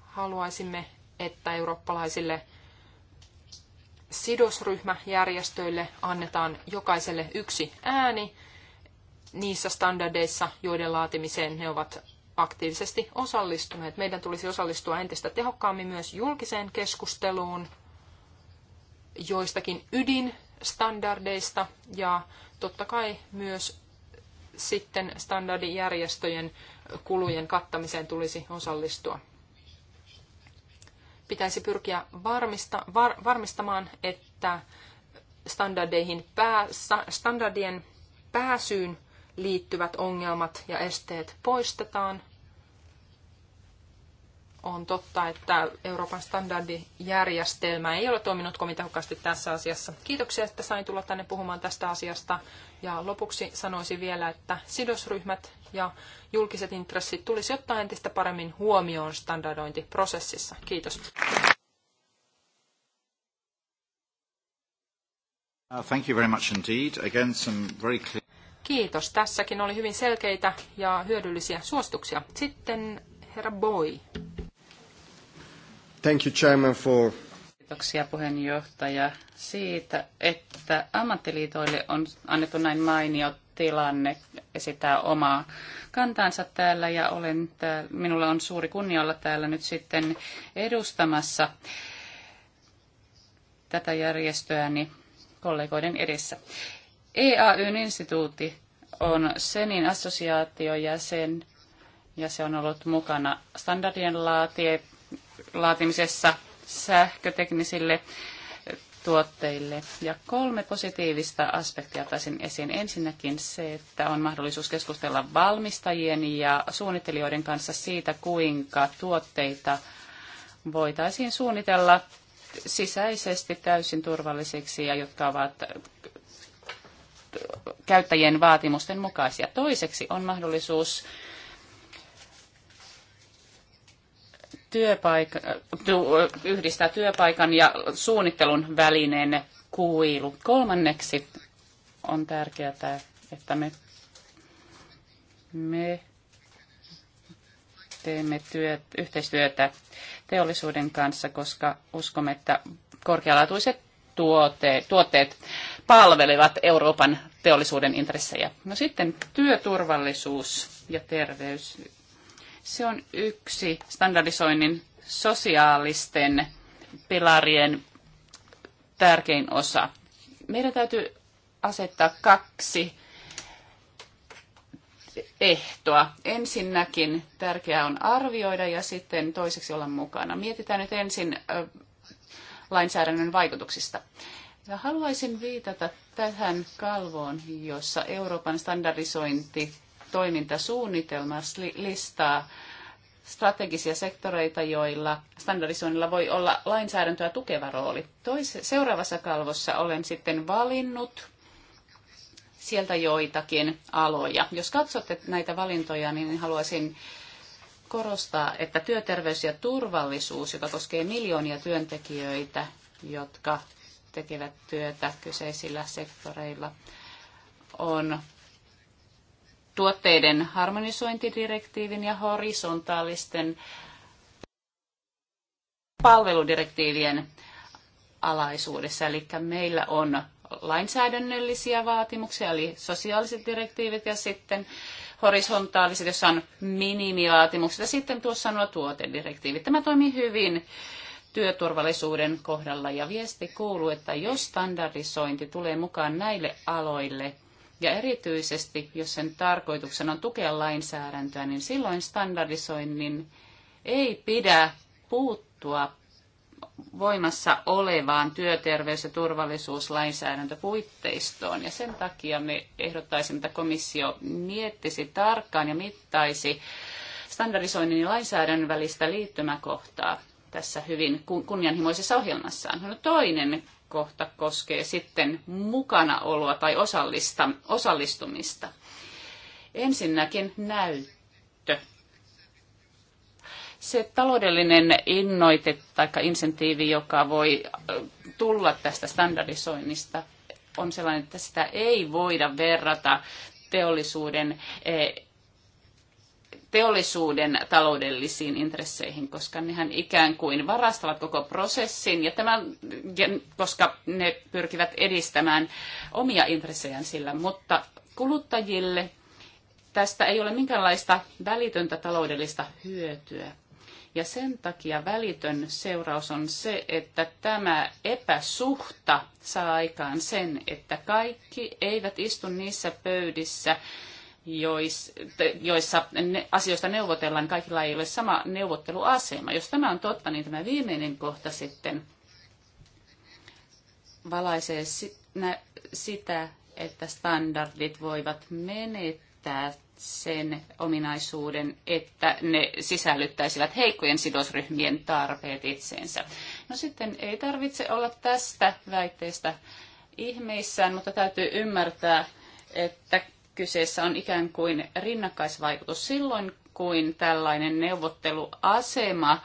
haluaisimme että eurooppalaisille sidosryhmäjärjestöille annetaan jokaiselle yksi ääni niissä standardeissa, joiden laatimiseen ne ovat aktiivisesti osallistuneet. Meidän tulisi osallistua entistä tehokkaammin myös julkiseen keskusteluun joistakin ydinstandardeista ja totta kai myös sitten standardijärjestöjen kulujen kattamiseen tulisi osallistua pitäisi pyrkiä varmista, var, varmistamaan, että standardeihin pää, standardien pääsyyn liittyvät ongelmat ja esteet poistetaan – on totta, että Euroopan standardijärjestelmä ei ole toiminut kovin tehokkaasti tässä asiassa. Kiitoksia, että sain tulla tänne puhumaan tästä asiasta. Ja lopuksi sanoisin vielä, että sidosryhmät ja julkiset intressit tulisi ottaa entistä paremmin huomioon standardointiprosessissa. Kiitos. Uh, thank you very much indeed. Again, some very clear... Kiitos. Tässäkin oli hyvin selkeitä ja hyödyllisiä suosituksia. Sitten herra Boy. Thank you, Chairman, for... Kiitoksia puheenjohtaja siitä, että ammattiliitoille on annettu näin mainio tilanne esittää omaa kantaansa täällä ja olen täällä, minulla on suuri kunnia olla täällä nyt sitten edustamassa tätä järjestöäni kollegoiden edessä. EAYn instituutti on Senin assosiaatiojäsen ja se on ollut mukana standardien laatimisessa sähköteknisille tuotteille. Ja kolme positiivista aspektia taisin esiin. Ensinnäkin se, että on mahdollisuus keskustella valmistajien ja suunnittelijoiden kanssa siitä, kuinka tuotteita voitaisiin suunnitella sisäisesti täysin turvallisiksi ja jotka ovat käyttäjien vaatimusten mukaisia. Toiseksi on mahdollisuus työpaika, yhdistää työpaikan ja suunnittelun välineen kuilu. Kolmanneksi on tärkeää, että me, me teemme työ, yhteistyötä teollisuuden kanssa, koska uskomme, että korkealaatuiset tuote, tuotteet palvelevat Euroopan teollisuuden intressejä. No sitten työturvallisuus ja terveys. Se on yksi standardisoinnin sosiaalisten pilarien tärkein osa. Meidän täytyy asettaa kaksi ehtoa. Ensinnäkin tärkeää on arvioida ja sitten toiseksi olla mukana. Mietitään nyt ensin lainsäädännön vaikutuksista. Ja haluaisin viitata tähän kalvoon, jossa Euroopan standardisointi toimintasuunnitelma listaa strategisia sektoreita, joilla standardisoinnilla voi olla lainsäädäntöä tukeva rooli. Tois, seuraavassa kalvossa olen sitten valinnut sieltä joitakin aloja. Jos katsotte näitä valintoja, niin haluaisin korostaa, että työterveys ja turvallisuus, joka koskee miljoonia työntekijöitä, jotka tekevät työtä kyseisillä sektoreilla, on tuotteiden harmonisointidirektiivin ja horisontaalisten palveludirektiivien alaisuudessa. Eli meillä on lainsäädännöllisiä vaatimuksia, eli sosiaaliset direktiivit ja sitten horisontaaliset, jossa on minimivaatimukset ja sitten tuossa nuo tuotedirektiivit. Tämä toimii hyvin työturvallisuuden kohdalla ja viesti kuuluu, että jos standardisointi tulee mukaan näille aloille, ja erityisesti, jos sen tarkoituksena on tukea lainsäädäntöä, niin silloin standardisoinnin ei pidä puuttua voimassa olevaan työterveys- ja turvallisuuslainsäädäntöpuitteistoon. Ja sen takia me ehdottaisimme, että komissio miettisi tarkkaan ja mittaisi standardisoinnin ja lainsäädännön välistä liittymäkohtaa tässä hyvin kunnianhimoisessa ohjelmassaan. No toinen kohta koskee sitten mukanaoloa tai osallista, osallistumista. Ensinnäkin näyttö. Se taloudellinen innoite tai insentiivi, joka voi tulla tästä standardisoinnista, on sellainen, että sitä ei voida verrata teollisuuden e, teollisuuden taloudellisiin intresseihin, koska nehän ikään kuin varastavat koko prosessin, ja tämä, koska ne pyrkivät edistämään omia intressejään sillä, mutta kuluttajille tästä ei ole minkäänlaista välitöntä taloudellista hyötyä. Ja sen takia välitön seuraus on se, että tämä epäsuhta saa aikaan sen, että kaikki eivät istu niissä pöydissä, joissa asioista neuvotellaan, kaikilla ei ole sama neuvotteluasema. Jos tämä on totta, niin tämä viimeinen kohta sitten valaisee sitä, että standardit voivat menettää sen ominaisuuden, että ne sisällyttäisivät heikkojen sidosryhmien tarpeet itseensä. No sitten ei tarvitse olla tästä väitteestä ihmeissään, mutta täytyy ymmärtää, että kyseessä on ikään kuin rinnakkaisvaikutus silloin, kuin tällainen neuvotteluasema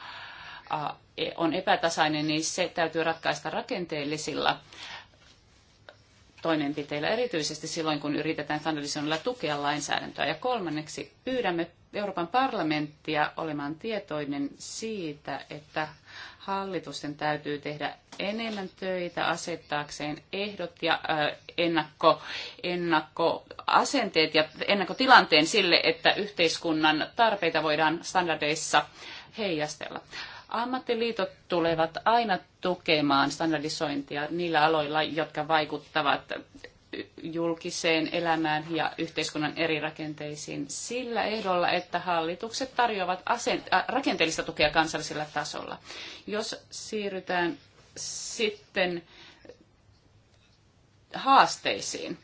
on epätasainen, niin se täytyy ratkaista rakenteellisilla toimenpiteillä, erityisesti silloin, kun yritetään standardisoinnilla tukea lainsäädäntöä. Ja kolmanneksi pyydämme Euroopan parlamenttia olemaan tietoinen siitä, että Hallitusten täytyy tehdä enemmän töitä asettaakseen ehdot ja äh, ennakko, ennakkoasenteet ja ennakkotilanteen sille, että yhteiskunnan tarpeita voidaan standardeissa heijastella. Ammattiliitot tulevat aina tukemaan standardisointia niillä aloilla, jotka vaikuttavat julkiseen elämään ja yhteiskunnan eri rakenteisiin sillä ehdolla, että hallitukset tarjoavat asen, äh, rakenteellista tukea kansallisella tasolla. Jos siirrytään sitten haasteisiin,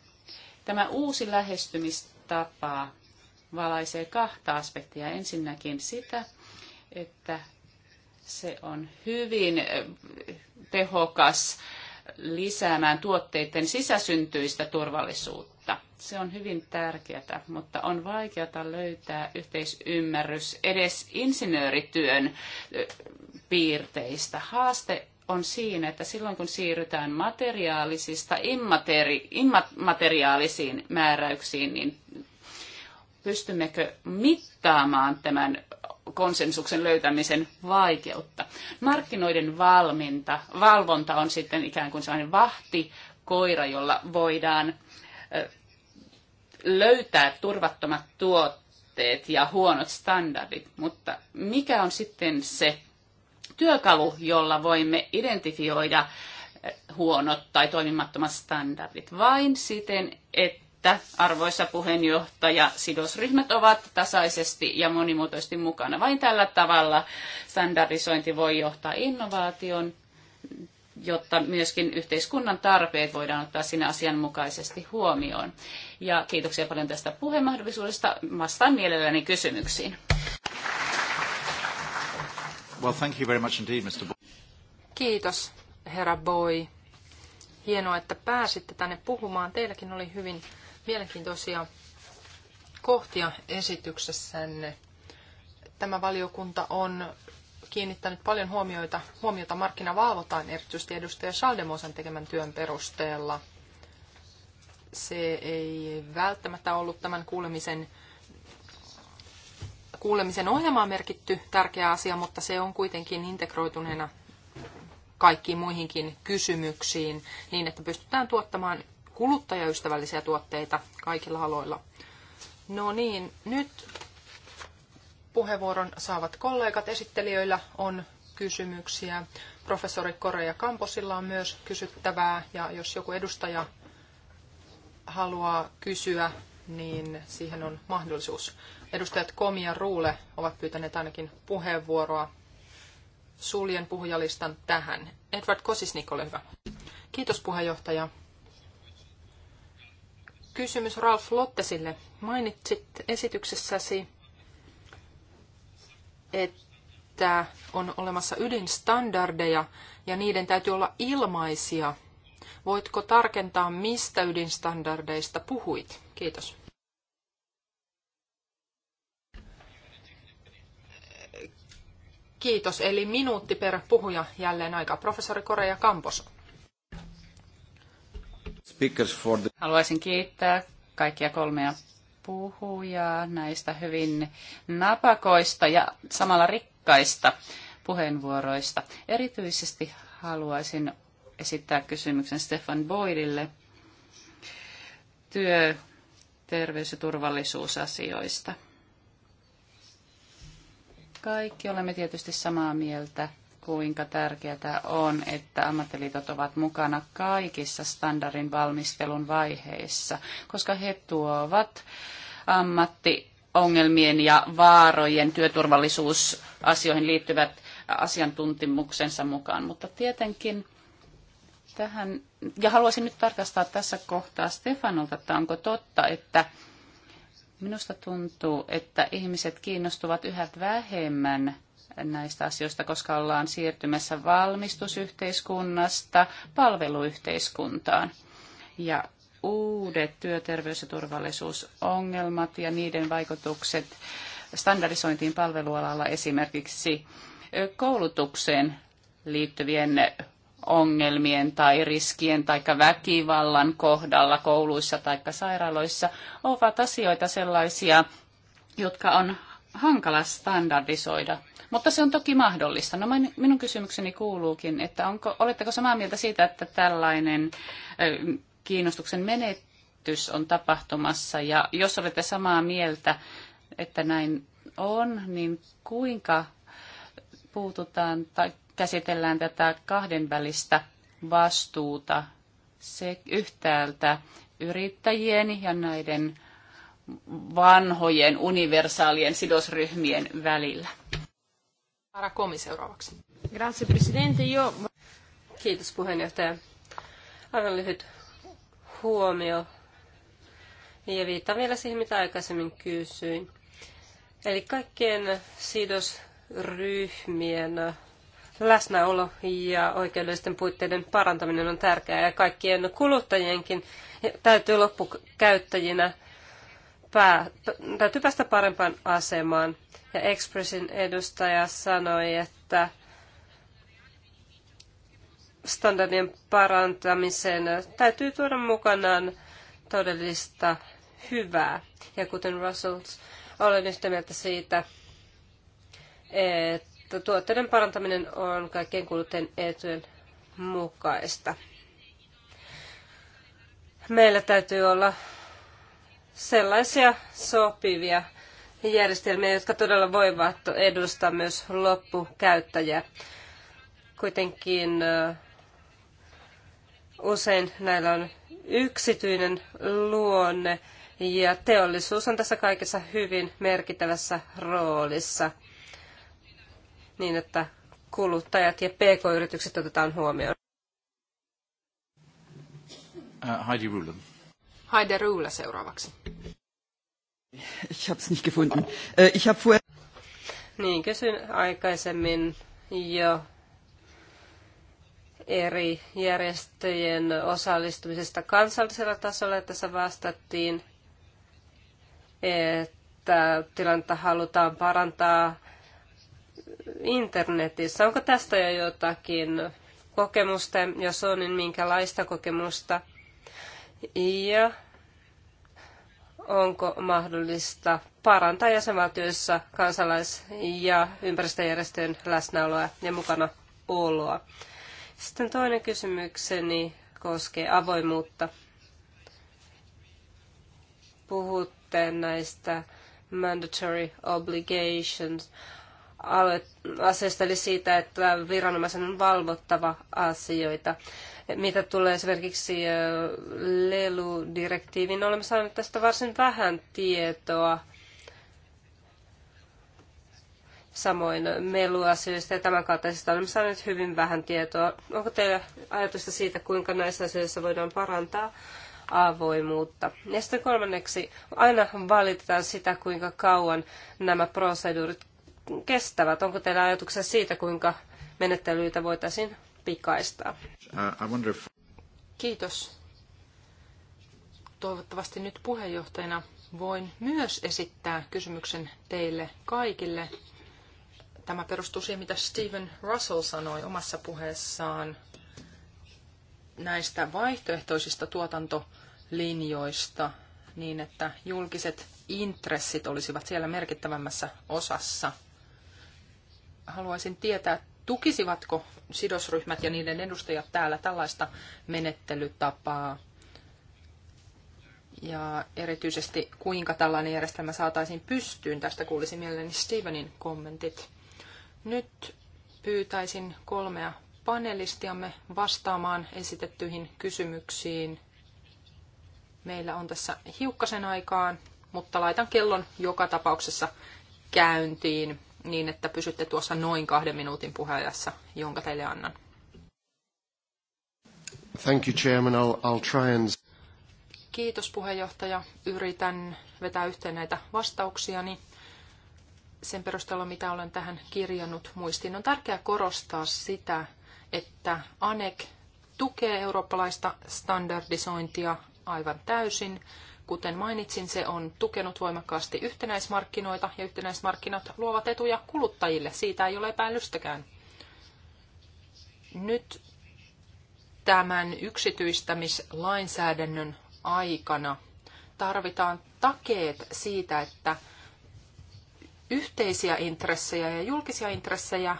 tämä uusi lähestymistapa valaisee kahta aspektia. Ensinnäkin sitä, että se on hyvin tehokas äh, lisäämään tuotteiden sisäsyntyistä turvallisuutta. Se on hyvin tärkeää, mutta on vaikeata löytää yhteisymmärrys edes insinöörityön piirteistä. Haaste on siinä, että silloin kun siirrytään materiaalisista immateri, immateriaalisiin määräyksiin, niin pystymmekö mittaamaan tämän konsensuksen löytämisen vaikeutta. Markkinoiden valminta, valvonta on sitten ikään kuin sellainen vahtikoira, jolla voidaan löytää turvattomat tuotteet ja huonot standardit, mutta mikä on sitten se työkalu, jolla voimme identifioida huonot tai toimimattomat standardit vain siten, että että arvoisa puheenjohtaja, sidosryhmät ovat tasaisesti ja monimuotoisesti mukana. Vain tällä tavalla standardisointi voi johtaa innovaation, jotta myöskin yhteiskunnan tarpeet voidaan ottaa siinä asianmukaisesti huomioon. Ja kiitoksia paljon tästä puhemahdollisuudesta. Vastaan mielelläni kysymyksiin. Well, thank you very much indeed, Mr. Boy. Kiitos, herra Boy. Hienoa, että pääsitte tänne puhumaan. Teilläkin oli hyvin mielenkiintoisia kohtia esityksessänne. Tämä valiokunta on kiinnittänyt paljon huomioita, huomiota markkinavalvotaan erityisesti edustaja Saldemosan tekemän työn perusteella. Se ei välttämättä ollut tämän kuulemisen, kuulemisen ohjelmaan merkitty tärkeä asia, mutta se on kuitenkin integroituneena kaikkiin muihinkin kysymyksiin niin, että pystytään tuottamaan kuluttajaystävällisiä tuotteita kaikilla aloilla. No niin, nyt puheenvuoron saavat kollegat. Esittelijöillä on kysymyksiä. Professori Korea Kamposilla on myös kysyttävää, ja jos joku edustaja haluaa kysyä, niin siihen on mahdollisuus. Edustajat Komi ja Ruule ovat pyytäneet ainakin puheenvuoroa. Suljen puhujalistan tähän. Edward Kosisnik, ole hyvä. Kiitos puheenjohtaja. Kysymys Ralf Lottesille. Mainitsit esityksessäsi, että on olemassa ydinstandardeja ja niiden täytyy olla ilmaisia. Voitko tarkentaa, mistä ydinstandardeista puhuit? Kiitos. Kiitos. Eli minuutti per puhuja jälleen aika. Professori Korea Kampos. Haluaisin kiittää kaikkia kolmea puhujaa näistä hyvin napakoista ja samalla rikkaista puheenvuoroista. Erityisesti haluaisin esittää kysymyksen Stefan Boydille työ, terveys- ja turvallisuusasioista. Kaikki olemme tietysti samaa mieltä kuinka tärkeää on, että ammattiliitot ovat mukana kaikissa standardin valmistelun vaiheissa, koska he tuovat ammattiongelmien ja vaarojen työturvallisuusasioihin liittyvät asiantuntimuksensa mukaan. Mutta tietenkin tähän, ja haluaisin nyt tarkastaa tässä kohtaa Stefanolta, että onko totta, että minusta tuntuu, että ihmiset kiinnostuvat yhä vähemmän – näistä asioista, koska ollaan siirtymässä valmistusyhteiskunnasta palveluyhteiskuntaan. Ja uudet työterveys- ja turvallisuusongelmat ja niiden vaikutukset standardisointiin palvelualalla esimerkiksi koulutukseen liittyvien ongelmien tai riskien tai väkivallan kohdalla kouluissa tai sairaaloissa ovat asioita sellaisia, jotka on hankala standardisoida mutta se on toki mahdollista. No minun kysymykseni kuuluukin, että onko, oletteko samaa mieltä siitä, että tällainen kiinnostuksen menetys on tapahtumassa? Ja jos olette samaa mieltä, että näin on, niin kuinka puututaan tai käsitellään tätä kahdenvälistä vastuuta se yhtäältä yrittäjien ja näiden vanhojen universaalien sidosryhmien välillä. Sara seuraavaksi. Grazie Presidente. Io... Kiitos puheenjohtaja. Aivan lyhyt huomio. Ja viittaan vielä siihen, mitä aikaisemmin kysyin. Eli kaikkien sidosryhmien läsnäolo ja oikeudellisten puitteiden parantaminen on tärkeää ja kaikkien kuluttajienkin täytyy loppukäyttäjinä pää, täytyy päästä parempaan asemaan. Ja Expressin edustaja sanoi, että standardien parantamiseen täytyy tuoda mukanaan todellista hyvää. Ja kuten Russells, olen yhtä mieltä siitä, että tuotteiden parantaminen on kaikkien kuluttajien etujen mukaista. Meillä täytyy olla sellaisia sopivia järjestelmiä, jotka todella voivat edustaa myös loppukäyttäjää. Kuitenkin usein näillä on yksityinen luonne ja teollisuus on tässä kaikessa hyvin merkittävässä roolissa niin, että kuluttajat ja pk-yritykset otetaan huomioon. Uh, Heidi Rulon. Heide Rühle seuraavaksi. Ich hab's nicht gefunden. Äh, ich hab vorher... Niin, kysyn aikaisemmin jo eri järjestöjen osallistumisesta kansallisella tasolla. Tässä vastattiin, että tilannetta halutaan parantaa internetissä. Onko tästä jo jotakin kokemusta? Jos on, niin minkälaista kokemusta? ja onko mahdollista parantaa jäsenvaltioissa kansalais- ja ympäristöjärjestöjen läsnäoloa ja mukana oloa. Sitten toinen kysymykseni koskee avoimuutta. Puhutte näistä mandatory obligations asioista, eli siitä, että viranomaisen on valvottava asioita. Mitä tulee esimerkiksi leludirektiiviin, olemme saaneet tästä varsin vähän tietoa. Samoin meluasioista ja tämän kaltaisista olemme saaneet hyvin vähän tietoa. Onko teillä ajatusta siitä, kuinka näissä asioissa voidaan parantaa avoimuutta? Ja sitten kolmanneksi, aina valitetaan sitä, kuinka kauan nämä proseduurit kestävät. Onko teillä ajatuksia siitä, kuinka menettelyitä voitaisiin pikaista. Uh, Kiitos. Toivottavasti nyt puheenjohtajana voin myös esittää kysymyksen teille kaikille. Tämä perustuu siihen, mitä Stephen Russell sanoi omassa puheessaan näistä vaihtoehtoisista tuotantolinjoista niin, että julkiset intressit olisivat siellä merkittävämmässä osassa. Haluaisin tietää tukisivatko sidosryhmät ja niiden edustajat täällä tällaista menettelytapaa? Ja erityisesti kuinka tällainen järjestelmä saataisiin pystyyn? Tästä kuulisi mielelläni Stevenin kommentit. Nyt pyytäisin kolmea panelistiamme vastaamaan esitettyihin kysymyksiin. Meillä on tässä hiukkasen aikaan, mutta laitan kellon joka tapauksessa käyntiin niin, että pysytte tuossa noin kahden minuutin puheajassa, jonka teille annan. Thank you, Chairman. I'll, I'll try and... Kiitos puheenjohtaja. Yritän vetää yhteen näitä vastauksiani sen perusteella, mitä olen tähän kirjannut muistiin. On tärkeää korostaa sitä, että ANEK tukee eurooppalaista standardisointia aivan täysin Kuten mainitsin, se on tukenut voimakkaasti yhtenäismarkkinoita ja yhtenäismarkkinat luovat etuja kuluttajille. Siitä ei ole epäilystäkään. Nyt tämän yksityistämislainsäädännön aikana tarvitaan takeet siitä, että yhteisiä intressejä ja julkisia intressejä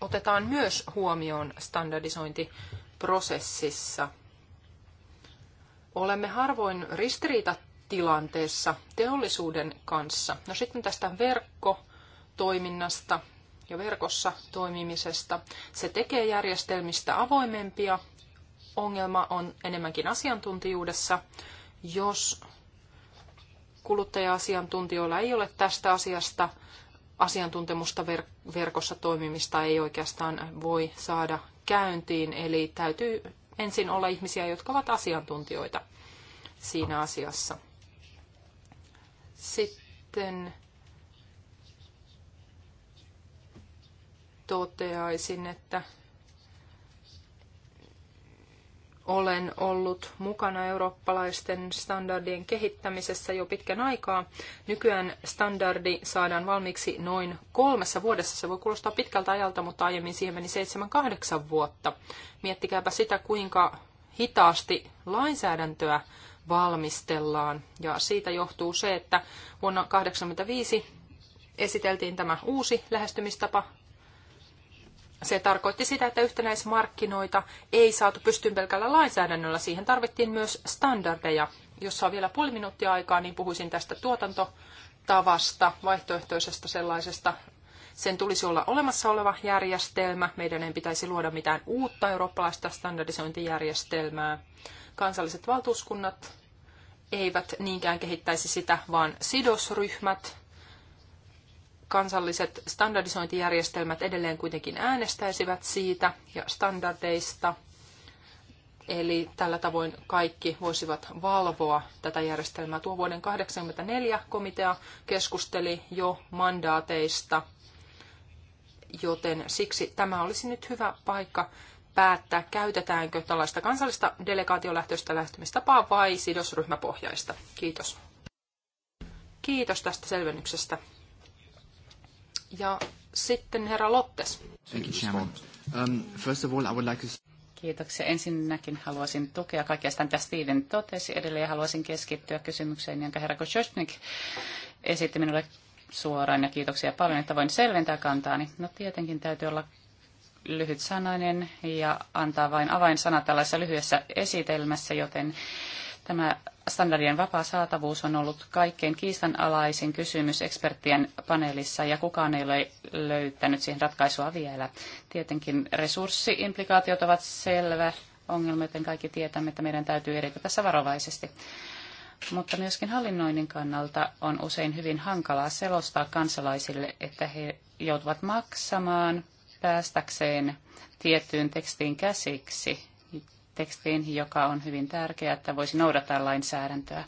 otetaan myös huomioon standardisointiprosessissa – olemme harvoin ristiriitatilanteessa teollisuuden kanssa. No sitten tästä verkkotoiminnasta ja verkossa toimimisesta. Se tekee järjestelmistä avoimempia. Ongelma on enemmänkin asiantuntijuudessa, jos kuluttaja-asiantuntijoilla ei ole tästä asiasta asiantuntemusta verkossa toimimista ei oikeastaan voi saada käyntiin, eli täytyy ensin olla ihmisiä, jotka ovat asiantuntijoita siinä asiassa. Sitten toteaisin, että olen ollut mukana eurooppalaisten standardien kehittämisessä jo pitkän aikaa. Nykyään standardi saadaan valmiiksi noin kolmessa vuodessa. Se voi kuulostaa pitkältä ajalta, mutta aiemmin siihen meni 7-8 vuotta. Miettikääpä sitä, kuinka hitaasti lainsäädäntöä valmistellaan. Ja siitä johtuu se, että vuonna 1985 esiteltiin tämä uusi lähestymistapa se tarkoitti sitä, että yhtenäismarkkinoita ei saatu pystyyn pelkällä lainsäädännöllä. Siihen tarvittiin myös standardeja. Jos saa vielä puoli minuuttia aikaa, niin puhuisin tästä tuotantotavasta, vaihtoehtoisesta sellaisesta. Sen tulisi olla olemassa oleva järjestelmä. Meidän ei pitäisi luoda mitään uutta eurooppalaista standardisointijärjestelmää. Kansalliset valtuuskunnat eivät niinkään kehittäisi sitä, vaan sidosryhmät, kansalliset standardisointijärjestelmät edelleen kuitenkin äänestäisivät siitä ja standardeista. Eli tällä tavoin kaikki voisivat valvoa tätä järjestelmää. Tuo vuoden 1984 komitea keskusteli jo mandaateista, joten siksi tämä olisi nyt hyvä paikka päättää, käytetäänkö tällaista kansallista delegaatiolähtöistä lähtemistapaa vai sidosryhmäpohjaista. Kiitos. Kiitos tästä selvennyksestä. Ja sitten herra Lottes. Um, kiitoksia. Ensinnäkin haluaisin tukea kaikkea sitä, mitä Steven totesi edelleen. Haluaisin keskittyä kysymykseen, jonka herra Koshosnik esitti minulle suoraan. Ja kiitoksia paljon, että voin selventää kantaani. No tietenkin täytyy olla lyhyt sanainen ja antaa vain avainsana tällaisessa lyhyessä esitelmässä, joten tämä standardien vapaa saatavuus on ollut kaikkein kiistanalaisin kysymys eksperttien paneelissa ja kukaan ei ole löytänyt siihen ratkaisua vielä. Tietenkin resurssiimplikaatiot ovat selvä ongelma, joten kaikki tietämme, että meidän täytyy edetä tässä varovaisesti. Mutta myöskin hallinnoinnin kannalta on usein hyvin hankalaa selostaa kansalaisille, että he joutuvat maksamaan päästäkseen tiettyyn tekstiin käsiksi tekstiin, joka on hyvin tärkeä, että voisi noudattaa lainsäädäntöä.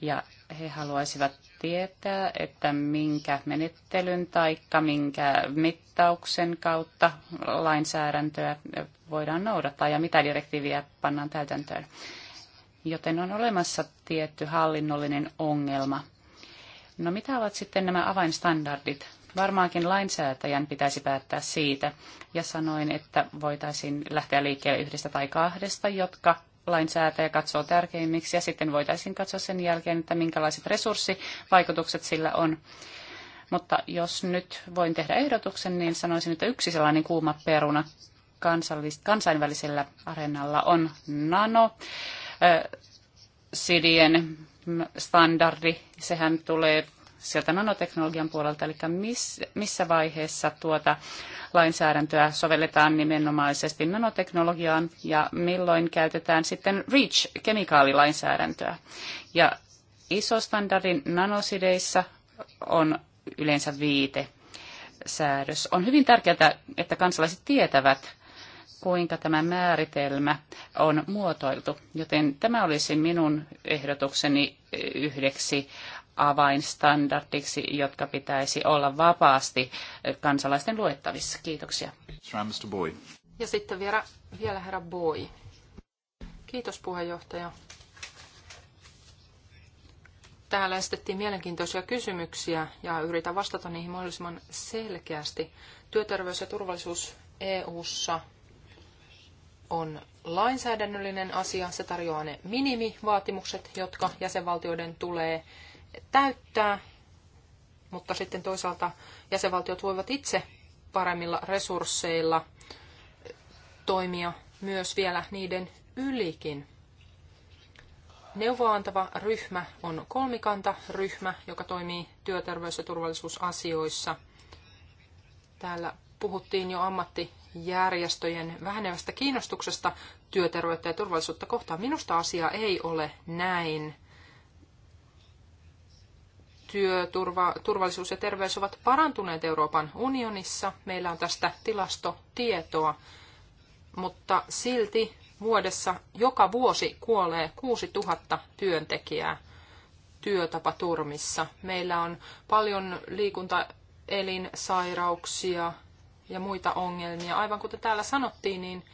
Ja he haluaisivat tietää, että minkä menettelyn tai minkä mittauksen kautta lainsäädäntöä voidaan noudattaa ja mitä direktiiviä pannaan täytäntöön. Joten on olemassa tietty hallinnollinen ongelma. No mitä ovat sitten nämä avainstandardit Varmaankin lainsäätäjän pitäisi päättää siitä. Ja sanoin, että voitaisiin lähteä liikkeelle yhdestä tai kahdesta, jotka lainsäätäjä katsoo tärkeimmiksi. Ja sitten voitaisiin katsoa sen jälkeen, että minkälaiset resurssivaikutukset sillä on. Mutta jos nyt voin tehdä ehdotuksen, niin sanoisin, että yksi sellainen kuuma peruna kansainvälisellä areenalla on nano. Sidien standardi, sehän tulee sieltä nanoteknologian puolelta, eli missä vaiheessa tuota lainsäädäntöä sovelletaan nimenomaisesti nanoteknologiaan ja milloin käytetään sitten REACH-kemikaalilainsäädäntöä. Ja isostandardin nanosideissa on yleensä viite säädös. On hyvin tärkeää, että kansalaiset tietävät, kuinka tämä määritelmä on muotoiltu. Joten tämä olisi minun ehdotukseni yhdeksi avainstandardiksi, jotka pitäisi olla vapaasti kansalaisten luettavissa. Kiitoksia. Ja sitten vielä, vielä herra Boy. Kiitos puheenjohtaja. Täällä esitettiin mielenkiintoisia kysymyksiä ja yritän vastata niihin mahdollisimman selkeästi. Työterveys ja turvallisuus EU:ssa on lainsäädännöllinen asia. Se tarjoaa ne minimivaatimukset, jotka jäsenvaltioiden tulee täyttää, mutta sitten toisaalta jäsenvaltiot voivat itse paremmilla resursseilla toimia myös vielä niiden ylikin. Neuvoantava ryhmä on kolmikantaryhmä, joka toimii työterveys- ja turvallisuusasioissa. Täällä puhuttiin jo ammattijärjestöjen vähenevästä kiinnostuksesta työterveyttä ja turvallisuutta kohtaan. Minusta asia ei ole näin työturva, turvallisuus ja terveys ovat parantuneet Euroopan unionissa. Meillä on tästä tilastotietoa, mutta silti vuodessa joka vuosi kuolee 6000 työntekijää työtapaturmissa. Meillä on paljon liikuntaelinsairauksia ja muita ongelmia. Aivan kuten täällä sanottiin, niin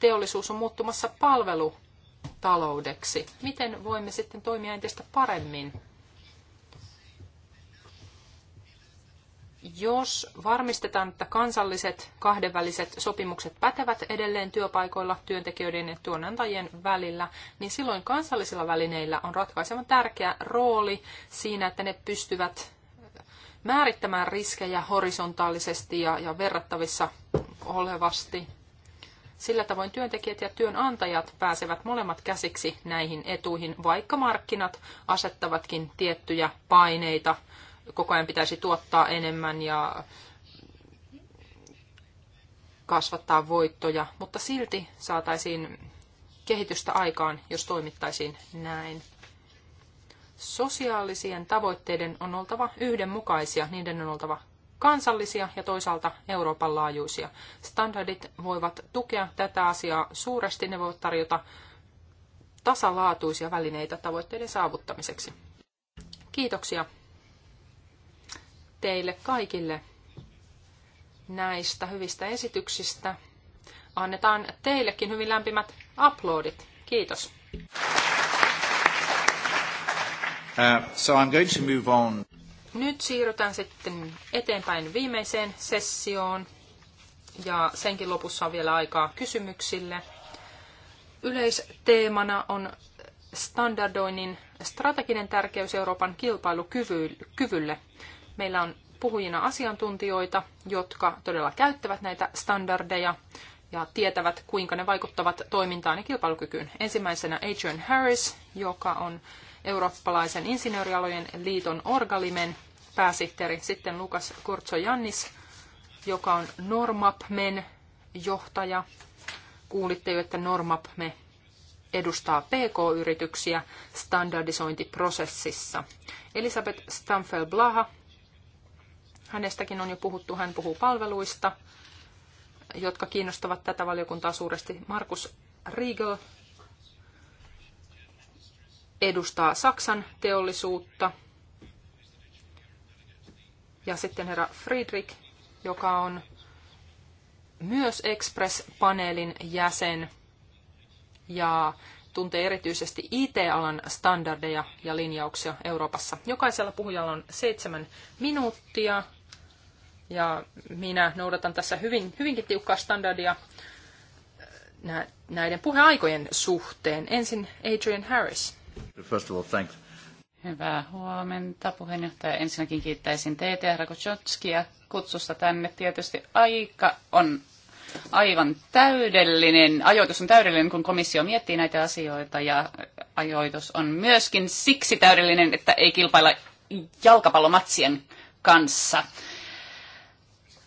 teollisuus on muuttumassa palvelutaloudeksi. Miten voimme sitten toimia entistä paremmin? jos varmistetaan, että kansalliset kahdenväliset sopimukset pätevät edelleen työpaikoilla työntekijöiden ja työnantajien välillä, niin silloin kansallisilla välineillä on ratkaisevan tärkeä rooli siinä, että ne pystyvät määrittämään riskejä horisontaalisesti ja, ja verrattavissa olevasti. Sillä tavoin työntekijät ja työnantajat pääsevät molemmat käsiksi näihin etuihin, vaikka markkinat asettavatkin tiettyjä paineita – koko ajan pitäisi tuottaa enemmän ja kasvattaa voittoja, mutta silti saataisiin kehitystä aikaan, jos toimittaisiin näin. Sosiaalisien tavoitteiden on oltava yhdenmukaisia, niiden on oltava kansallisia ja toisaalta Euroopan laajuisia. Standardit voivat tukea tätä asiaa suuresti, ne voivat tarjota tasalaatuisia välineitä tavoitteiden saavuttamiseksi. Kiitoksia teille kaikille näistä hyvistä esityksistä. Annetaan teillekin hyvin lämpimät aplodit. Kiitos. Uh, so I'm going to move on. Nyt siirrytään sitten eteenpäin viimeiseen sessioon ja senkin lopussa on vielä aikaa kysymyksille. Yleisteemana on standardoinnin strateginen tärkeys Euroopan kilpailukyvylle. Meillä on puhujina asiantuntijoita, jotka todella käyttävät näitä standardeja ja tietävät, kuinka ne vaikuttavat toimintaan ja kilpailukykyyn. Ensimmäisenä Adrian Harris, joka on Eurooppalaisen insinöörialojen liiton Orgalimen pääsihteeri. Sitten Lukas Kurtsojannis, joka on Normapmen johtaja. Kuulitte jo, että Normapme edustaa PK-yrityksiä standardisointiprosessissa. Elisabeth Stamfel-Blaha, Hänestäkin on jo puhuttu, hän puhuu palveluista, jotka kiinnostavat tätä valiokuntaa suuresti. Markus Riegel edustaa Saksan teollisuutta. Ja sitten herra Friedrich, joka on myös Express-paneelin jäsen ja tuntee erityisesti IT-alan standardeja ja linjauksia Euroopassa. Jokaisella puhujalla on seitsemän minuuttia. Ja minä noudatan tässä hyvin, hyvinkin tiukkaa standardia äh, näiden puheaikojen suhteen. Ensin Adrian Harris. First of all, thanks. Hyvää huomenta puheenjohtaja. Ensinnäkin kiittäisin teitä ja Rakochotskia kutsusta tänne. Tietysti aika on aivan täydellinen, ajoitus on täydellinen, kun komissio miettii näitä asioita ja ajoitus on myöskin siksi täydellinen, että ei kilpailla jalkapallomatsien kanssa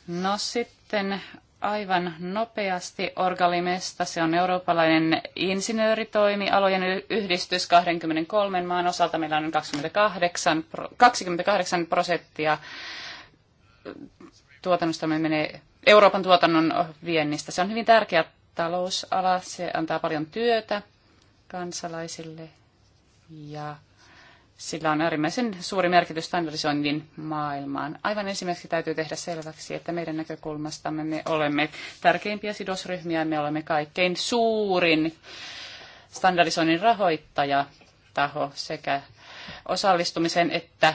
No sitten aivan nopeasti Orgalimesta. Se on eurooppalainen insinööritoimialojen yhdistys 23 maan osalta. Meillä on 28, 28 prosenttia tuotannosta me menee Euroopan tuotannon viennistä. Se on hyvin tärkeä talousala. Se antaa paljon työtä kansalaisille ja sillä on äärimmäisen suuri merkitys standardisoinnin maailmaan. Aivan ensimmäiseksi täytyy tehdä selväksi, että meidän näkökulmastamme me olemme tärkeimpiä sidosryhmiä, me olemme kaikkein suurin standardisoinnin rahoittaja taho sekä osallistumisen että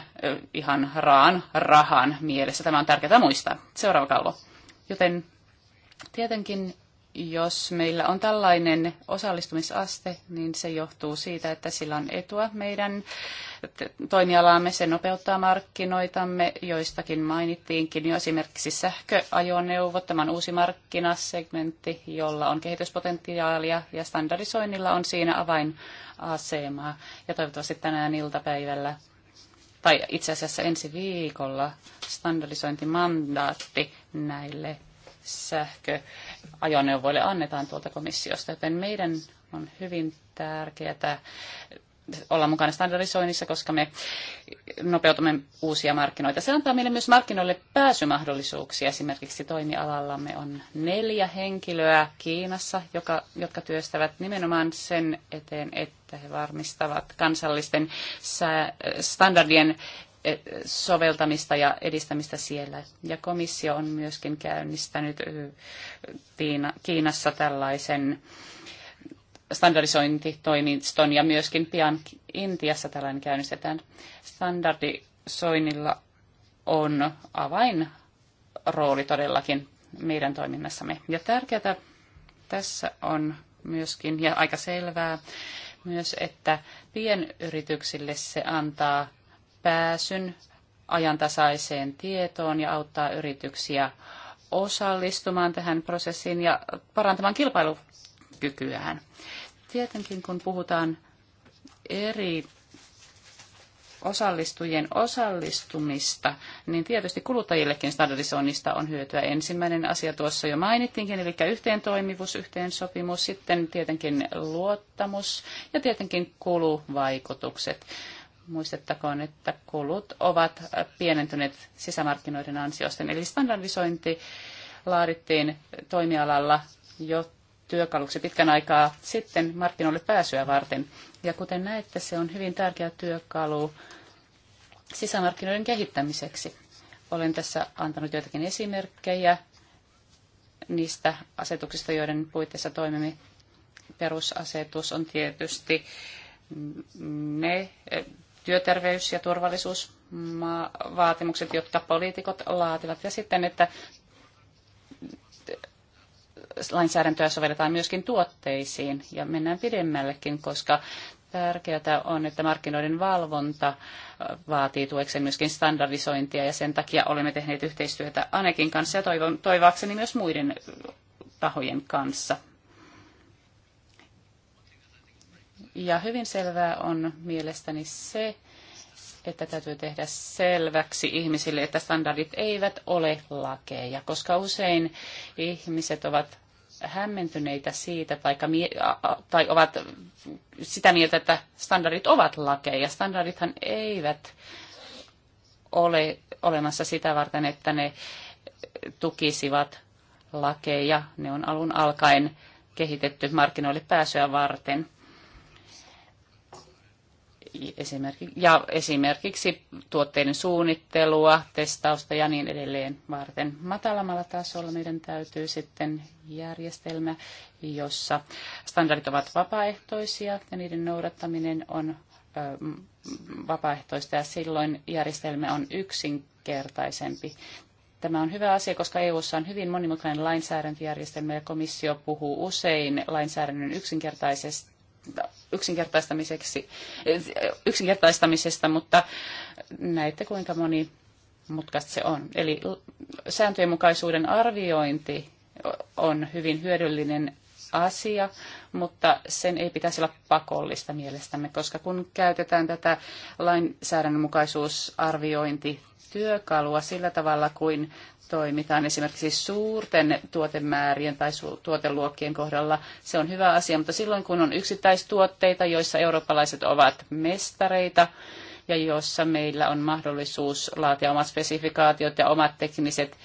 ihan raan rahan mielessä. Tämä on tärkeää muistaa. Seuraava kalvo. Joten tietenkin jos meillä on tällainen osallistumisaste, niin se johtuu siitä, että sillä on etua meidän toimialaamme. Se nopeuttaa markkinoitamme, joistakin mainittiinkin jo esimerkiksi sähköajoneuvot, tämä on uusi markkinasegmentti, jolla on kehityspotentiaalia ja standardisoinnilla on siinä avainasemaa. Ja toivottavasti tänään iltapäivällä tai itse asiassa ensi viikolla standardisointimandaatti näille sähköajoneuvoille annetaan tuolta komissiosta, joten meidän on hyvin tärkeää olla mukana standardisoinnissa, koska me nopeutamme uusia markkinoita. Se antaa meille myös markkinoille pääsymahdollisuuksia. Esimerkiksi toimialallamme on neljä henkilöä Kiinassa, joka, jotka työstävät nimenomaan sen eteen, että he varmistavat kansallisten standardien E, soveltamista ja edistämistä siellä. Ja komissio on myöskin käynnistänyt Kiinassa tällaisen standardisointitoimiston ja myöskin pian Intiassa tällainen käynnistetään. Standardisoinnilla on avainrooli todellakin meidän toiminnassamme. Ja tärkeää tässä on myöskin, ja aika selvää, myös, että pienyrityksille se antaa pääsyn ajantasaiseen tietoon ja auttaa yrityksiä osallistumaan tähän prosessiin ja parantamaan kilpailukykyään. Tietenkin kun puhutaan eri osallistujien osallistumista, niin tietysti kuluttajillekin standardisoinnista on hyötyä. Ensimmäinen asia tuossa jo mainittiinkin, eli yhteen toimivuus, yhteen sopimus, sitten tietenkin luottamus ja tietenkin kuluvaikutukset. Muistettakoon, että kulut ovat pienentyneet sisämarkkinoiden ansiosta. Eli standardisointi laadittiin toimialalla jo työkaluksi pitkän aikaa sitten markkinoille pääsyä varten. Ja kuten näette, se on hyvin tärkeä työkalu sisämarkkinoiden kehittämiseksi. Olen tässä antanut joitakin esimerkkejä niistä asetuksista, joiden puitteissa toimimme. Perusasetus on tietysti ne työterveys- ja turvallisuusvaatimukset, jotka poliitikot laativat, ja sitten, että lainsäädäntöä sovelletaan myöskin tuotteisiin, ja mennään pidemmällekin, koska tärkeää on, että markkinoiden valvonta äh, vaatii tuekseen myöskin standardisointia, ja sen takia olemme tehneet yhteistyötä Anekin kanssa ja toivon, toivakseni myös muiden äh, tahojen kanssa Ja hyvin selvää on mielestäni se, että täytyy tehdä selväksi ihmisille, että standardit eivät ole lakeja, koska usein ihmiset ovat hämmentyneitä siitä vaikka tai ovat sitä mieltä, että standardit ovat lakeja. Standardithan eivät ole olemassa sitä varten, että ne tukisivat lakeja. Ne on alun alkaen kehitetty markkinoille pääsyä varten esimerkiksi, ja esimerkiksi tuotteiden suunnittelua, testausta ja niin edelleen varten. Matalammalla tasolla meidän täytyy sitten järjestelmä, jossa standardit ovat vapaaehtoisia ja niiden noudattaminen on vapaaehtoista ja silloin järjestelmä on yksinkertaisempi. Tämä on hyvä asia, koska EU:ssa on hyvin monimutkainen lainsäädäntöjärjestelmä ja komissio puhuu usein lainsäädännön yksinkertaisesta yksinkertaistamiseksi, yksinkertaistamisesta, mutta näette kuinka moni mutkaista se on. Eli sääntöjen mukaisuuden arviointi on hyvin hyödyllinen asia, mutta sen ei pitäisi olla pakollista mielestämme, koska kun käytetään tätä lainsäädännön mukaisuusarviointityökalua sillä tavalla kuin toimitaan esimerkiksi suurten tuotemäärien tai tuoteluokkien kohdalla. Se on hyvä asia, mutta silloin kun on yksittäistuotteita, joissa eurooppalaiset ovat mestareita ja joissa meillä on mahdollisuus laatia omat spesifikaatiot ja omat tekniset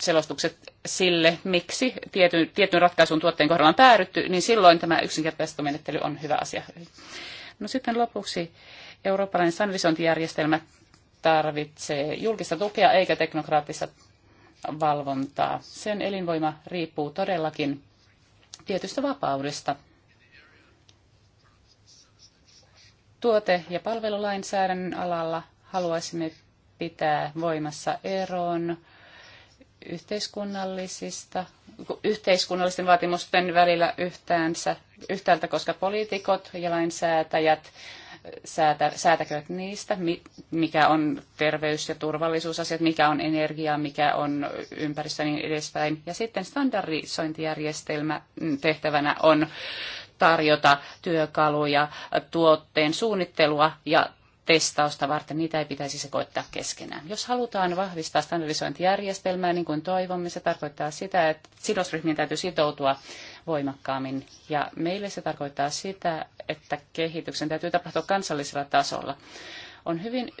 selostukset sille, miksi tietyn, tietyn ratkaisun tuotteen kohdalla on päädytty, niin silloin tämä yksinkertaistomenettely on hyvä asia. No sitten lopuksi eurooppalainen standardisointijärjestelmä tarvitsee julkista tukea eikä teknokraattista valvontaa. Sen elinvoima riippuu todellakin tietystä vapaudesta. Tuote- ja palvelulainsäädännön alalla haluaisimme pitää voimassa eron yhteiskunnallisista, yhteiskunnallisten vaatimusten välillä yhtäänsä, yhtäältä, koska poliitikot ja lainsäätäjät säätä, säätäkööt niistä, mikä on terveys- ja turvallisuusasiat, mikä on energia, mikä on ympäristö niin edespäin. Ja sitten standardisointijärjestelmä mm, tehtävänä on tarjota työkaluja, tuotteen suunnittelua ja testausta varten, niitä ei pitäisi sekoittaa keskenään. Jos halutaan vahvistaa standardisointijärjestelmää, niin kuin toivomme, se tarkoittaa sitä, että sidosryhmien täytyy sitoutua voimakkaammin. Ja meille se tarkoittaa sitä, että kehityksen täytyy tapahtua kansallisella tasolla. On hyvin,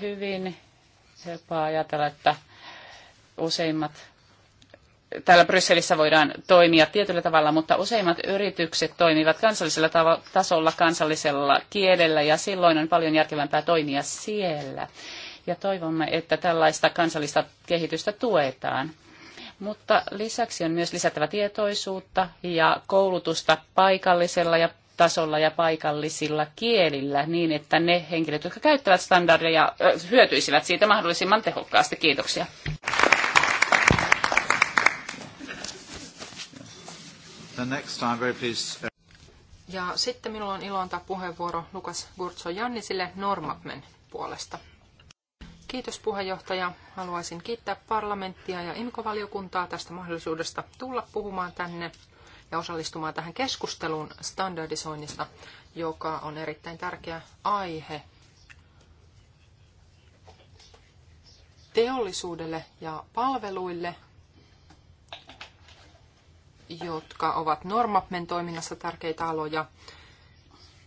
hyvin helppoa ajatella, että useimmat täällä Brysselissä voidaan toimia tietyllä tavalla, mutta useimmat yritykset toimivat kansallisella tasolla, kansallisella kielellä ja silloin on paljon järkevämpää toimia siellä. Ja toivomme, että tällaista kansallista kehitystä tuetaan mutta lisäksi on myös lisättävä tietoisuutta ja koulutusta paikallisella ja tasolla ja paikallisilla kielillä niin, että ne henkilöt, jotka käyttävät standardeja, hyötyisivät siitä mahdollisimman tehokkaasti. Kiitoksia. Uh, ja sitten minulla on ilo antaa puheenvuoro Lukas Gurtso Jannisille Normapmen puolesta. Kiitos puheenjohtaja. Haluaisin kiittää parlamenttia ja inkovaliokuntaa tästä mahdollisuudesta tulla puhumaan tänne ja osallistumaan tähän keskusteluun standardisoinnista, joka on erittäin tärkeä aihe teollisuudelle ja palveluille, jotka ovat Normapmen toiminnassa tärkeitä aloja.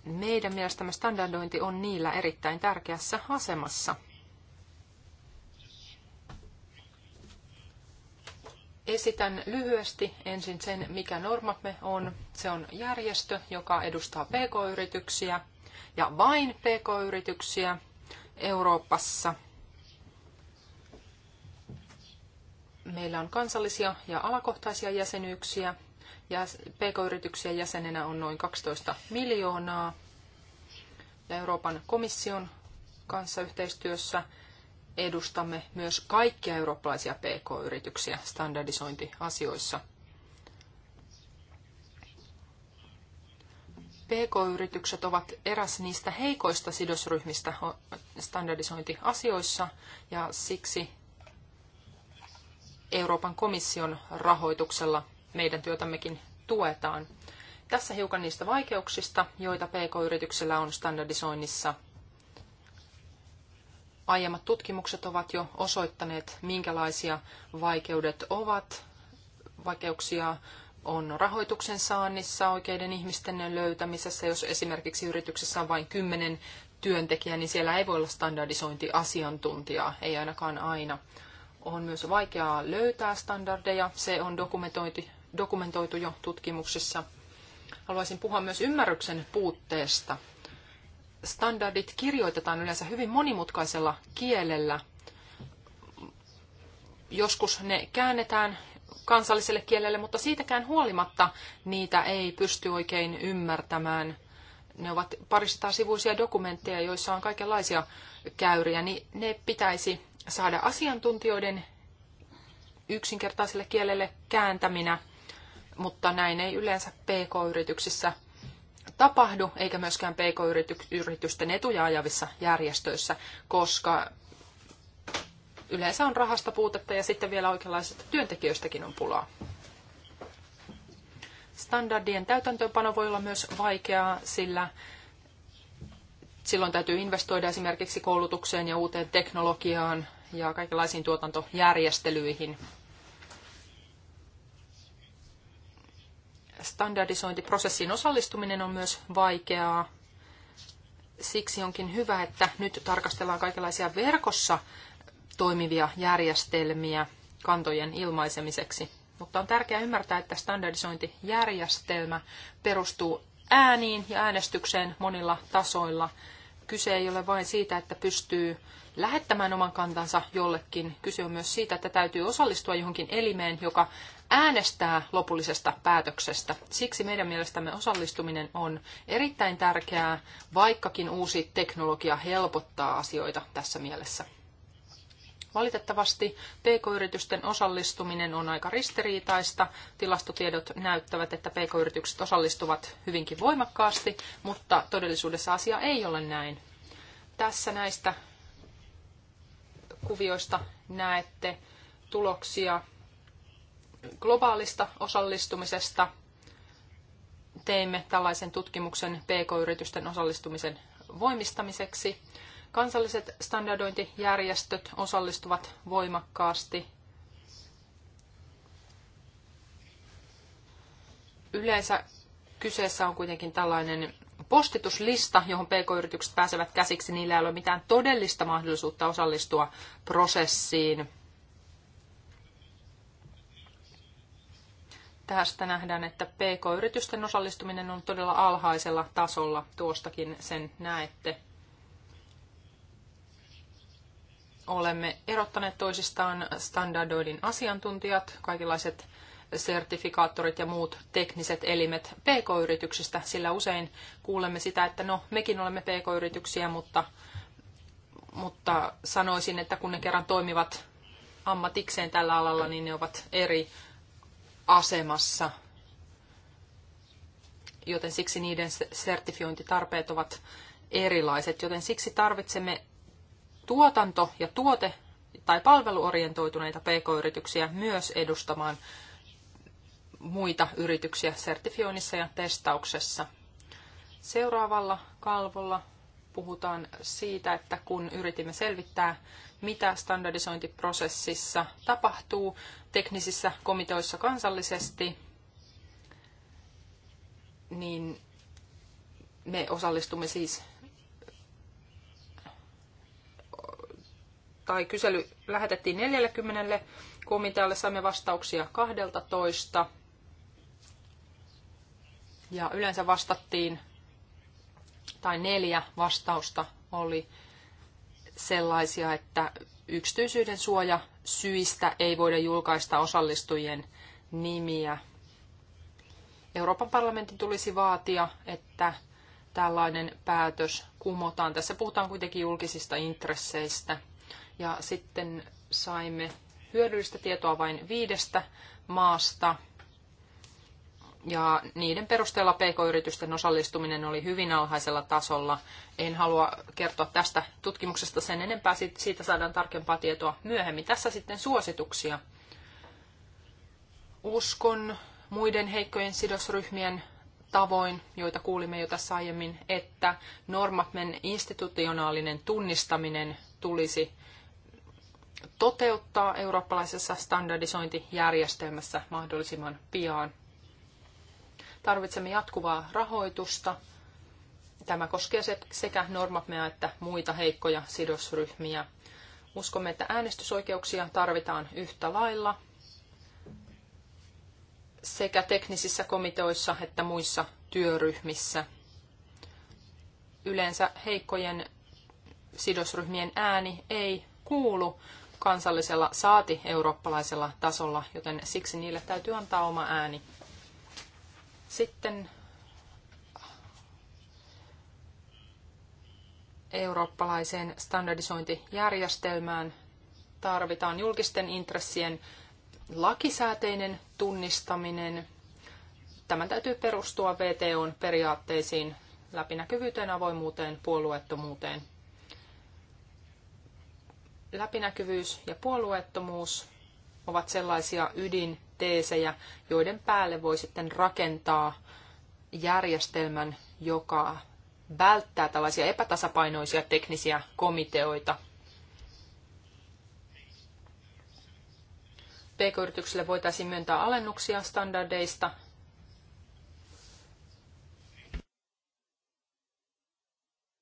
Meidän mielestämme standardointi on niillä erittäin tärkeässä asemassa – Esitän lyhyesti ensin sen, mikä Normamme on. Se on järjestö, joka edustaa pk-yrityksiä ja vain pk-yrityksiä Euroopassa. Meillä on kansallisia ja alakohtaisia jäsenyyksiä. Ja pk-yrityksiä jäsenenä on noin 12 miljoonaa. Ja Euroopan komission kanssa yhteistyössä edustamme myös kaikkia eurooppalaisia PK-yrityksiä standardisointiasioissa. PK-yritykset ovat eräs niistä heikoista sidosryhmistä standardisointiasioissa ja siksi Euroopan komission rahoituksella meidän työtämmekin tuetaan. Tässä hiukan niistä vaikeuksista, joita PK-yrityksillä on standardisoinnissa – Aiemmat tutkimukset ovat jo osoittaneet, minkälaisia vaikeudet ovat. Vaikeuksia on rahoituksen saannissa, oikeiden ihmisten löytämisessä. Jos esimerkiksi yrityksessä on vain kymmenen työntekijää, niin siellä ei voi olla standardisointiasiantuntijaa, ei ainakaan aina. On myös vaikeaa löytää standardeja, se on dokumentoitu, dokumentoitu jo tutkimuksissa. Haluaisin puhua myös ymmärryksen puutteesta standardit kirjoitetaan yleensä hyvin monimutkaisella kielellä. Joskus ne käännetään kansalliselle kielelle, mutta siitäkään huolimatta niitä ei pysty oikein ymmärtämään. Ne ovat parisataa sivuisia dokumentteja, joissa on kaikenlaisia käyriä, niin ne pitäisi saada asiantuntijoiden yksinkertaiselle kielelle kääntäminä, mutta näin ei yleensä pk-yrityksissä tapahdu, eikä myöskään pk-yritysten etuja ajavissa järjestöissä, koska yleensä on rahasta puutetta ja sitten vielä oikeanlaisista työntekijöistäkin on pulaa. Standardien täytäntöönpano voi olla myös vaikeaa, sillä silloin täytyy investoida esimerkiksi koulutukseen ja uuteen teknologiaan ja kaikenlaisiin tuotantojärjestelyihin – standardisointiprosessiin osallistuminen on myös vaikeaa. Siksi onkin hyvä, että nyt tarkastellaan kaikenlaisia verkossa toimivia järjestelmiä kantojen ilmaisemiseksi. Mutta on tärkeää ymmärtää, että standardisointijärjestelmä perustuu ääniin ja äänestykseen monilla tasoilla. Kyse ei ole vain siitä, että pystyy lähettämään oman kantansa jollekin. Kyse on myös siitä, että täytyy osallistua johonkin elimeen, joka äänestää lopullisesta päätöksestä. Siksi meidän mielestämme osallistuminen on erittäin tärkeää, vaikkakin uusi teknologia helpottaa asioita tässä mielessä. Valitettavasti pk-yritysten osallistuminen on aika ristiriitaista. Tilastotiedot näyttävät, että pk-yritykset osallistuvat hyvinkin voimakkaasti, mutta todellisuudessa asia ei ole näin. Tässä näistä kuvioista näette tuloksia globaalista osallistumisesta. Teimme tällaisen tutkimuksen PK-yritysten osallistumisen voimistamiseksi. Kansalliset standardointijärjestöt osallistuvat voimakkaasti. Yleensä kyseessä on kuitenkin tällainen postituslista, johon pk-yritykset pääsevät käsiksi. Niillä ei ole mitään todellista mahdollisuutta osallistua prosessiin – Tästä nähdään, että PK-yritysten osallistuminen on todella alhaisella tasolla. Tuostakin sen näette. Olemme erottaneet toisistaan standardoidin asiantuntijat, kaikenlaiset sertifikaattorit ja muut tekniset elimet PK-yrityksistä, sillä usein kuulemme sitä, että no, mekin olemme PK-yrityksiä, mutta, mutta sanoisin, että kun ne kerran toimivat ammatikseen tällä alalla, niin ne ovat eri asemassa, joten siksi niiden sertifiointitarpeet ovat erilaiset, joten siksi tarvitsemme tuotanto- ja tuote- tai palveluorientoituneita pk-yrityksiä myös edustamaan muita yrityksiä sertifioinnissa ja testauksessa. Seuraavalla kalvolla puhutaan siitä, että kun yritimme selvittää, mitä standardisointiprosessissa tapahtuu teknisissä komiteoissa kansallisesti, niin me osallistumme siis tai kysely lähetettiin 40 komitealle, saimme vastauksia 12. Ja yleensä vastattiin tai neljä vastausta oli sellaisia, että yksityisyyden suoja syistä ei voida julkaista osallistujien nimiä. Euroopan parlamentin tulisi vaatia, että tällainen päätös kumotaan. Tässä puhutaan kuitenkin julkisista intresseistä. Ja sitten saimme hyödyllistä tietoa vain viidestä maasta – ja niiden perusteella pk-yritysten osallistuminen oli hyvin alhaisella tasolla. En halua kertoa tästä tutkimuksesta sen enempää, siitä saadaan tarkempaa tietoa myöhemmin. Tässä sitten suosituksia. Uskon muiden heikkojen sidosryhmien tavoin, joita kuulimme jo tässä aiemmin, että normatmen institutionaalinen tunnistaminen tulisi toteuttaa eurooppalaisessa standardisointijärjestelmässä mahdollisimman pian. Tarvitsemme jatkuvaa rahoitusta. Tämä koskee sekä normapmea että muita heikkoja sidosryhmiä. Uskomme, että äänestysoikeuksia tarvitaan yhtä lailla sekä teknisissä komiteoissa että muissa työryhmissä. Yleensä heikkojen sidosryhmien ääni ei kuulu kansallisella saati eurooppalaisella tasolla, joten siksi niille täytyy antaa oma ääni. Sitten eurooppalaiseen standardisointijärjestelmään tarvitaan julkisten intressien lakisääteinen tunnistaminen. Tämän täytyy perustua VTOn periaatteisiin, läpinäkyvyyteen, avoimuuteen, puolueettomuuteen. Läpinäkyvyys ja puolueettomuus ovat sellaisia ydin teesejä, joiden päälle voi sitten rakentaa järjestelmän, joka välttää tällaisia epätasapainoisia teknisiä komiteoita. pk yritykselle voitaisiin myöntää alennuksia standardeista.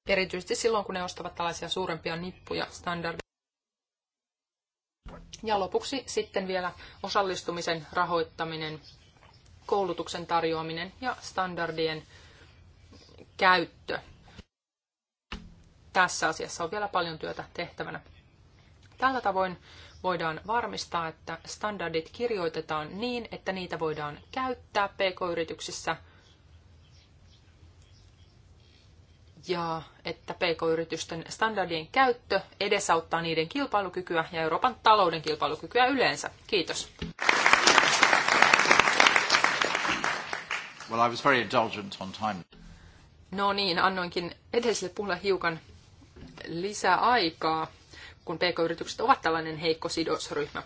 Erityisesti silloin, kun ne ostavat tällaisia suurempia nippuja standardeja. Ja lopuksi sitten vielä osallistumisen rahoittaminen, koulutuksen tarjoaminen ja standardien käyttö. Tässä asiassa on vielä paljon työtä tehtävänä. Tällä tavoin voidaan varmistaa, että standardit kirjoitetaan niin, että niitä voidaan käyttää pk-yrityksissä – ja että pk-yritysten standardien käyttö edesauttaa niiden kilpailukykyä ja Euroopan talouden kilpailukykyä yleensä. Kiitos. Well, I was very indulgent on time. No niin, annoinkin edelliselle puhulle hiukan lisää aikaa, kun pk-yritykset ovat tällainen heikko sidosryhmä.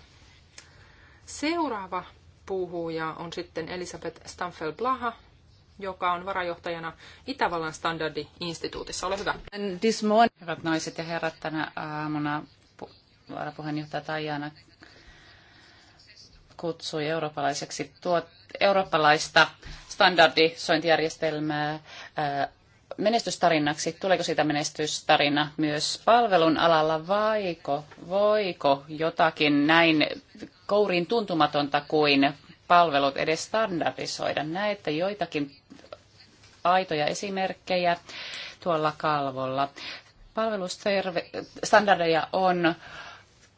Seuraava puhuja on sitten Elisabeth Stamfel-Blaha, joka on varajohtajana Itävallan standardi-instituutissa. Ole hyvä. Hyvät naiset ja herrat, tänä aamuna varapuheenjohtaja Tajana kutsui eurooppalaiseksi tuot, eurooppalaista standardisointijärjestelmää menestystarinaksi. Tuleeko siitä menestystarina myös palvelun alalla vaiko voiko jotakin näin kouriin tuntumatonta kuin palvelut edes standardisoida. Näette joitakin aitoja esimerkkejä tuolla kalvolla. Palvelustandardeja on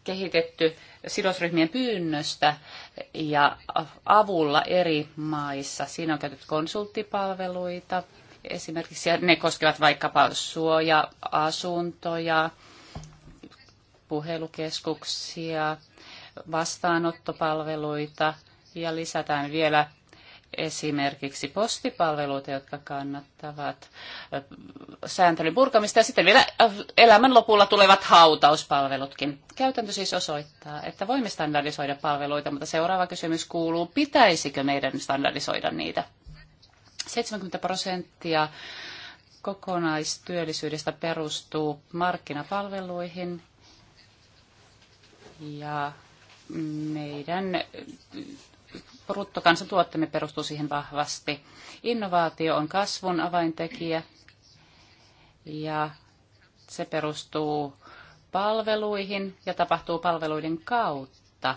kehitetty sidosryhmien pyynnöstä ja avulla eri maissa. Siinä on käytetty konsulttipalveluita esimerkiksi, ne koskevat vaikkapa suoja-asuntoja, puhelukeskuksia, vastaanottopalveluita – ja lisätään vielä esimerkiksi postipalveluita, jotka kannattavat sääntelyn purkamista ja sitten vielä elämän lopulla tulevat hautauspalvelutkin. Käytäntö siis osoittaa, että voimme standardisoida palveluita, mutta seuraava kysymys kuuluu, pitäisikö meidän standardisoida niitä? 70 prosenttia kokonaistyöllisyydestä perustuu markkinapalveluihin ja meidän bruttokansantuotteemme perustuu siihen vahvasti. Innovaatio on kasvun avaintekijä ja se perustuu palveluihin ja tapahtuu palveluiden kautta.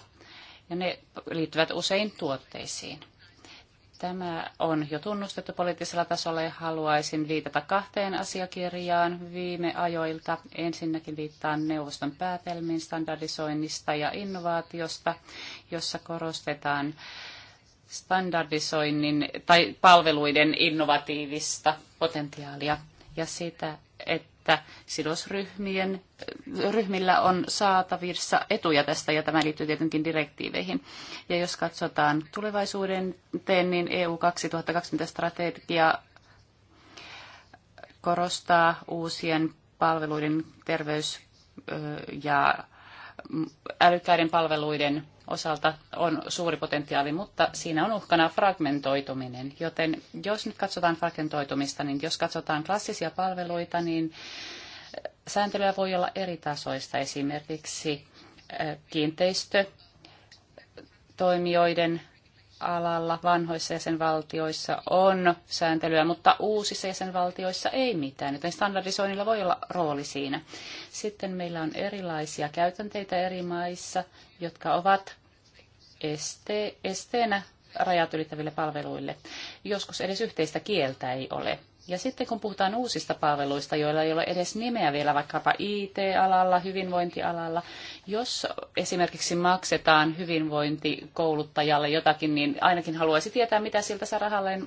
Ja ne liittyvät usein tuotteisiin. Tämä on jo tunnustettu poliittisella tasolla ja haluaisin viitata kahteen asiakirjaan viime ajoilta. Ensinnäkin viittaan neuvoston päätelmiin standardisoinnista ja innovaatiosta, jossa korostetaan standardisoinnin tai palveluiden innovatiivista potentiaalia ja sitä, että sidosryhmien ryhmillä on saatavissa etuja tästä, ja tämä liittyy tietenkin direktiiveihin. Ja jos katsotaan tulevaisuuden teen, niin EU 2020-strategia korostaa uusien palveluiden terveys- ja älykkäiden palveluiden osalta on suuri potentiaali, mutta siinä on uhkana fragmentoituminen. Joten jos nyt katsotaan fragmentoitumista, niin jos katsotaan klassisia palveluita, niin äh, sääntelyä voi olla eri tasoista. Esimerkiksi äh, kiinteistö, toimijoiden alalla vanhoissa jäsenvaltioissa on sääntelyä, mutta uusissa jäsenvaltioissa ei mitään, joten standardisoinnilla voi olla rooli siinä. Sitten meillä on erilaisia käytänteitä eri maissa, jotka ovat este, esteenä rajat ylittäville palveluille. Joskus edes yhteistä kieltä ei ole. Ja sitten kun puhutaan uusista palveluista, joilla ei ole edes nimeä vielä vaikkapa IT-alalla, hyvinvointialalla, jos esimerkiksi maksetaan hyvinvointikouluttajalle jotakin, niin ainakin haluaisi tietää, mitä siltä saa rahalleen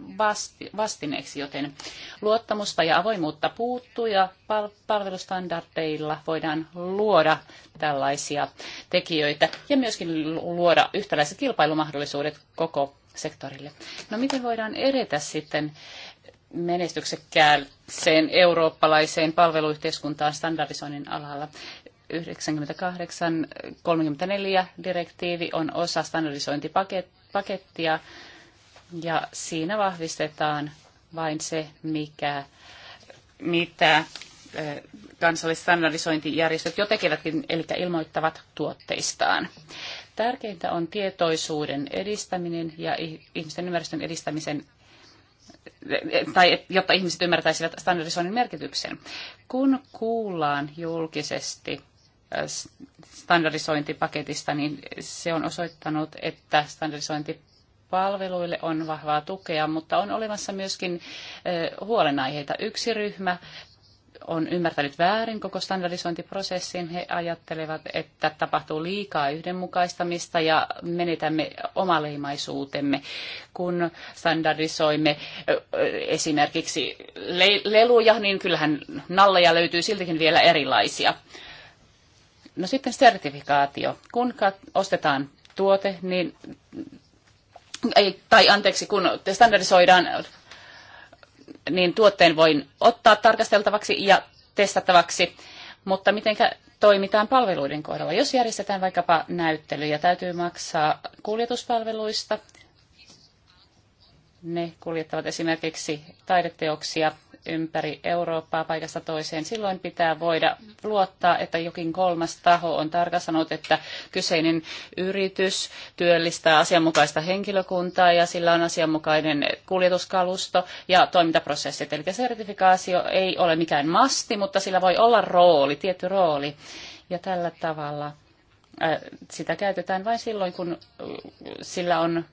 vastineeksi, joten luottamusta ja avoimuutta puuttuu ja pal- palvelustandardeilla voidaan luoda tällaisia tekijöitä ja myöskin luoda yhtäläiset kilpailumahdollisuudet koko sektorille. No miten voidaan edetä sitten menestyksekkääseen eurooppalaiseen palveluyhteiskuntaan standardisoinnin alalla. 98-34 direktiivi on osa standardisointipakettia ja siinä vahvistetaan vain se, mikä, mitä kansalliset standardisointijärjestöt jo tekevätkin, eli ilmoittavat tuotteistaan. Tärkeintä on tietoisuuden edistäminen ja ihmisten ymmärrysten edistämisen tai jotta ihmiset ymmärtäisivät standardisoinnin merkityksen. Kun kuullaan julkisesti äh, standardisointipaketista, niin se on osoittanut, että standardisointipalveluille on vahvaa tukea, mutta on olemassa myöskin äh, huolenaiheita. Yksi ryhmä on ymmärtänyt väärin koko standardisointiprosessin. He ajattelevat, että tapahtuu liikaa yhdenmukaistamista ja menetämme omaleimaisuutemme, kun standardisoimme esimerkiksi leluja, niin kyllähän nalleja löytyy siltikin vielä erilaisia. No sitten sertifikaatio. Kun ostetaan tuote, niin ei, tai anteeksi, kun standardisoidaan niin tuotteen voin ottaa tarkasteltavaksi ja testattavaksi, mutta miten toimitaan palveluiden kohdalla? Jos järjestetään vaikkapa näyttely ja täytyy maksaa kuljetuspalveluista, ne kuljettavat esimerkiksi taideteoksia ympäri Eurooppaa paikasta toiseen, silloin pitää voida luottaa, että jokin kolmas taho on tarkastanut, että kyseinen yritys työllistää asianmukaista henkilökuntaa ja sillä on asianmukainen kuljetuskalusto ja toimintaprosessit. Eli sertifikaatio ei ole mikään masti, mutta sillä voi olla rooli, tietty rooli. Ja tällä tavalla äh, sitä käytetään vain silloin, kun äh, sillä on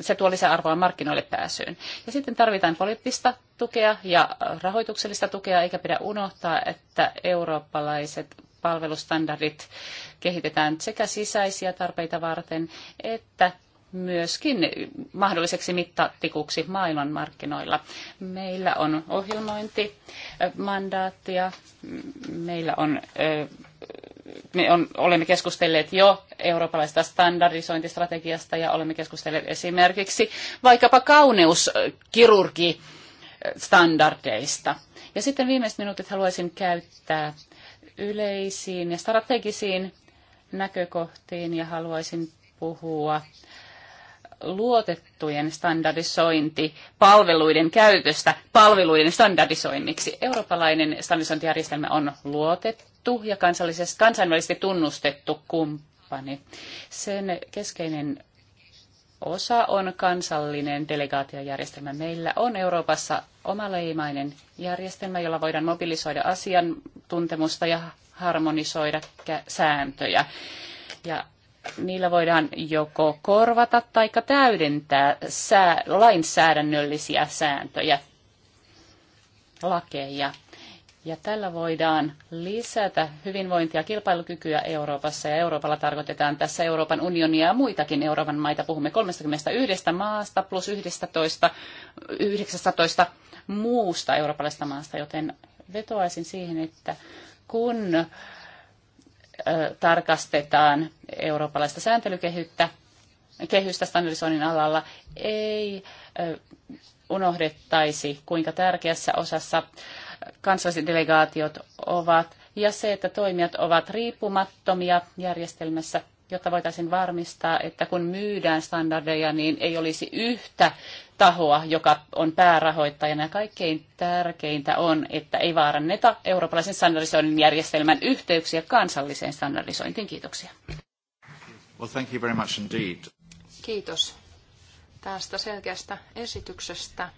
se tuo lisäarvoa markkinoille pääsyyn. Ja sitten tarvitaan poliittista tukea ja rahoituksellista tukea, eikä pidä unohtaa, että eurooppalaiset palvelustandardit kehitetään sekä sisäisiä tarpeita varten että myöskin mahdolliseksi mittatikuksi maailmanmarkkinoilla. Meillä on ohjelmointimandaattia, meillä on me on, olemme keskustelleet jo eurooppalaisesta standardisointistrategiasta ja olemme keskustelleet esimerkiksi vaikkapa kauneuskirurgi eh, standardeista. Ja sitten viimeiset minuutit haluaisin käyttää yleisiin ja strategisiin näkökohtiin ja haluaisin puhua luotettujen standardisointipalveluiden käytöstä palveluiden standardisoinniksi. Eurooppalainen standardisointijärjestelmä on luotettu tunnettu ja kansainvälisesti tunnustettu kumppani. Sen keskeinen osa on kansallinen delegaatiojärjestelmä. Meillä on Euroopassa omaleimainen järjestelmä, jolla voidaan mobilisoida asiantuntemusta ja harmonisoida sääntöjä. Ja niillä voidaan joko korvata tai täydentää sää- lainsäädännöllisiä sääntöjä, lakeja. Ja tällä voidaan lisätä hyvinvointia ja kilpailukykyä Euroopassa. Ja Euroopalla tarkoitetaan tässä Euroopan unionia ja muitakin Euroopan maita. Puhumme 31 maasta plus 11, 19 muusta eurooppalaisesta maasta, joten vetoaisin siihen, että kun tarkastetaan eurooppalaista sääntelykehyttä, kehystä standardisoinnin alalla, ei unohdettaisi, kuinka tärkeässä osassa delegaatiot ovat ja se, että toimijat ovat riippumattomia järjestelmässä, jotta voitaisiin varmistaa, että kun myydään standardeja, niin ei olisi yhtä tahoa, joka on päärahoittajana. Kaikkein tärkeintä on, että ei vaaranneta eurooppalaisen standardisoinnin järjestelmän yhteyksiä kansalliseen standardisointiin. Kiitoksia. Well, thank you very much indeed. Kiitos tästä selkeästä esityksestä.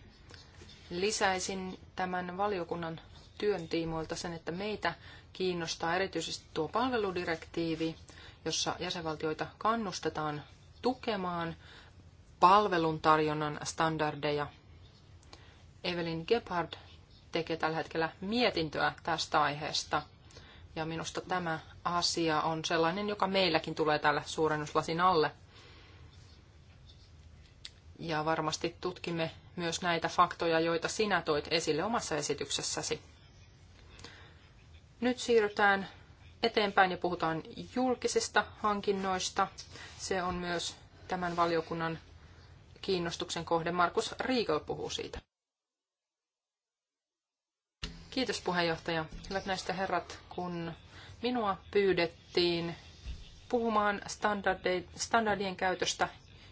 Lisäisin tämän valiokunnan työn tiimoilta sen, että meitä kiinnostaa erityisesti tuo palveludirektiivi, jossa jäsenvaltioita kannustetaan tukemaan palveluntarjonnan standardeja. Evelyn Gebhard tekee tällä hetkellä mietintöä tästä aiheesta. Ja minusta tämä asia on sellainen, joka meilläkin tulee täällä suurennuslasin alle. Ja varmasti tutkimme myös näitä faktoja, joita sinä toit esille omassa esityksessäsi. Nyt siirrytään eteenpäin ja puhutaan julkisista hankinnoista. Se on myös tämän valiokunnan kiinnostuksen kohde. Markus Riegel puhuu siitä. Kiitos puheenjohtaja. Hyvät näistä herrat, kun minua pyydettiin puhumaan standardien käytöstä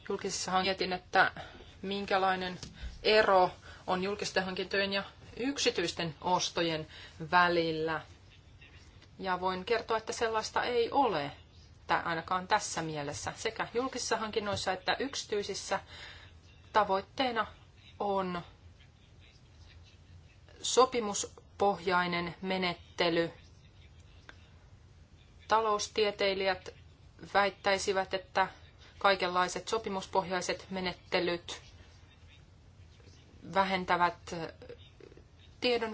julkisissa hankinnoissa, että minkälainen ero on julkisten hankintojen ja yksityisten ostojen välillä. Ja voin kertoa, että sellaista ei ole, tai ainakaan tässä mielessä. Sekä julkisissa hankinnoissa että yksityisissä tavoitteena on sopimuspohjainen menettely. Taloustieteilijät väittäisivät, että kaikenlaiset sopimuspohjaiset menettelyt vähentävät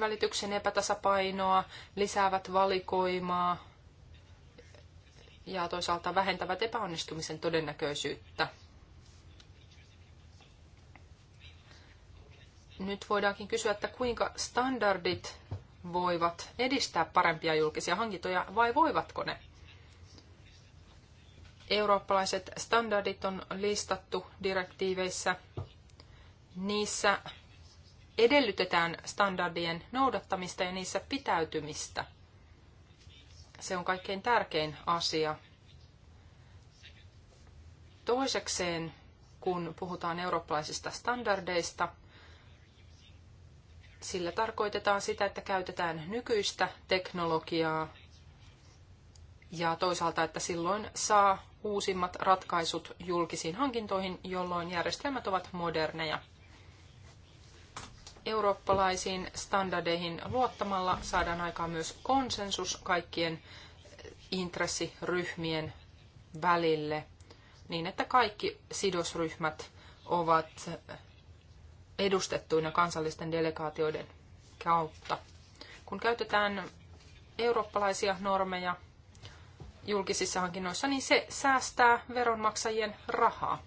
välityksen epätasapainoa, lisäävät valikoimaa ja toisaalta vähentävät epäonnistumisen todennäköisyyttä. Nyt voidaankin kysyä, että kuinka standardit voivat edistää parempia julkisia hankintoja vai voivatko ne? Eurooppalaiset standardit on listattu direktiiveissä. Niissä edellytetään standardien noudattamista ja niissä pitäytymistä. Se on kaikkein tärkein asia. Toisekseen, kun puhutaan eurooppalaisista standardeista, sillä tarkoitetaan sitä, että käytetään nykyistä teknologiaa ja toisaalta, että silloin saa uusimmat ratkaisut julkisiin hankintoihin, jolloin järjestelmät ovat moderneja. Eurooppalaisiin standardeihin luottamalla saadaan aikaan myös konsensus kaikkien intressiryhmien välille niin, että kaikki sidosryhmät ovat edustettuina kansallisten delegaatioiden kautta. Kun käytetään eurooppalaisia normeja julkisissa hankinnoissa, niin se säästää veronmaksajien rahaa.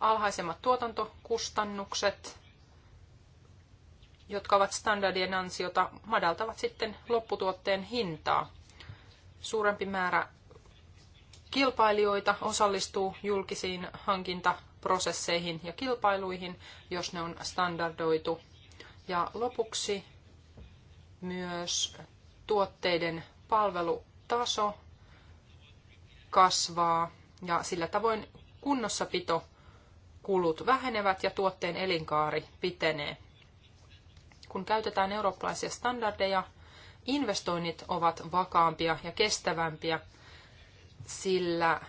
Alhaisemmat tuotantokustannukset jotka ovat standardien ansiota, madaltavat sitten lopputuotteen hintaa. Suurempi määrä kilpailijoita osallistuu julkisiin hankintaprosesseihin ja kilpailuihin, jos ne on standardoitu. Ja lopuksi myös tuotteiden palvelutaso kasvaa ja sillä tavoin kunnossapito kulut vähenevät ja tuotteen elinkaari pitenee kun käytetään eurooppalaisia standardeja, investoinnit ovat vakaampia ja kestävämpiä, sillä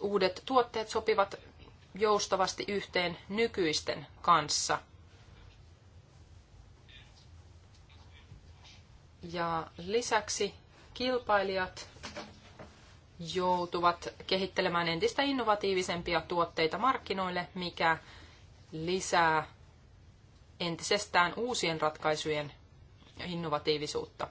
uudet tuotteet sopivat joustavasti yhteen nykyisten kanssa. Ja lisäksi kilpailijat joutuvat kehittelemään entistä innovatiivisempia tuotteita markkinoille, mikä lisää entisestään uusien ratkaisujen innovatiivisuutta.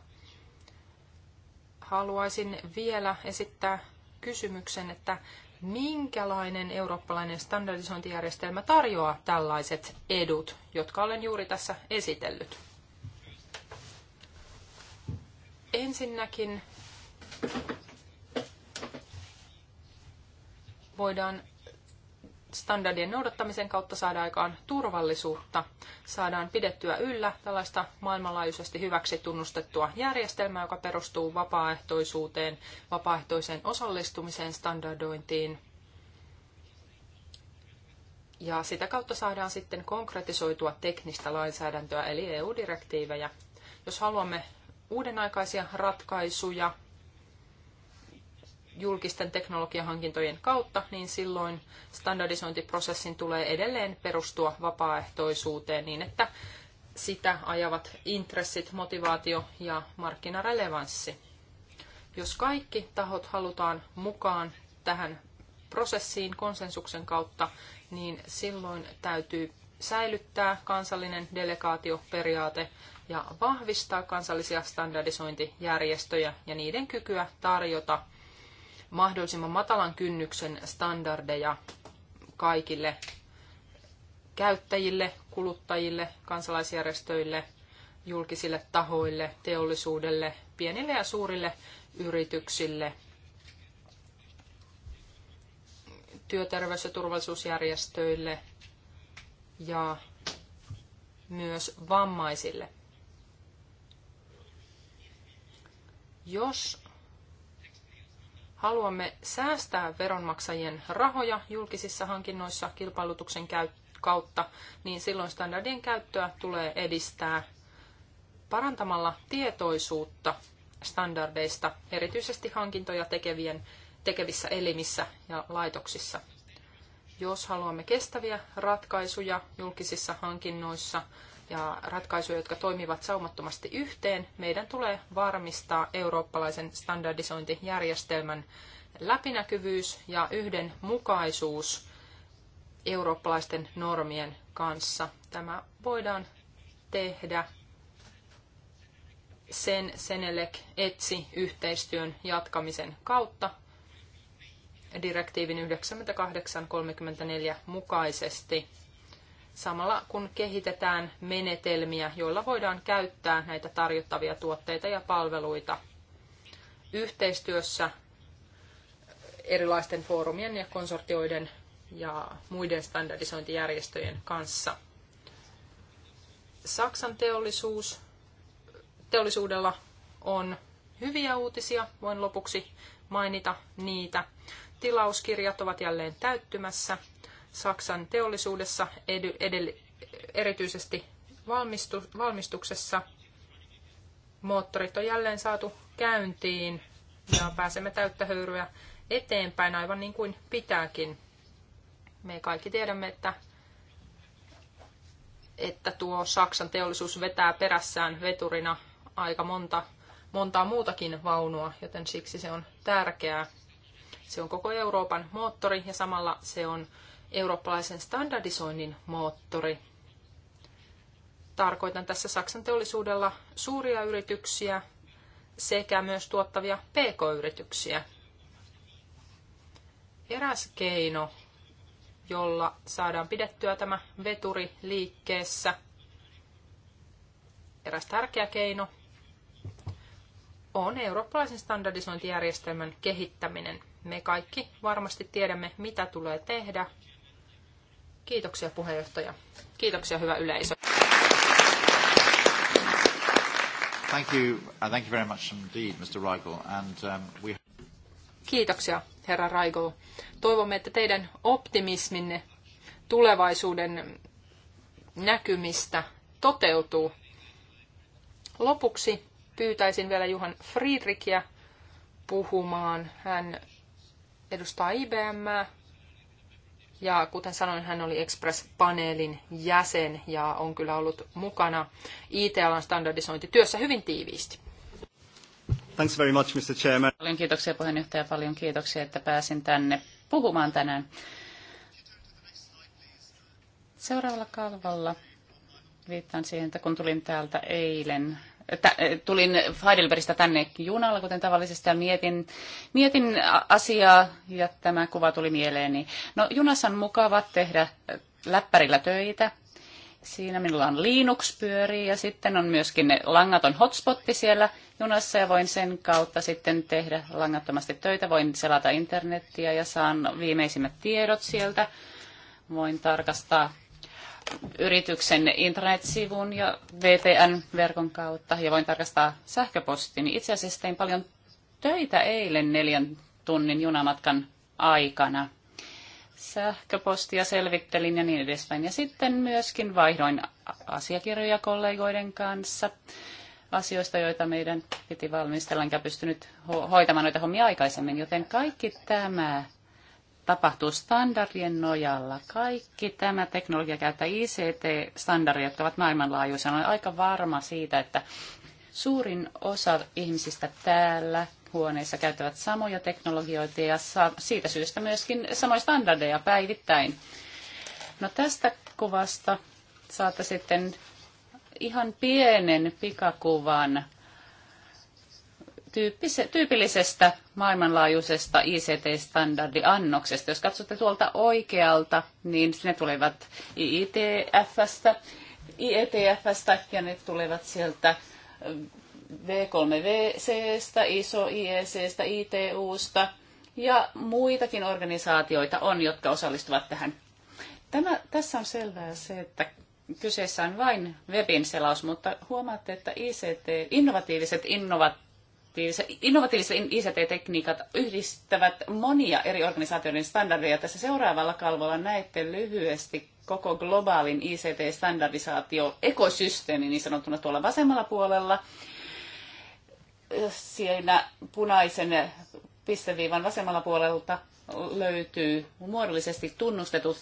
Haluaisin vielä esittää kysymyksen, että minkälainen eurooppalainen standardisointijärjestelmä tarjoaa tällaiset edut, jotka olen juuri tässä esitellyt? Ensinnäkin voidaan standardien noudattamisen kautta saadaan aikaan turvallisuutta. Saadaan pidettyä yllä tällaista maailmanlaajuisesti hyväksi tunnustettua järjestelmää, joka perustuu vapaaehtoisuuteen, vapaaehtoiseen osallistumiseen, standardointiin. Ja sitä kautta saadaan sitten konkretisoitua teknistä lainsäädäntöä, eli EU-direktiivejä. Jos haluamme uudenaikaisia ratkaisuja, julkisten teknologiahankintojen kautta, niin silloin standardisointiprosessin tulee edelleen perustua vapaaehtoisuuteen niin, että sitä ajavat intressit, motivaatio ja markkinarelevanssi. Jos kaikki tahot halutaan mukaan tähän prosessiin konsensuksen kautta, niin silloin täytyy säilyttää kansallinen delegaatioperiaate ja vahvistaa kansallisia standardisointijärjestöjä ja niiden kykyä tarjota mahdollisimman matalan kynnyksen standardeja kaikille käyttäjille, kuluttajille, kansalaisjärjestöille, julkisille tahoille, teollisuudelle, pienille ja suurille yrityksille, työterveys- ja turvallisuusjärjestöille ja myös vammaisille. Jos Haluamme säästää veronmaksajien rahoja julkisissa hankinnoissa kilpailutuksen kautta, niin silloin standardien käyttöä tulee edistää parantamalla tietoisuutta standardeista, erityisesti hankintoja tekevien, tekevissä elimissä ja laitoksissa. Jos haluamme kestäviä ratkaisuja julkisissa hankinnoissa, ja ratkaisuja, jotka toimivat saumattomasti yhteen, meidän tulee varmistaa eurooppalaisen standardisointijärjestelmän läpinäkyvyys ja yhdenmukaisuus eurooppalaisten normien kanssa. Tämä voidaan tehdä sen Senelec etsi yhteistyön jatkamisen kautta direktiivin 9834 mukaisesti samalla kun kehitetään menetelmiä, joilla voidaan käyttää näitä tarjottavia tuotteita ja palveluita yhteistyössä erilaisten foorumien ja konsortioiden ja muiden standardisointijärjestöjen kanssa. Saksan teollisuus, teollisuudella on hyviä uutisia, voin lopuksi mainita niitä. Tilauskirjat ovat jälleen täyttymässä Saksan teollisuudessa, edy, edell, erityisesti valmistu, valmistuksessa. Moottorit on jälleen saatu käyntiin ja pääsemme täyttä höyryä eteenpäin aivan niin kuin pitääkin. Me kaikki tiedämme, että, että tuo Saksan teollisuus vetää perässään veturina aika monta, montaa muutakin vaunua, joten siksi se on tärkeää. Se on koko Euroopan moottori ja samalla se on eurooppalaisen standardisoinnin moottori. Tarkoitan tässä Saksan teollisuudella suuria yrityksiä sekä myös tuottavia pk-yrityksiä. Eräs keino, jolla saadaan pidettyä tämä veturi liikkeessä, eräs tärkeä keino, on eurooppalaisen standardisointijärjestelmän kehittäminen. Me kaikki varmasti tiedämme, mitä tulee tehdä – Kiitoksia puheenjohtaja. Kiitoksia hyvä yleisö. Thank you, uh, thank you very much indeed, Mr. Reigel. And, um, we... Kiitoksia, herra Raigo. Toivomme, että teidän optimisminne tulevaisuuden näkymistä toteutuu. Lopuksi pyytäisin vielä Juhan Friedrichia puhumaan. Hän edustaa IBMää ja kuten sanoin, hän oli Express-paneelin jäsen ja on kyllä ollut mukana IT-alan standardisointityössä hyvin tiiviisti. Thanks very much, Mr. Chairman. Paljon kiitoksia puheenjohtaja, paljon kiitoksia, että pääsin tänne puhumaan tänään. Seuraavalla kalvolla viittaan siihen, että kun tulin täältä eilen Eh, tulin Heidelbergistä tänne junalla, kuten tavallisesti, ja mietin, mietin asiaa, ja tämä kuva tuli mieleeni. No, junassa on mukava tehdä eh, läppärillä töitä. Siinä minulla on Linux pyörii ja sitten on myöskin langaton hotspotti siellä junassa ja voin sen kautta sitten tehdä langattomasti töitä. Voin selata internettiä ja saan viimeisimmät tiedot sieltä. Voin tarkastaa yrityksen internetsivun ja VPN-verkon kautta ja voin tarkastaa sähköpostini. Itse asiassa tein paljon töitä eilen neljän tunnin junamatkan aikana. Sähköpostia selvittelin ja niin edespäin. Ja sitten myöskin vaihdoin asiakirjoja kollegoiden kanssa asioista, joita meidän piti valmistella, enkä pystynyt ho- hoitamaan noita hommia aikaisemmin. Joten kaikki tämä tapahtuu standardien nojalla. Kaikki tämä teknologia käyttää ict standardia jotka ovat maailmanlaajuisia. Olen aika varma siitä, että suurin osa ihmisistä täällä huoneissa käyttävät samoja teknologioita ja siitä syystä myöskin samoja standardeja päivittäin. No tästä kuvasta saatte sitten ihan pienen pikakuvan tyypillisestä maailmanlaajuisesta ICT-standardiannoksesta. Jos katsotte tuolta oikealta, niin ne tulevat IETFstä, IETFstä ja ne tulevat sieltä eh, V3VCstä, ISO IECstä, ITUsta ja muitakin organisaatioita on, jotka osallistuvat tähän. Tämä, tässä on selvää se, että kyseessä on vain webin selaus, mutta huomaatte, että ICT, innovatiiviset innovat innovatiiviset ICT-tekniikat yhdistävät monia eri organisaatioiden standardeja. Tässä seuraavalla kalvolla näette lyhyesti koko globaalin ICT-standardisaatio-ekosysteemi niin sanottuna tuolla vasemmalla puolella. Siinä punaisen pisteviivan vasemmalla puolelta löytyy muodollisesti tunnustetut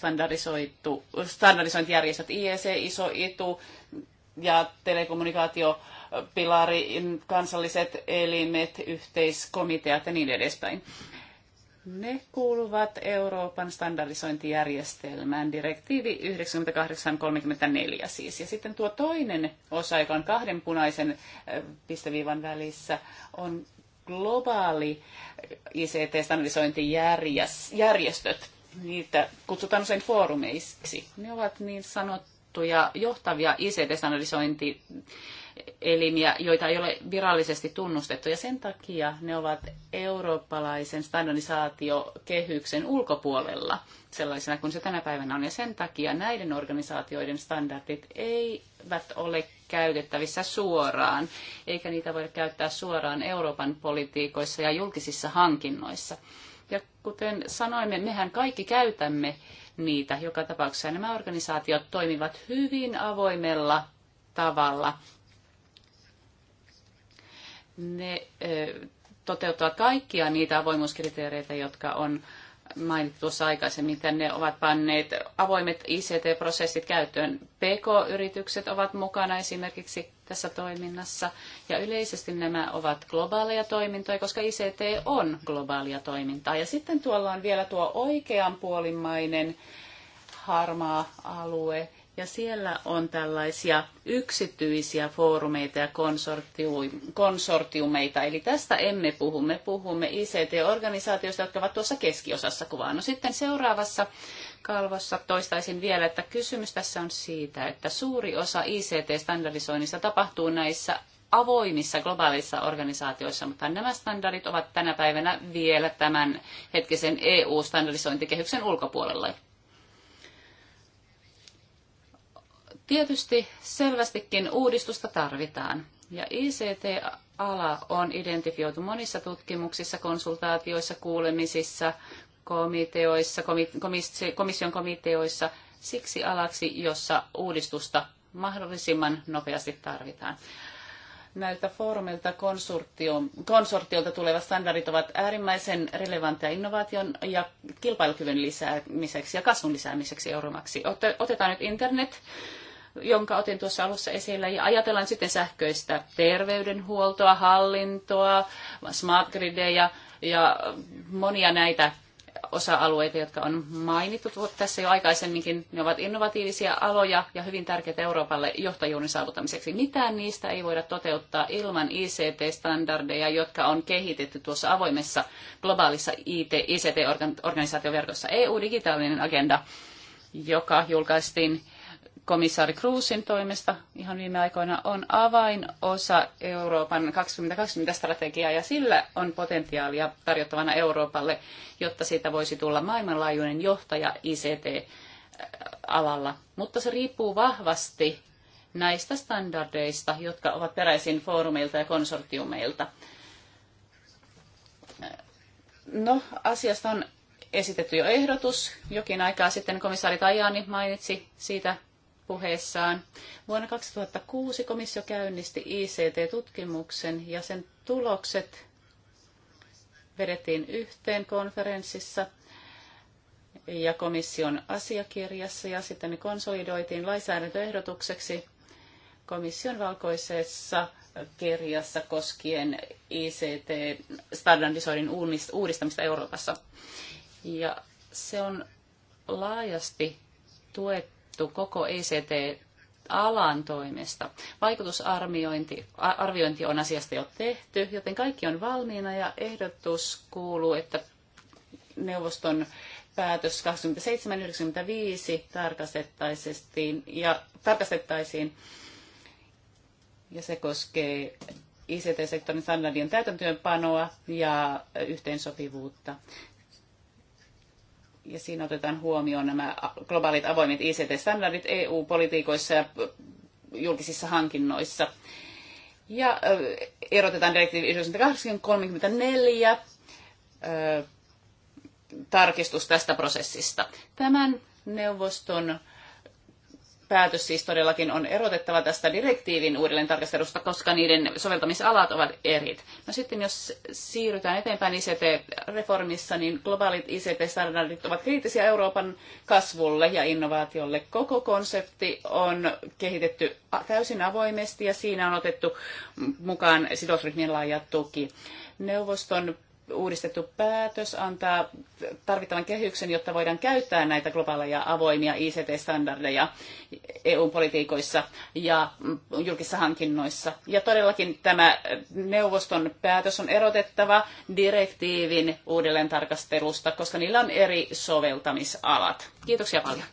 standardisointijärjestöt IEC, ISO, ITU ja telekommunikaatio pilari, kansalliset elimet, yhteiskomiteat ja niin edespäin. Ne kuuluvat Euroopan standardisointijärjestelmään, direktiivi 9834 siis. Ja sitten tuo toinen osa, joka on kahden punaisen äh, pisteviivan välissä, on globaali ICT-standardisointijärjestöt. Niitä kutsutaan usein foorumeiksi. Ne ovat niin sanottuja johtavia ICT-standardisointijärjestöjä elimiä, joita ei ole virallisesti tunnustettu, ja sen takia ne ovat eurooppalaisen standardisaatiokehyksen ulkopuolella sellaisena kuin se tänä päivänä on, ja sen takia näiden organisaatioiden standardit eivät ole käytettävissä suoraan, eikä niitä voida käyttää suoraan Euroopan politiikoissa ja julkisissa hankinnoissa. Ja kuten sanoimme, mehän kaikki käytämme niitä joka tapauksessa. Nämä organisaatiot toimivat hyvin avoimella tavalla ne toteuttavat kaikkia niitä avoimuuskriteereitä, jotka on mainittu tuossa aikaisemmin, Ne ovat panneet avoimet ICT-prosessit käyttöön. PK-yritykset ovat mukana esimerkiksi tässä toiminnassa ja yleisesti nämä ovat globaaleja toimintoja, koska ICT on globaalia toimintaa. Ja sitten tuolla on vielä tuo oikeanpuolimmainen harmaa alue, ja siellä on tällaisia yksityisiä foorumeita ja konsortiumeita. Eli tästä emme puhu. Me puhumme ICT-organisaatioista, jotka ovat tuossa keskiosassa kuvaa. No sitten seuraavassa kalvossa toistaisin vielä, että kysymys tässä on siitä, että suuri osa ICT-standardisoinnista tapahtuu näissä avoimissa globaaleissa organisaatioissa, mutta nämä standardit ovat tänä päivänä vielä tämän hetkisen EU-standardisointikehyksen ulkopuolella. Tietysti selvästikin uudistusta tarvitaan. Ja ICT-ala on identifioitu monissa tutkimuksissa, konsultaatioissa, kuulemisissa, komiteoissa, komission komiteoissa siksi alaksi, jossa uudistusta mahdollisimman nopeasti tarvitaan. Näiltä foorumilta konsortiolta tulevat standardit ovat äärimmäisen relevantteja innovaation ja kilpailukyvyn lisäämiseksi ja kasvun lisäämiseksi euromaksi. Otetaan nyt internet jonka otin tuossa alussa esille. Ja ajatellaan sitten sähköistä terveydenhuoltoa, hallintoa, smart gridejä ja monia näitä osa-alueita, jotka on mainittu tässä jo aikaisemminkin. Ne ovat innovatiivisia aloja ja hyvin tärkeitä Euroopalle johtajuuden saavuttamiseksi. Mitään niistä ei voida toteuttaa ilman ICT-standardeja, jotka on kehitetty tuossa avoimessa globaalissa ICT-organisaatioverkossa EU-digitaalinen agenda, joka julkaistiin komissaari Kruusin toimesta ihan viime aikoina on avainosa Euroopan 2020-strategiaa ja sillä on potentiaalia tarjottavana Euroopalle, jotta siitä voisi tulla maailmanlaajuinen johtaja ICT-alalla. Äh, Mutta se riippuu vahvasti näistä standardeista, jotka ovat peräisin foorumeilta ja konsortiumeilta. No, asiasta on esitetty jo ehdotus. Jokin aikaa sitten komissaari Tajani mainitsi siitä puheessaan. Vuonna 2006 komissio käynnisti ICT-tutkimuksen ja sen tulokset vedettiin yhteen konferenssissa ja komission asiakirjassa ja sitten ne konsolidoitiin lainsäädäntöehdotukseksi komission valkoisessa kirjassa koskien ICT-standardisoinnin uudistamista Euroopassa. Ja se on laajasti tuettu laadittu koko ECT alan toimesta. Vaikutusarviointi arviointi on asiasta jo tehty, joten kaikki on valmiina ja ehdotus kuuluu, että neuvoston päätös 2795 tarkastettaisiin ja, tarkastettaisiin ja se koskee ICT-sektorin standardien täytäntöönpanoa ja yhteensopivuutta ja siinä otetaan huomioon nämä globaalit avoimet ICT-standardit EU-politiikoissa ja julkisissa hankinnoissa. Ja erotetaan direktiivi 1934 tarkistus tästä prosessista. Tämän neuvoston päätös siis todellakin on erotettava tästä direktiivin uudelleen tarkastelusta, koska niiden soveltamisalat ovat eri. No sitten jos siirrytään eteenpäin ICT-reformissa, niin globaalit ICT-standardit ovat kriittisiä Euroopan kasvulle ja innovaatiolle. Koko konsepti on kehitetty täysin avoimesti ja siinä on otettu mukaan sidosryhmien laaja tuki. Neuvoston uudistettu päätös antaa tarvittavan kehyksen, jotta voidaan käyttää näitä globaaleja avoimia ICT-standardeja EU-politiikoissa ja julkisissa hankinnoissa. Ja todellakin tämä neuvoston päätös on erotettava direktiivin uudelleen tarkastelusta, koska niillä on eri soveltamisalat. Kiitoksia paljon.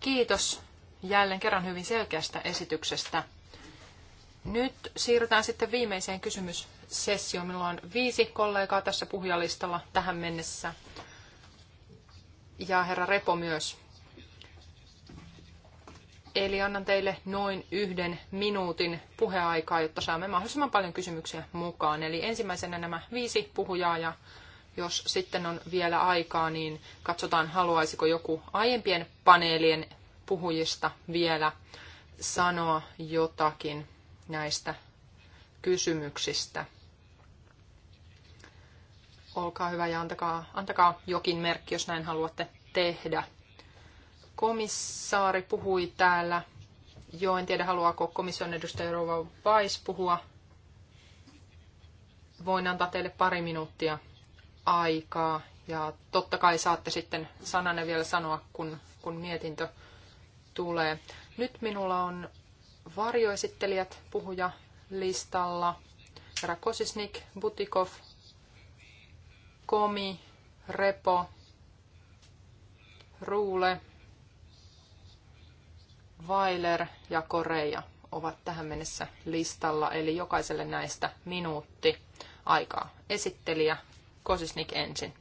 Kiitos jälleen kerran hyvin selkeästä esityksestä. Nyt siirrytään sitten viimeiseen kysymyssessioon. Minulla on viisi kollegaa tässä puhujalistalla tähän mennessä. Ja herra Repo myös. Eli annan teille noin yhden minuutin puheaikaa, jotta saamme mahdollisimman paljon kysymyksiä mukaan. Eli ensimmäisenä nämä viisi puhujaa ja jos sitten on vielä aikaa, niin katsotaan haluaisiko joku aiempien paneelien puhujista vielä sanoa jotakin näistä kysymyksistä. Olkaa hyvä ja antakaa, antakaa jokin merkki, jos näin haluatte tehdä. Komissaari puhui täällä. Joo, en tiedä haluaako komission edustaja Rova Vais puhua. Voin antaa teille pari minuuttia aikaa ja totta kai saatte sitten sananne vielä sanoa, kun, kun mietintö tulee. Nyt minulla on varjoesittelijät puhuja listalla. Rakosisnik, Butikov, Komi, Repo, Ruule, Weiler ja Korea ovat tähän mennessä listalla, eli jokaiselle näistä minuutti aikaa. Esittelijä Kosisnik ensin.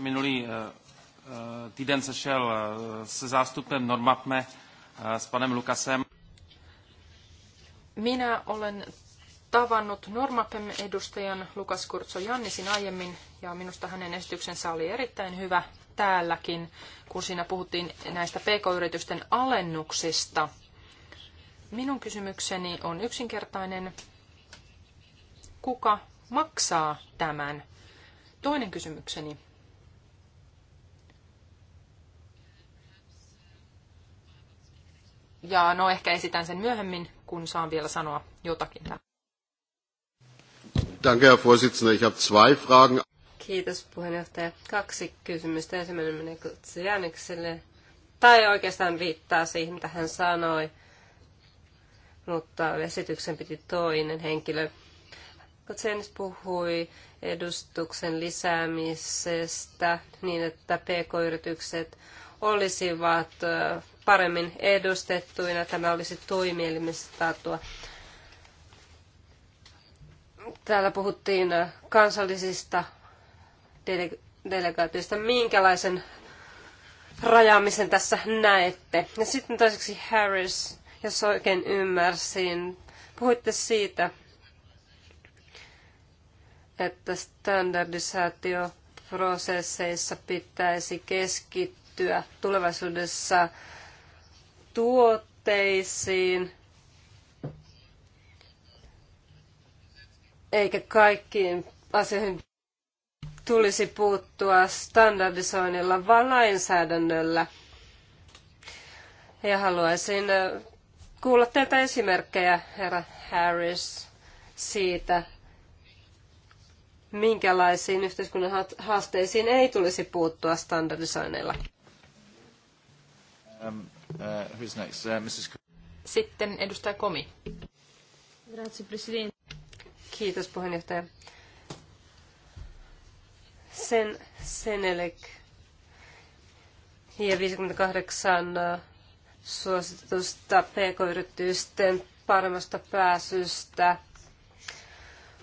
Minulý eh, eh, týden sešel eh, se zástupem Normapme s panem Lukasem. Minä olen tavannut Normapem edustajan Lukas Kurtso Jannisin aiemmin ja minusta hänen esityksensä oli erittäin hyvä täälläkin, kun siinä puhuttiin näistä pk-yritysten alennuksista. Minun kysymykseni on yksinkertainen. Kuka maksaa tämän? Toinen kysymykseni Ja no ehkä esitän sen myöhemmin, kun saan vielä sanoa jotakin. Danke, Herr Ich habe zwei Fragen. Kiitos puheenjohtaja. Kaksi kysymystä. Ensimmäinen menee Kutsianikselle. Tai oikeastaan viittaa siihen, mitä hän sanoi. Mutta esityksen piti toinen henkilö. Kutsianis puhui edustuksen lisäämisestä niin, että pk-yritykset olisivat paremmin edustettuina. Tämä olisi toimielimistatua. Täällä puhuttiin kansallisista dele- delegaatioista. Minkälaisen rajaamisen tässä näette? Ja sitten toiseksi Harris, jos oikein ymmärsin, puhuitte siitä, että standardisaatioprosesseissa pitäisi keskittyä kehittyä tulevaisuudessa tuotteisiin, eikä kaikkiin asioihin tulisi puuttua standardisoinnilla, vaan lainsäädännöllä. Ja haluaisin äh, kuulla teiltä esimerkkejä, herra Harris, siitä, minkälaisiin yhteiskunnan haasteisiin ei tulisi puuttua standardisoinnilla. Um, uh, who's next? Uh, Mrs. Sitten edustaja Komi. Grazie, presidente. Kiitos puheenjohtaja. Sen, Senelek ja 58 uh, suositusta pk-yritysten paremmasta pääsystä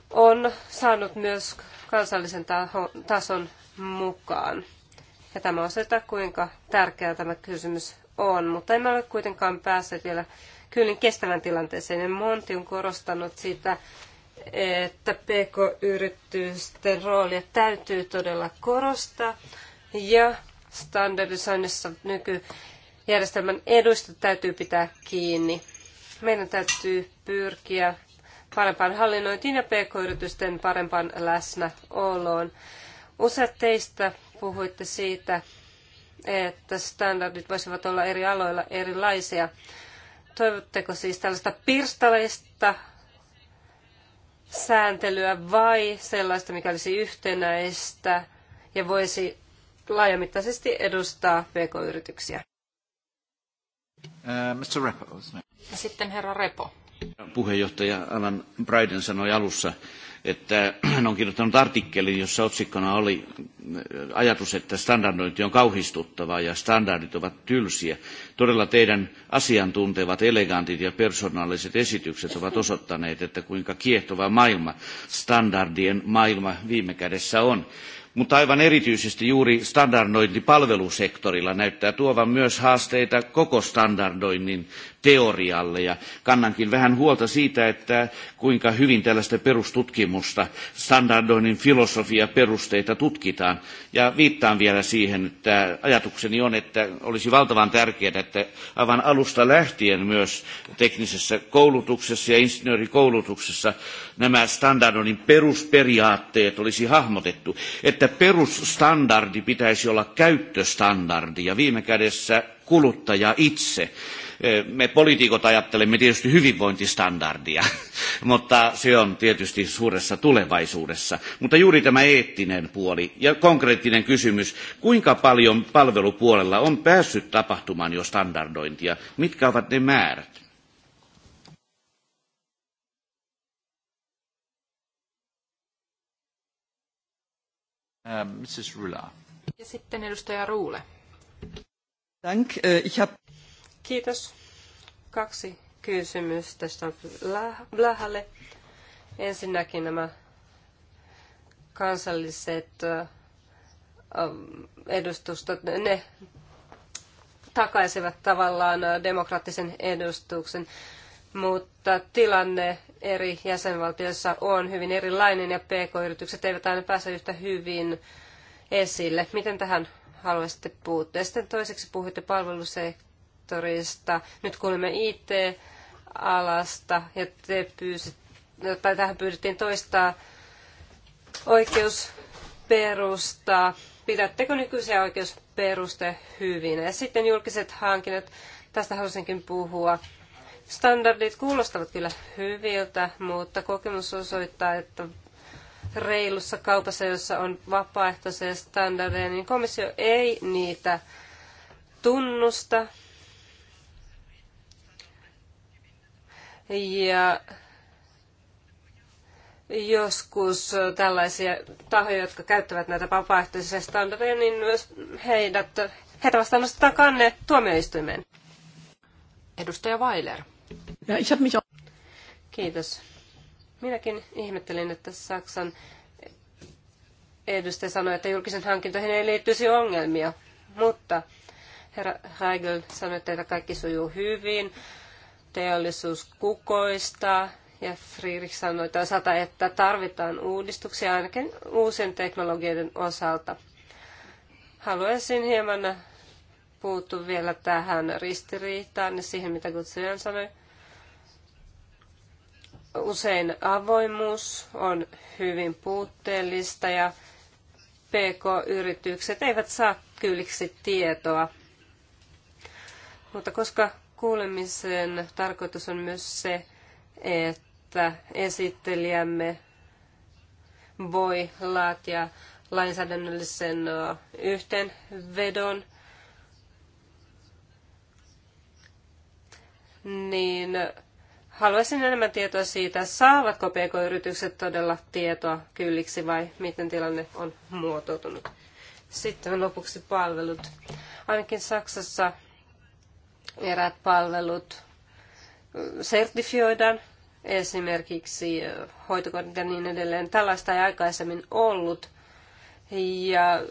on saanut myös kansallisen tason mukaan. Ja tämä on osoittaa, kuinka tärkeä tämä kysymys on, mutta emme ole kuitenkaan päässeet vielä kyllin kestävän tilanteeseen. Ja Monti on korostanut sitä, että pk-yritysten roolia täytyy todella korostaa ja standardisoinnissa nykyjärjestelmän eduista täytyy pitää kiinni. Meidän täytyy pyrkiä parempaan hallinnointiin ja pk-yritysten parempaan läsnäoloon. Useat teistä puhuitte siitä, että standardit voisivat olla eri aloilla erilaisia. Toivotteko siis tällaista pirstaleista sääntelyä vai sellaista, mikä olisi yhtenäistä ja voisi laajamittaisesti edustaa pk-yrityksiä? Äh, Mr. Repo. Sitten herra Repo. Puheenjohtaja Alan Bryden sanoi alussa, että hän on kirjoittanut artikkelin, jossa otsikkona oli ajatus, että standardointi on kauhistuttavaa ja standardit ovat tylsiä. Todella teidän asiantuntevat, elegantit ja persoonalliset esitykset ovat osoittaneet, että kuinka kiehtova maailma standardien maailma viime kädessä on. Mutta aivan erityisesti juuri standardointi palvelusektorilla näyttää tuovan myös haasteita koko standardoinnin teorialle. Ja kannankin vähän huolta siitä, että kuinka hyvin tällaista perustutkimusta, standardoinnin filosofia perusteita tutkitaan. Ja viittaan vielä siihen, että ajatukseni on, että olisi valtavan tärkeää, että aivan alusta lähtien myös teknisessä koulutuksessa ja insinöörikoulutuksessa nämä standardoinnin perusperiaatteet olisi hahmotettu, että perusstandardi pitäisi olla käyttöstandardi ja viime kädessä kuluttaja itse me poliitikot ajattelemme tietysti hyvinvointistandardia, mutta se on tietysti suuressa tulevaisuudessa. Mutta juuri tämä eettinen puoli ja konkreettinen kysymys, kuinka paljon palvelupuolella on päässyt tapahtumaan jo standardointia, mitkä ovat ne määrät? Mrs. Ähm, ja sitten edustaja Ruule. Dank. Äh, ich Kiitos. Kaksi kysymystä Blähälle. Ensinnäkin nämä kansalliset edustustot, ne takaisivat tavallaan demokraattisen edustuksen, mutta tilanne eri jäsenvaltioissa on hyvin erilainen ja pk-yritykset eivät aina pääse yhtä hyvin esille. Miten tähän haluaisitte puuttua? Ja sitten toiseksi puhuitte palvelusektorista sektorista. Nyt kuulimme IT-alasta ja te pyysit, tai tähän pyydettiin toistaa oikeusperustaa. Pidättekö nykyisiä oikeusperuste hyvinä? Ja sitten julkiset hankinnat. Tästä halusinkin puhua. Standardit kuulostavat kyllä hyviltä, mutta kokemus osoittaa, että reilussa kaupassa, jossa on vapaaehtoisia standardeja, niin komissio ei niitä tunnusta Ja joskus tällaisia tahoja, jotka käyttävät näitä vapaaehtoisia standardeja, niin myös heidät, heitä vastaan nostetaan kanne tuomioistuimeen. Edustaja Weiler. Kiitos. Minäkin ihmettelin, että Saksan edustaja sanoi, että julkisen hankintoihin ei liittyisi ongelmia, mutta herra Heigl sanoi, että kaikki sujuu hyvin, teollisuus kukoistaa. Ja Friedrich sanoi toisaalta, että tarvitaan uudistuksia ainakin uusien teknologioiden osalta. Haluaisin hieman puuttua vielä tähän ristiriitaan ja siihen, mitä Gutsujan sanoi. Usein avoimuus on hyvin puutteellista ja PK-yritykset eivät saa kylliksi tietoa. Mutta koska kuulemisen tarkoitus on myös se, että esittelijämme voi laatia lainsäädännöllisen yhteenvedon, niin haluaisin enemmän tietoa siitä, saavatko pk-yritykset todella tietoa kylliksi vai miten tilanne on muotoutunut. Sitten lopuksi palvelut. Ainakin Saksassa Erät palvelut sertifioidaan, esimerkiksi hoitokodit ja niin edelleen. Tällaista ei aikaisemmin ollut. Ja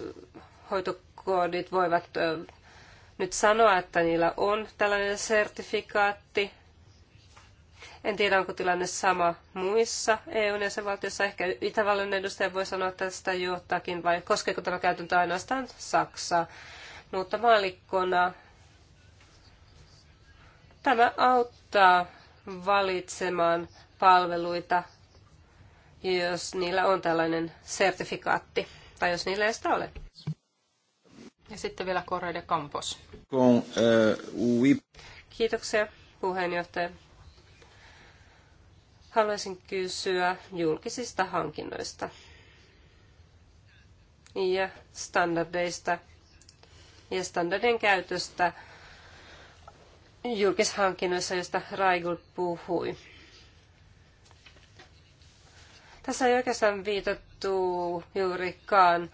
hoitokodit voivat nyt sanoa, että niillä on tällainen sertifikaatti. En tiedä, onko tilanne sama muissa EUn jäsenvaltioissa. Ehkä Itävallan edustaja voi sanoa tästä jotakin, vai koskeeko tämä käytäntö ainoastaan Saksaa. Mutta maalikkona Tämä auttaa valitsemaan palveluita, jos niillä on tällainen sertifikaatti, tai jos niillä ei sitä ole. Ja sitten vielä Correa uh, eh, oui. Kiitoksia puheenjohtaja. Haluaisin kysyä julkisista hankinnoista ja standardeista ja standardien käytöstä julkishankinnoissa, josta Raigul puhui. Tässä ei oikeastaan viitattu juurikaan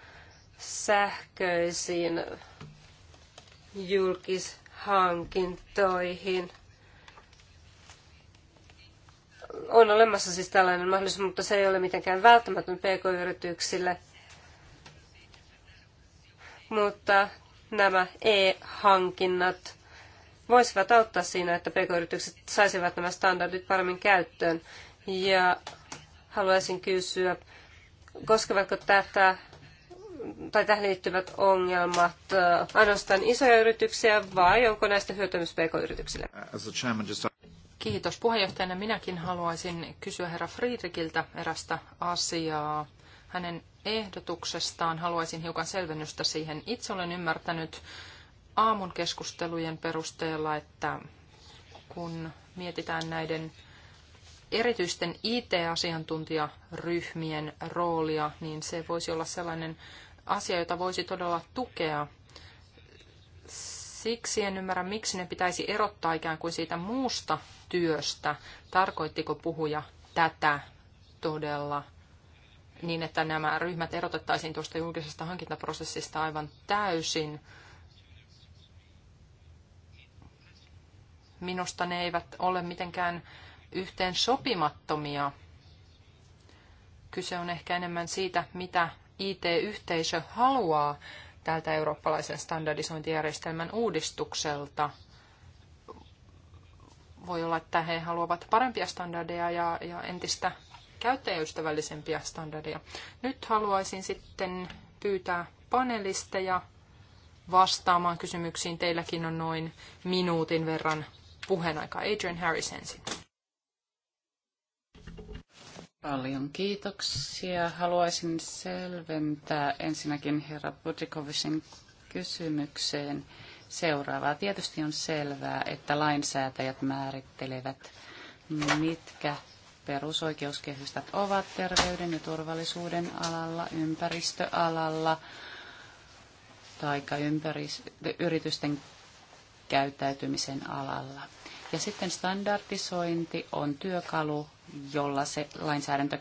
sähköisiin julkishankintoihin. On olemassa siis tällainen mahdollisuus, mutta se ei ole mitenkään välttämätön pk-yrityksille. Mutta nämä e-hankinnat voisivat auttaa siinä, että pk-yritykset saisivat nämä standardit paremmin käyttöön. Ja haluaisin kysyä, koskevatko tätä tai tähän liittyvät ongelmat ainoastaan isoja yrityksiä vai onko näistä hyötyä myös pk-yrityksille? Kiitos puheenjohtajana. Minäkin haluaisin kysyä herra Friedrichiltä erästä asiaa. Hänen ehdotuksestaan haluaisin hiukan selvennystä siihen. Itse olen ymmärtänyt, aamun keskustelujen perusteella, että kun mietitään näiden erityisten IT-asiantuntijaryhmien roolia, niin se voisi olla sellainen asia, jota voisi todella tukea. Siksi en ymmärrä, miksi ne pitäisi erottaa ikään kuin siitä muusta työstä. Tarkoittiko puhuja tätä todella niin, että nämä ryhmät erotettaisiin tuosta julkisesta hankintaprosessista aivan täysin? Minusta ne eivät ole mitenkään yhteen sopimattomia. Kyse on ehkä enemmän siitä, mitä IT-yhteisö haluaa tältä eurooppalaisen standardisointijärjestelmän uudistukselta. Voi olla, että he haluavat parempia standardeja ja, ja entistä käyttäjäystävällisempiä standardeja. Nyt haluaisin sitten pyytää panelisteja vastaamaan kysymyksiin. Teilläkin on noin minuutin verran puheenaikaa. Adrian Harris ensin. Paljon kiitoksia. Haluaisin selventää ensinnäkin herra Budikovisin kysymykseen seuraavaa. Tietysti on selvää, että lainsäätäjät määrittelevät, mitkä perusoikeuskehystät ovat terveyden ja turvallisuuden alalla, ympäristöalalla, tai ympäristö, yritysten käyttäytymisen alalla. Ja sitten standardisointi on työkalu, jolla se lainsäädäntö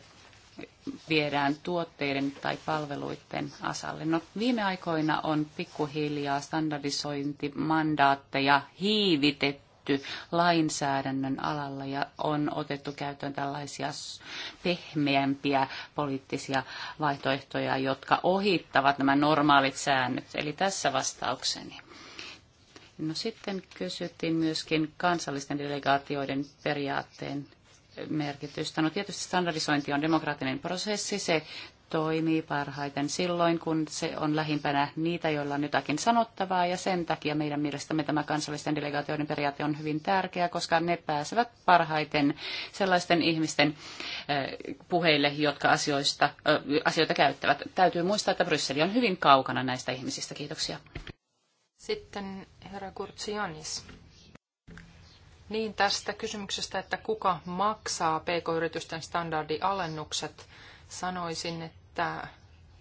viedään tuotteiden tai palveluiden asalle. No, viime aikoina on pikkuhiljaa standardisointimandaatteja hiivitetty lainsäädännön alalla ja on otettu käyttöön tällaisia pehmeämpiä poliittisia vaihtoehtoja, jotka ohittavat nämä normaalit säännöt. Eli tässä vastaukseni. No sitten kysyttiin myöskin kansallisten delegaatioiden periaatteen merkitystä. No tietysti standardisointi on demokraattinen prosessi, se toimii parhaiten silloin, kun se on lähimpänä niitä, joilla on jotakin sanottavaa, ja sen takia meidän mielestämme tämä kansallisten delegaatioiden periaate on hyvin tärkeä, koska ne pääsevät parhaiten sellaisten ihmisten eh, puheille, jotka asioista, eh, asioita käyttävät. Täytyy muistaa, että Brysseli on hyvin kaukana näistä ihmisistä. Kiitoksia. Sitten herra Kurtsionis. Niin tästä kysymyksestä, että kuka maksaa pk-yritysten standardialennukset, sanoisin, että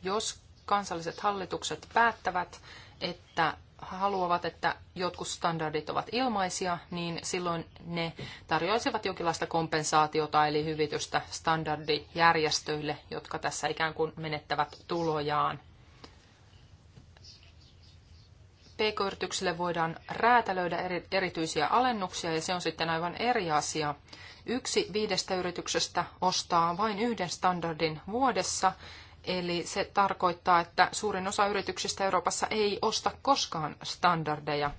jos kansalliset hallitukset päättävät, että haluavat, että jotkut standardit ovat ilmaisia, niin silloin ne tarjoaisivat jonkinlaista kompensaatiota eli hyvitystä standardijärjestöille, jotka tässä ikään kuin menettävät tulojaan PK-yrityksille voidaan räätälöidä eri, erityisiä alennuksia ja se on sitten aivan eri asia. Yksi viidestä yrityksestä ostaa vain yhden standardin vuodessa, eli se tarkoittaa, että suurin osa yrityksistä Euroopassa ei osta koskaan standardeja.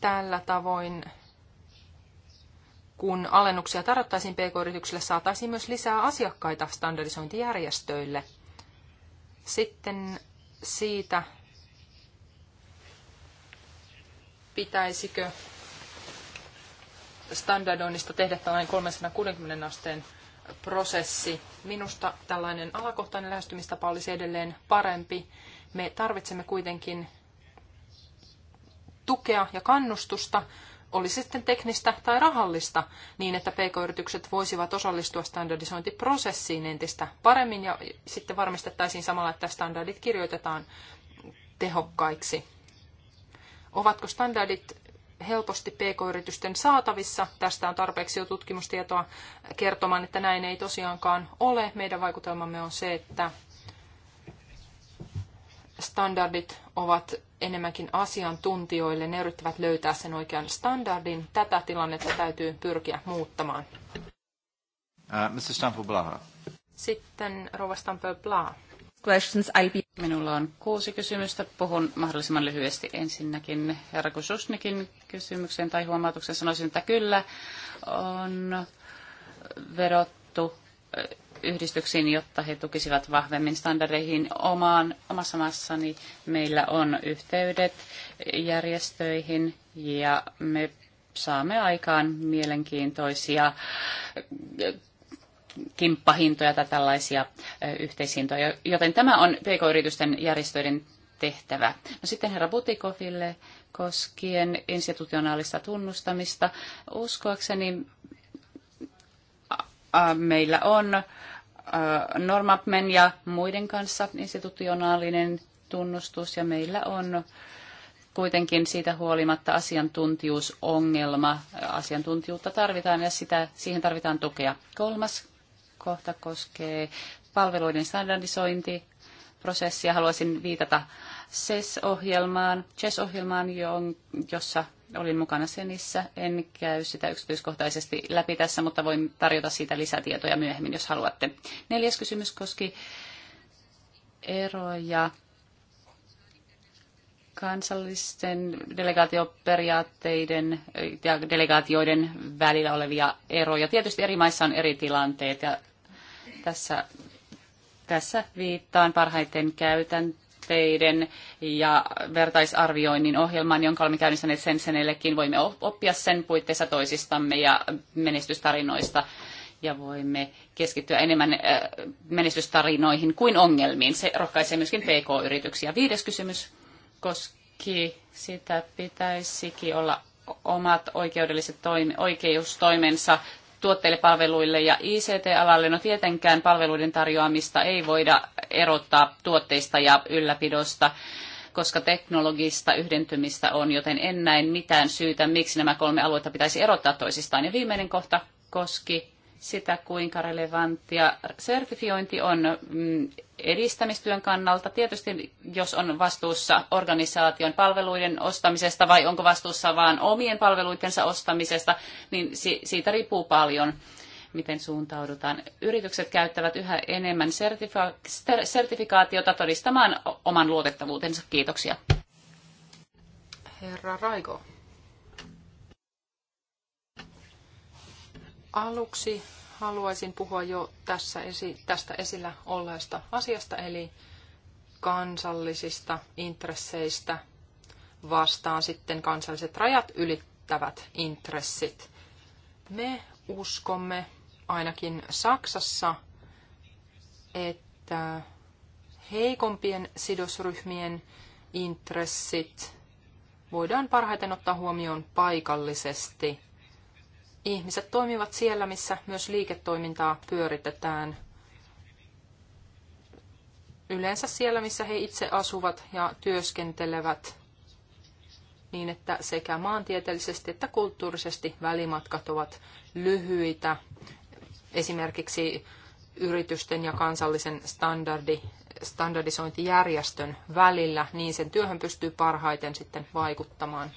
Tällä tavoin, kun alennuksia tarjottaisiin PK-yrityksille, saataisiin myös lisää asiakkaita standardisointijärjestöille – sitten siitä, pitäisikö standardoinnista tehdä tällainen 360 asteen prosessi. Minusta tällainen alakohtainen lähestymistapa olisi edelleen parempi. Me tarvitsemme kuitenkin tukea ja kannustusta olisi sitten teknistä tai rahallista, niin että pk-yritykset voisivat osallistua standardisointiprosessiin entistä paremmin ja sitten varmistettaisiin samalla, että standardit kirjoitetaan tehokkaiksi. Ovatko standardit helposti pk-yritysten saatavissa? Tästä on tarpeeksi jo tutkimustietoa kertomaan, että näin ei tosiaankaan ole. Meidän vaikutelmamme on se, että standardit ovat enemmänkin asiantuntijoille. Ne yrittävät löytää sen oikean standardin. Tätä tilannetta täytyy pyrkiä muuttamaan. Uh, Mr. Stample Blaha. Sitten Rova stamper Blaha. Questions be... Minulla on kuusi kysymystä. Puhun mahdollisimman lyhyesti ensinnäkin herra Kususnikin kysymykseen tai huomautukseen. Sanoisin, että kyllä on vedottu yhdistyksiin, jotta he tukisivat vahvemmin standardeihin omaan, omassa maassani. Meillä on yhteydet järjestöihin ja me saamme aikaan mielenkiintoisia eh, kimppahintoja tai tällaisia eh, yhteishintoja, joten tämä on pk-yritysten järjestöiden tehtävä. No sitten herra Butikoville koskien institutionaalista tunnustamista. Uskoakseni meillä on Normapmen ja muiden kanssa institutionaalinen tunnustus ja meillä on kuitenkin siitä huolimatta asiantuntijuusongelma. Asiantuntijuutta tarvitaan ja sitä, siihen tarvitaan tukea. Kolmas kohta koskee palveluiden standardisointiprosessia. Haluaisin viitata CES-ohjelmaan, CES-ohjelmaan jossa Olin mukana Senissä, en käy sitä yksityiskohtaisesti läpi tässä, mutta voin tarjota siitä lisätietoja myöhemmin, jos haluatte. Neljäs kysymys koski eroja kansallisten delegaatioperiaatteiden ja delegaatioiden välillä olevia eroja. Tietysti eri maissa on eri tilanteet ja tässä, tässä viittaan parhaiten käytän, teiden ja vertaisarvioinnin ohjelman, jonka olemme käynnistäneet Sensenellekin. Voimme oppia sen puitteissa toisistamme ja menestystarinoista ja voimme keskittyä enemmän äh, menestystarinoihin kuin ongelmiin. Se rohkaisee myöskin PK-yrityksiä. Viides kysymys koski sitä, pitäisikin olla omat oikeudelliset toimi, oikeustoimensa tuotteille, palveluille ja ICT-alalle. No tietenkään palveluiden tarjoamista ei voida erottaa tuotteista ja ylläpidosta koska teknologista yhdentymistä on, joten en näe mitään syytä, miksi nämä kolme aluetta pitäisi erottaa toisistaan. Ja viimeinen kohta koski sitä, kuinka relevanttia sertifiointi on mm, edistämistyön kannalta. Tietysti jos on vastuussa organisaation palveluiden ostamisesta vai onko vastuussa vain omien palveluidensa ostamisesta, niin siitä riippuu paljon miten suuntaudutaan. Yritykset käyttävät yhä enemmän sertifika- sertifikaatiota todistamaan oman luotettavuutensa. Kiitoksia. Herra Raiko. Aluksi haluaisin puhua jo tässä esi- tästä esillä olleesta asiasta, eli kansallisista intresseistä vastaan sitten kansalliset rajat ylittävät intressit. Me uskomme ainakin Saksassa, että heikompien sidosryhmien intressit voidaan parhaiten ottaa huomioon paikallisesti – ihmiset toimivat siellä, missä myös liiketoimintaa pyöritetään. Yleensä siellä, missä he itse asuvat ja työskentelevät, niin että sekä maantieteellisesti että kulttuurisesti välimatkat ovat lyhyitä. Esimerkiksi yritysten ja kansallisen standardi, standardisointijärjestön välillä, niin sen työhön pystyy parhaiten sitten vaikuttamaan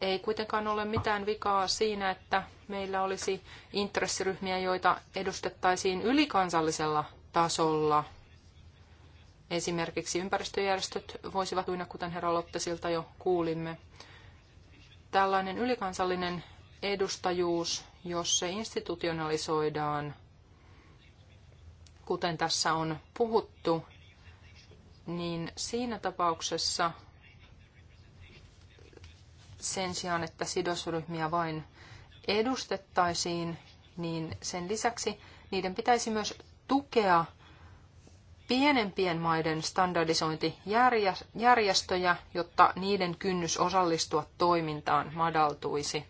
ei kuitenkaan ole mitään vikaa siinä, että meillä olisi intressiryhmiä, joita edustettaisiin ylikansallisella tasolla. Esimerkiksi ympäristöjärjestöt voisivat uina, kuten herra Lottesilta jo kuulimme. Tällainen ylikansallinen edustajuus, jos se institutionalisoidaan, kuten tässä on puhuttu, niin siinä tapauksessa – sen sijaan, että sidosryhmiä vain edustettaisiin, niin sen lisäksi niiden pitäisi myös tukea pienempien maiden standardisointijärjestöjä, jotta niiden kynnys osallistua toimintaan madaltuisi.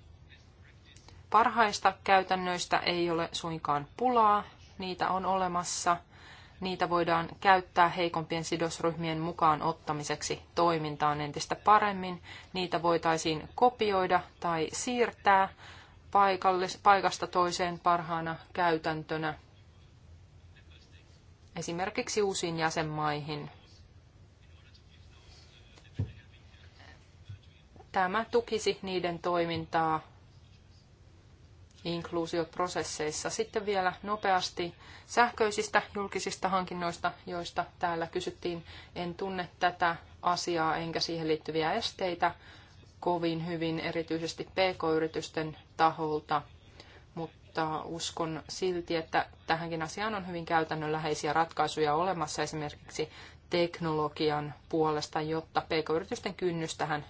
Parhaista käytännöistä ei ole suinkaan pulaa, niitä on olemassa – niitä voidaan käyttää heikompien sidosryhmien mukaan ottamiseksi toimintaan entistä paremmin. Niitä voitaisiin kopioida tai siirtää paikasta toiseen parhaana käytäntönä esimerkiksi uusiin jäsenmaihin. Tämä tukisi niiden toimintaa inkluusioprosesseissa. Sitten vielä nopeasti sähköisistä julkisista hankinnoista, joista täällä kysyttiin. En tunne tätä asiaa enkä siihen liittyviä esteitä kovin hyvin, erityisesti pk-yritysten taholta, mutta uskon silti, että tähänkin asiaan on hyvin käytännönläheisiä ratkaisuja olemassa esimerkiksi teknologian puolesta, jotta pk-yritysten kynnys tähän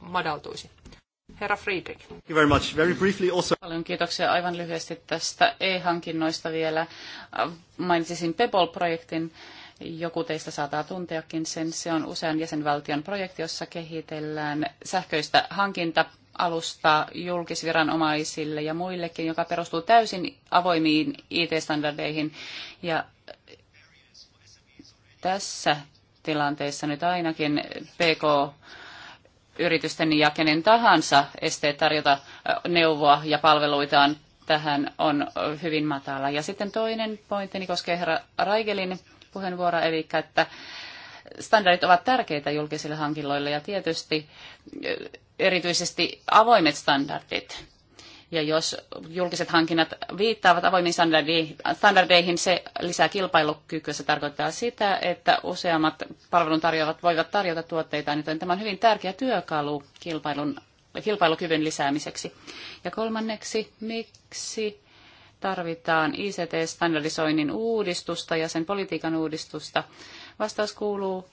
madaltuisi. Herra Friedrich. Thank you very much. Very briefly also. Paljon kiitoksia aivan lyhyesti tästä e-hankinnoista vielä. Mainitsisin Pebble-projektin. Joku teistä saattaa tunteakin sen. Se on usean jäsenvaltion projekti, jossa kehitellään sähköistä hankinta alusta julkisviranomaisille ja muillekin, joka perustuu täysin avoimiin IT-standardeihin. Ja tässä tilanteessa nyt ainakin PK yritysten ja kenen tahansa esteet tarjota neuvoa ja palveluitaan tähän on hyvin matala. Ja sitten toinen pointti, koskee herra Raigelin puheenvuoroa, eli että standardit ovat tärkeitä julkisille hankinnoille ja tietysti erityisesti avoimet standardit. Ja jos julkiset hankinnat viittaavat avoimiin standardeihin, se lisää kilpailukykyä. Se tarkoittaa sitä, että useammat palveluntarjoajat voivat tarjota tuotteita, joten tämä on hyvin tärkeä työkalu kilpailun, kilpailukyvyn lisäämiseksi. Ja kolmanneksi, miksi tarvitaan ICT-standardisoinnin uudistusta ja sen politiikan uudistusta? Vastaus kuuluu,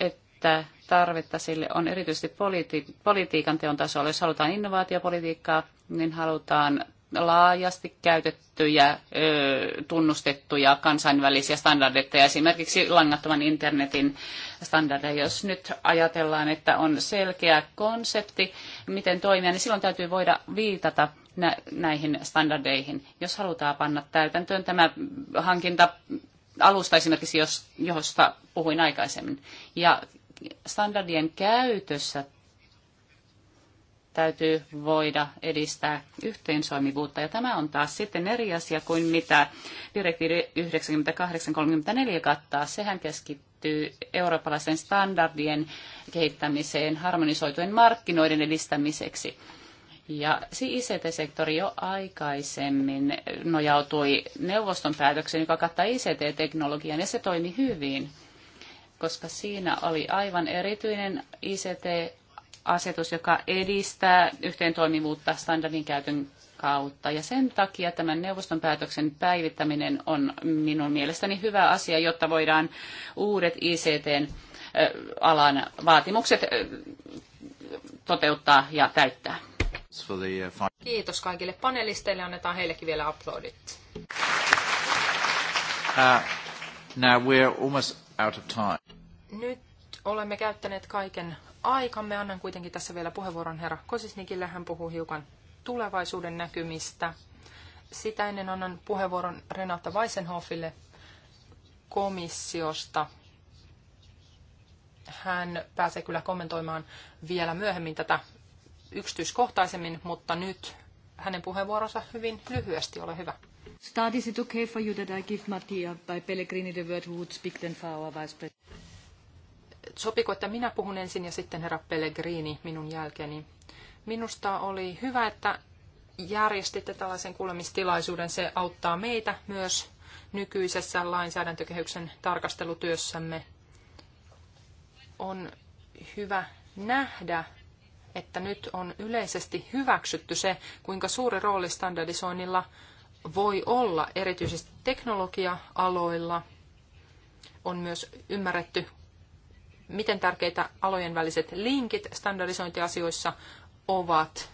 että tarvetta sille on erityisesti politi- politiikan teon tasolla. Jos halutaan innovaatiopolitiikkaa, niin halutaan laajasti käytettyjä, tunnustettuja kansainvälisiä standardeja, esimerkiksi langattoman internetin standardeja. Jos nyt ajatellaan, että on selkeä konsepti, miten toimia, niin silloin täytyy voida viitata näihin standardeihin. Jos halutaan panna täytäntöön tämä hankinta alusta esimerkiksi, jos, josta puhuin aikaisemmin. Ja standardien käytössä täytyy voida edistää yhteensoimivuutta. Ja tämä on taas sitten eri asia kuin mitä direktiivi 9834 kattaa. Sehän keskittyy eurooppalaisten standardien kehittämiseen harmonisoitujen markkinoiden edistämiseksi. Ja ICT-sektori jo aikaisemmin nojautui neuvoston päätökseen, joka kattaa ICT-teknologian, ja se toimi hyvin koska siinä oli aivan erityinen ICT-asetus, joka edistää yhteentoimivuutta standardin käytön kautta. Ja sen takia tämän neuvoston päätöksen päivittäminen on minun mielestäni hyvä asia, jotta voidaan uudet ICT-alan vaatimukset toteuttaa ja täyttää. Kiitos kaikille panelisteille. Annetaan heillekin vielä aplodit. Uh, now we're almost out of time. Nyt olemme käyttäneet kaiken aikamme. Annan kuitenkin tässä vielä puheenvuoron herra Kosisnikille. Hän puhuu hiukan tulevaisuuden näkymistä. Sitä ennen annan puheenvuoron Renata Weisenhoffille komissiosta. Hän pääsee kyllä kommentoimaan vielä myöhemmin tätä yksityiskohtaisemmin, mutta nyt hänen puheenvuoronsa hyvin lyhyesti. Ole hyvä start. Is it okay for you that I give Mattia by Pellegrini the word who would speak then for our vice president? Sopiko, että minä puhun ensin ja sitten herra Pellegrini minun jälkeeni? Minusta oli hyvä, että järjestitte tällaisen kuulemistilaisuuden. Se auttaa meitä myös nykyisessä lainsäädäntökehyksen tarkastelutyössämme. On hyvä nähdä, että nyt on yleisesti hyväksytty se, kuinka suuri rooli standardisoinnilla voi olla erityisesti teknologia-aloilla. On myös ymmärretty, miten tärkeitä alojen väliset linkit standardisointiasioissa ovat.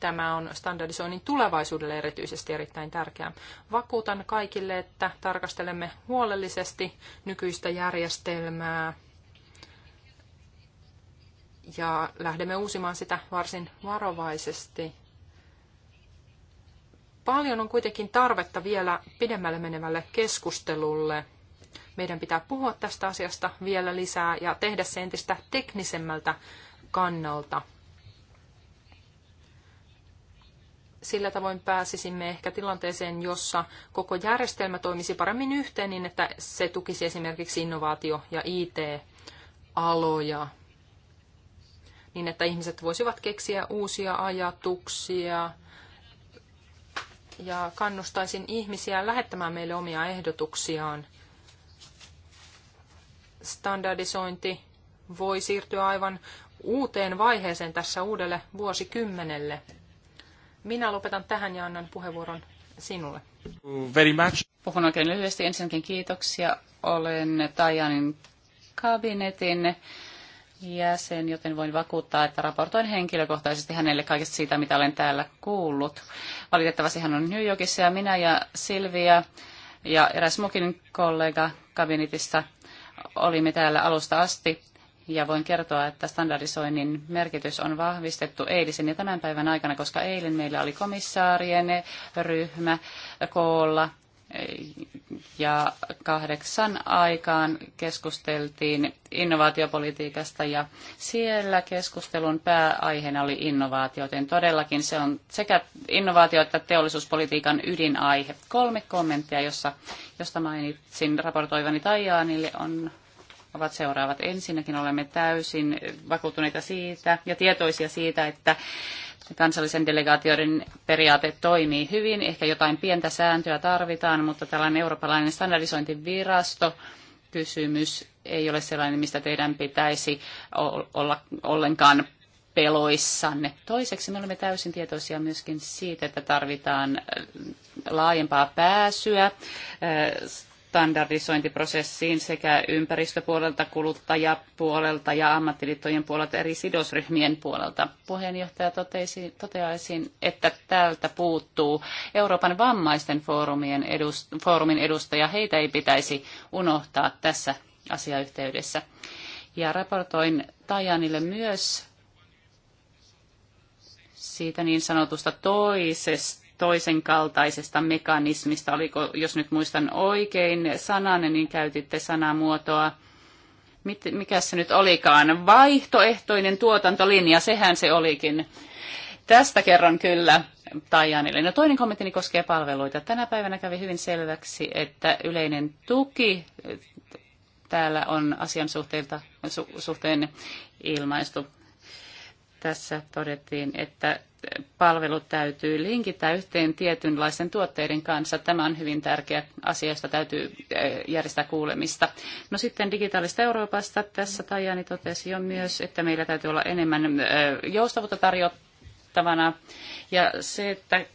Tämä on standardisoinnin tulevaisuudelle erityisesti erittäin tärkeää. Vakuutan kaikille, että tarkastelemme huolellisesti nykyistä järjestelmää ja lähdemme uusimaan sitä varsin varovaisesti. Paljon on kuitenkin tarvetta vielä pidemmälle menevälle keskustelulle. Meidän pitää puhua tästä asiasta vielä lisää ja tehdä se entistä teknisemmältä kannalta. Sillä tavoin pääsisimme ehkä tilanteeseen, jossa koko järjestelmä toimisi paremmin yhteen niin, että se tukisi esimerkiksi innovaatio- ja IT-aloja niin, että ihmiset voisivat keksiä uusia ajatuksia – ja kannustaisin ihmisiä lähettämään meille omia ehdotuksiaan. Standardisointi voi siirtyä aivan uuteen vaiheeseen tässä uudelle vuosikymmenelle. Minä lopetan tähän ja annan puheenvuoron sinulle. Very much. Puhun oikein lyhyesti. Ensinnäkin kiitoksia. Olen Tajanin kabinetin jäsen, joten voin vakuuttaa, että raportoin henkilökohtaisesti hänelle kaikesta siitä, mitä olen täällä kuullut. Valitettavasti hän on New Yorkissa ja minä ja Silvia ja eräs mukin kollega kabinetissa olimme täällä alusta asti ja voin kertoa, että standardisoinnin merkitys on vahvistettu eilisen ja tämän päivän aikana, koska eilen meillä oli komissaarien ryhmä koolla ja kahdeksan aikaan keskusteltiin innovaatiopolitiikasta ja siellä keskustelun pääaiheena oli innovaatio, joten todellakin se on sekä innovaatio- että teollisuuspolitiikan ydinaihe. Kolme kommenttia, jossa, josta mainitsin raportoivani Tajaanille, on ovat seuraavat. Ensinnäkin olemme täysin vakuuttuneita siitä ja tietoisia siitä, että kansallisen delegaatioiden periaate toimii hyvin. Ehkä jotain pientä sääntöä tarvitaan, mutta tällainen eurooppalainen standardisointivirasto kysymys ei ole sellainen, mistä teidän pitäisi olla ollenkaan peloissanne. Toiseksi me olemme täysin tietoisia myöskin siitä, että tarvitaan äh, laajempaa pääsyä äh, standardisointiprosessiin sekä ympäristöpuolelta, kuluttajapuolelta ja ammattiliittojen puolelta eri sidosryhmien puolelta. Puheenjohtaja totesi, toteaisin, että tältä puuttuu Euroopan vammaisten foorumien edust, foorumin edustaja. Heitä ei pitäisi unohtaa tässä asiayhteydessä. Ja raportoin Tajanille myös siitä niin sanotusta toisesta toisen kaltaisesta mekanismista. Oliko, jos nyt muistan oikein sanan, niin käytitte sanamuotoa mit, mikä se nyt olikaan, vaihtoehtoinen tuotantolinja, sehän se olikin. Tästä kerran kyllä Tajanille. No toinen kommenttini koskee palveluita. Tänä päivänä kävi hyvin selväksi, että yleinen tuki eh, täällä on asian suhteen ilmaistu tässä todettiin, että palvelut täytyy linkittää yhteen tietynlaisen tuotteiden kanssa. Tämä on hyvin tärkeä asia, josta täytyy eh, järjestää kuulemista. No sitten digitaalista Euroopasta. Tässä Tajani totesi jo myös, että meillä täytyy olla enemmän eh, joustavuutta tarjottavana. Ja se, että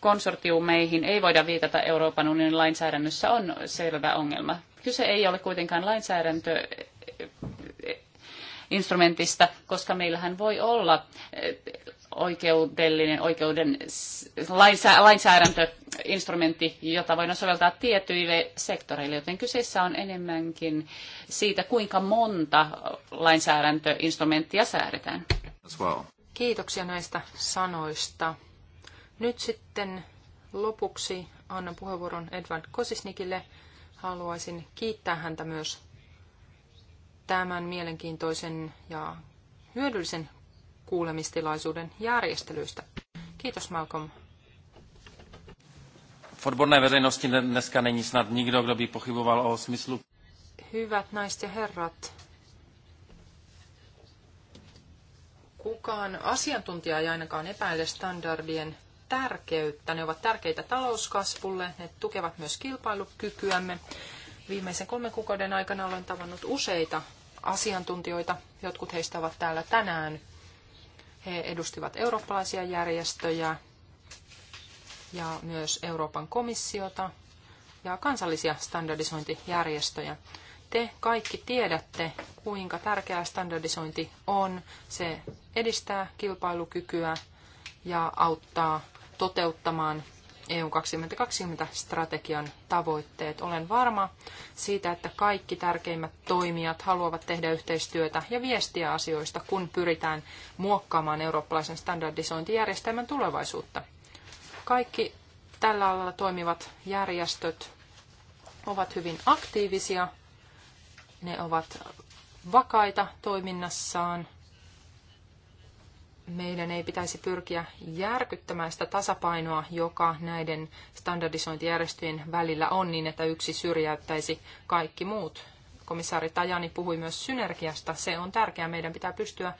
konsortiumeihin ei voida viitata Euroopan unionin lainsäädännössä, on selvä ongelma. Kyse ei ole kuitenkaan lainsäädäntö instrumentista, koska meillähän voi olla eh, oikeudellinen oikeuden lainsä, lainsäädäntöinstrumentti, jota voidaan soveltaa tietyille sektoreille, joten kyseessä on enemmänkin siitä, kuinka monta lainsäädäntöinstrumenttia säädetään. Kiitoksia näistä sanoista. Nyt sitten lopuksi annan puheenvuoron Edward Kosisnikille. Haluaisin kiittää häntä myös tämän mielenkiintoisen ja hyödyllisen kuulemistilaisuuden järjestelyistä. Kiitos Malcolm. V veřejnosti dneska není snad nikdo, kdo by pochyboval o smyslu. Hyvät naiset ja herrat, kukaan asiantuntija ei ainakaan epäile standardien tärkeyttä. Ne ovat tärkeitä talouskasvulle, ne tukevat myös kilpailukykyämme. Viimeisen kolmen kuukauden aikana olen tavannut useita asiantuntijoita. Jotkut heistä ovat täällä tänään. He edustivat eurooppalaisia järjestöjä ja myös Euroopan komissiota ja kansallisia standardisointijärjestöjä. Te kaikki tiedätte, kuinka tärkeää standardisointi on. Se edistää kilpailukykyä ja auttaa toteuttamaan EU 2020-strategian tavoitteet. Olen varma siitä, että kaikki tärkeimmät toimijat haluavat tehdä yhteistyötä ja viestiä asioista, kun pyritään muokkaamaan eurooppalaisen standardisointijärjestelmän tulevaisuutta. Kaikki tällä alalla toimivat järjestöt ovat hyvin aktiivisia. Ne ovat vakaita toiminnassaan meidän ei pitäisi pyrkiä järkyttämään sitä tasapainoa, joka näiden standardisointijärjestöjen välillä on niin, että yksi syrjäyttäisi kaikki muut. Komissaari Tajani puhui myös synergiasta. Se on tärkeää. Meidän pitää pystyä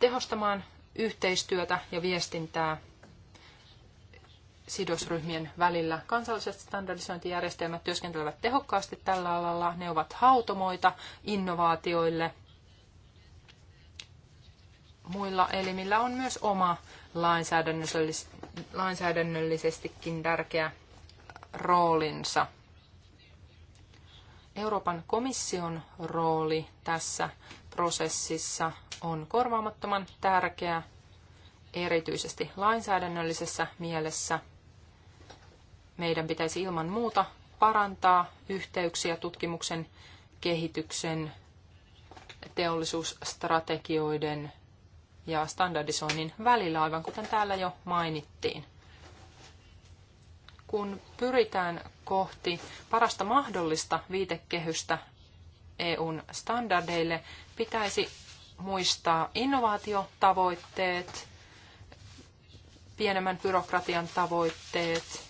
tehostamaan yhteistyötä ja viestintää sidosryhmien välillä. Kansalliset standardisointijärjestelmät työskentelevät tehokkaasti tällä alalla. Ne ovat hautomoita innovaatioille – muilla elimillä on myös oma lainsäädännöllis- lainsäädännöllisestikin tärkeä roolinsa. Euroopan komission rooli tässä prosessissa on korvaamattoman tärkeä, erityisesti lainsäädännöllisessä mielessä. Meidän pitäisi ilman muuta parantaa yhteyksiä tutkimuksen, kehityksen, teollisuusstrategioiden ja standardisoinnin välillä, aivan kuten täällä jo mainittiin. Kun pyritään kohti parasta mahdollista viitekehystä EUn standardeille, pitäisi muistaa innovaatiotavoitteet, pienemmän byrokratian tavoitteet,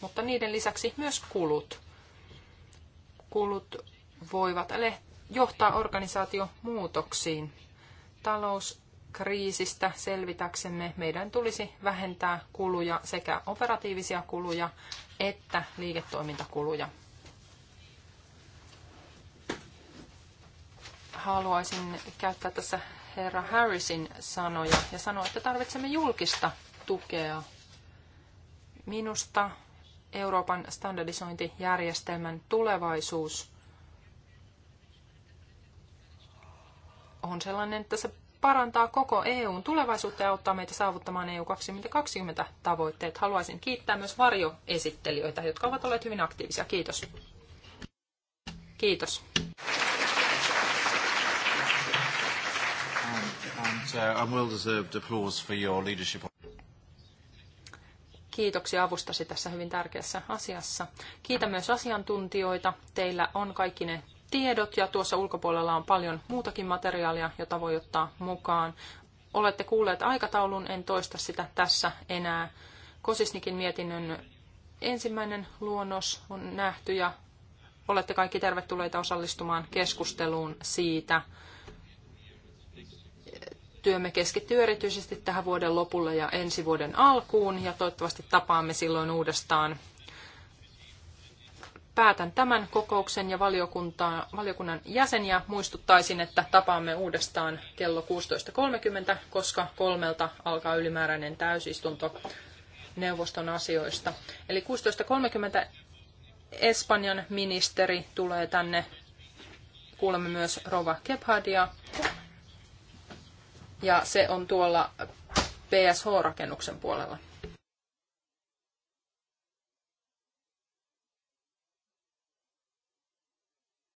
mutta niiden lisäksi myös kulut. Kulut voivat johtaa organisaatiomuutoksiin. Talous- kriisistä selvitäksemme meidän tulisi vähentää kuluja sekä operatiivisia kuluja että liiketoimintakuluja. Haluaisin käyttää tässä herra Harrisin sanoja ja sanoa, että tarvitsemme julkista tukea. Minusta Euroopan standardisointijärjestelmän tulevaisuus on sellainen, että se parantaa koko EUn tulevaisuutta ja auttaa meitä saavuttamaan EU 2020 tavoitteet. Haluaisin kiittää myös varjoesittelijöitä, jotka ovat olleet hyvin aktiivisia. Kiitos. Kiitos. Uh, Kiitoksia avustasi tässä hyvin tärkeässä asiassa. Kiitän myös asiantuntijoita. Teillä on kaikki ne tiedot ja tuossa ulkopuolella on paljon muutakin materiaalia, jota voi ottaa mukaan. Olette kuulleet aikataulun, en toista sitä tässä enää. Kosisnikin mietinnön ensimmäinen luonnos on nähty ja olette kaikki tervetulleita osallistumaan keskusteluun siitä. Työmme keskittyy erityisesti tähän vuoden lopulle ja ensi vuoden alkuun ja toivottavasti tapaamme silloin uudestaan päätän tämän kokouksen ja valiokunnan jäseniä muistuttaisin, että tapaamme uudestaan kello 16.30, koska kolmelta alkaa ylimääräinen täysistunto neuvoston asioista. Eli 16.30 Espanjan ministeri tulee tänne. Kuulemme myös Rova Gebhardia. Ja se on tuolla PSH-rakennuksen puolella.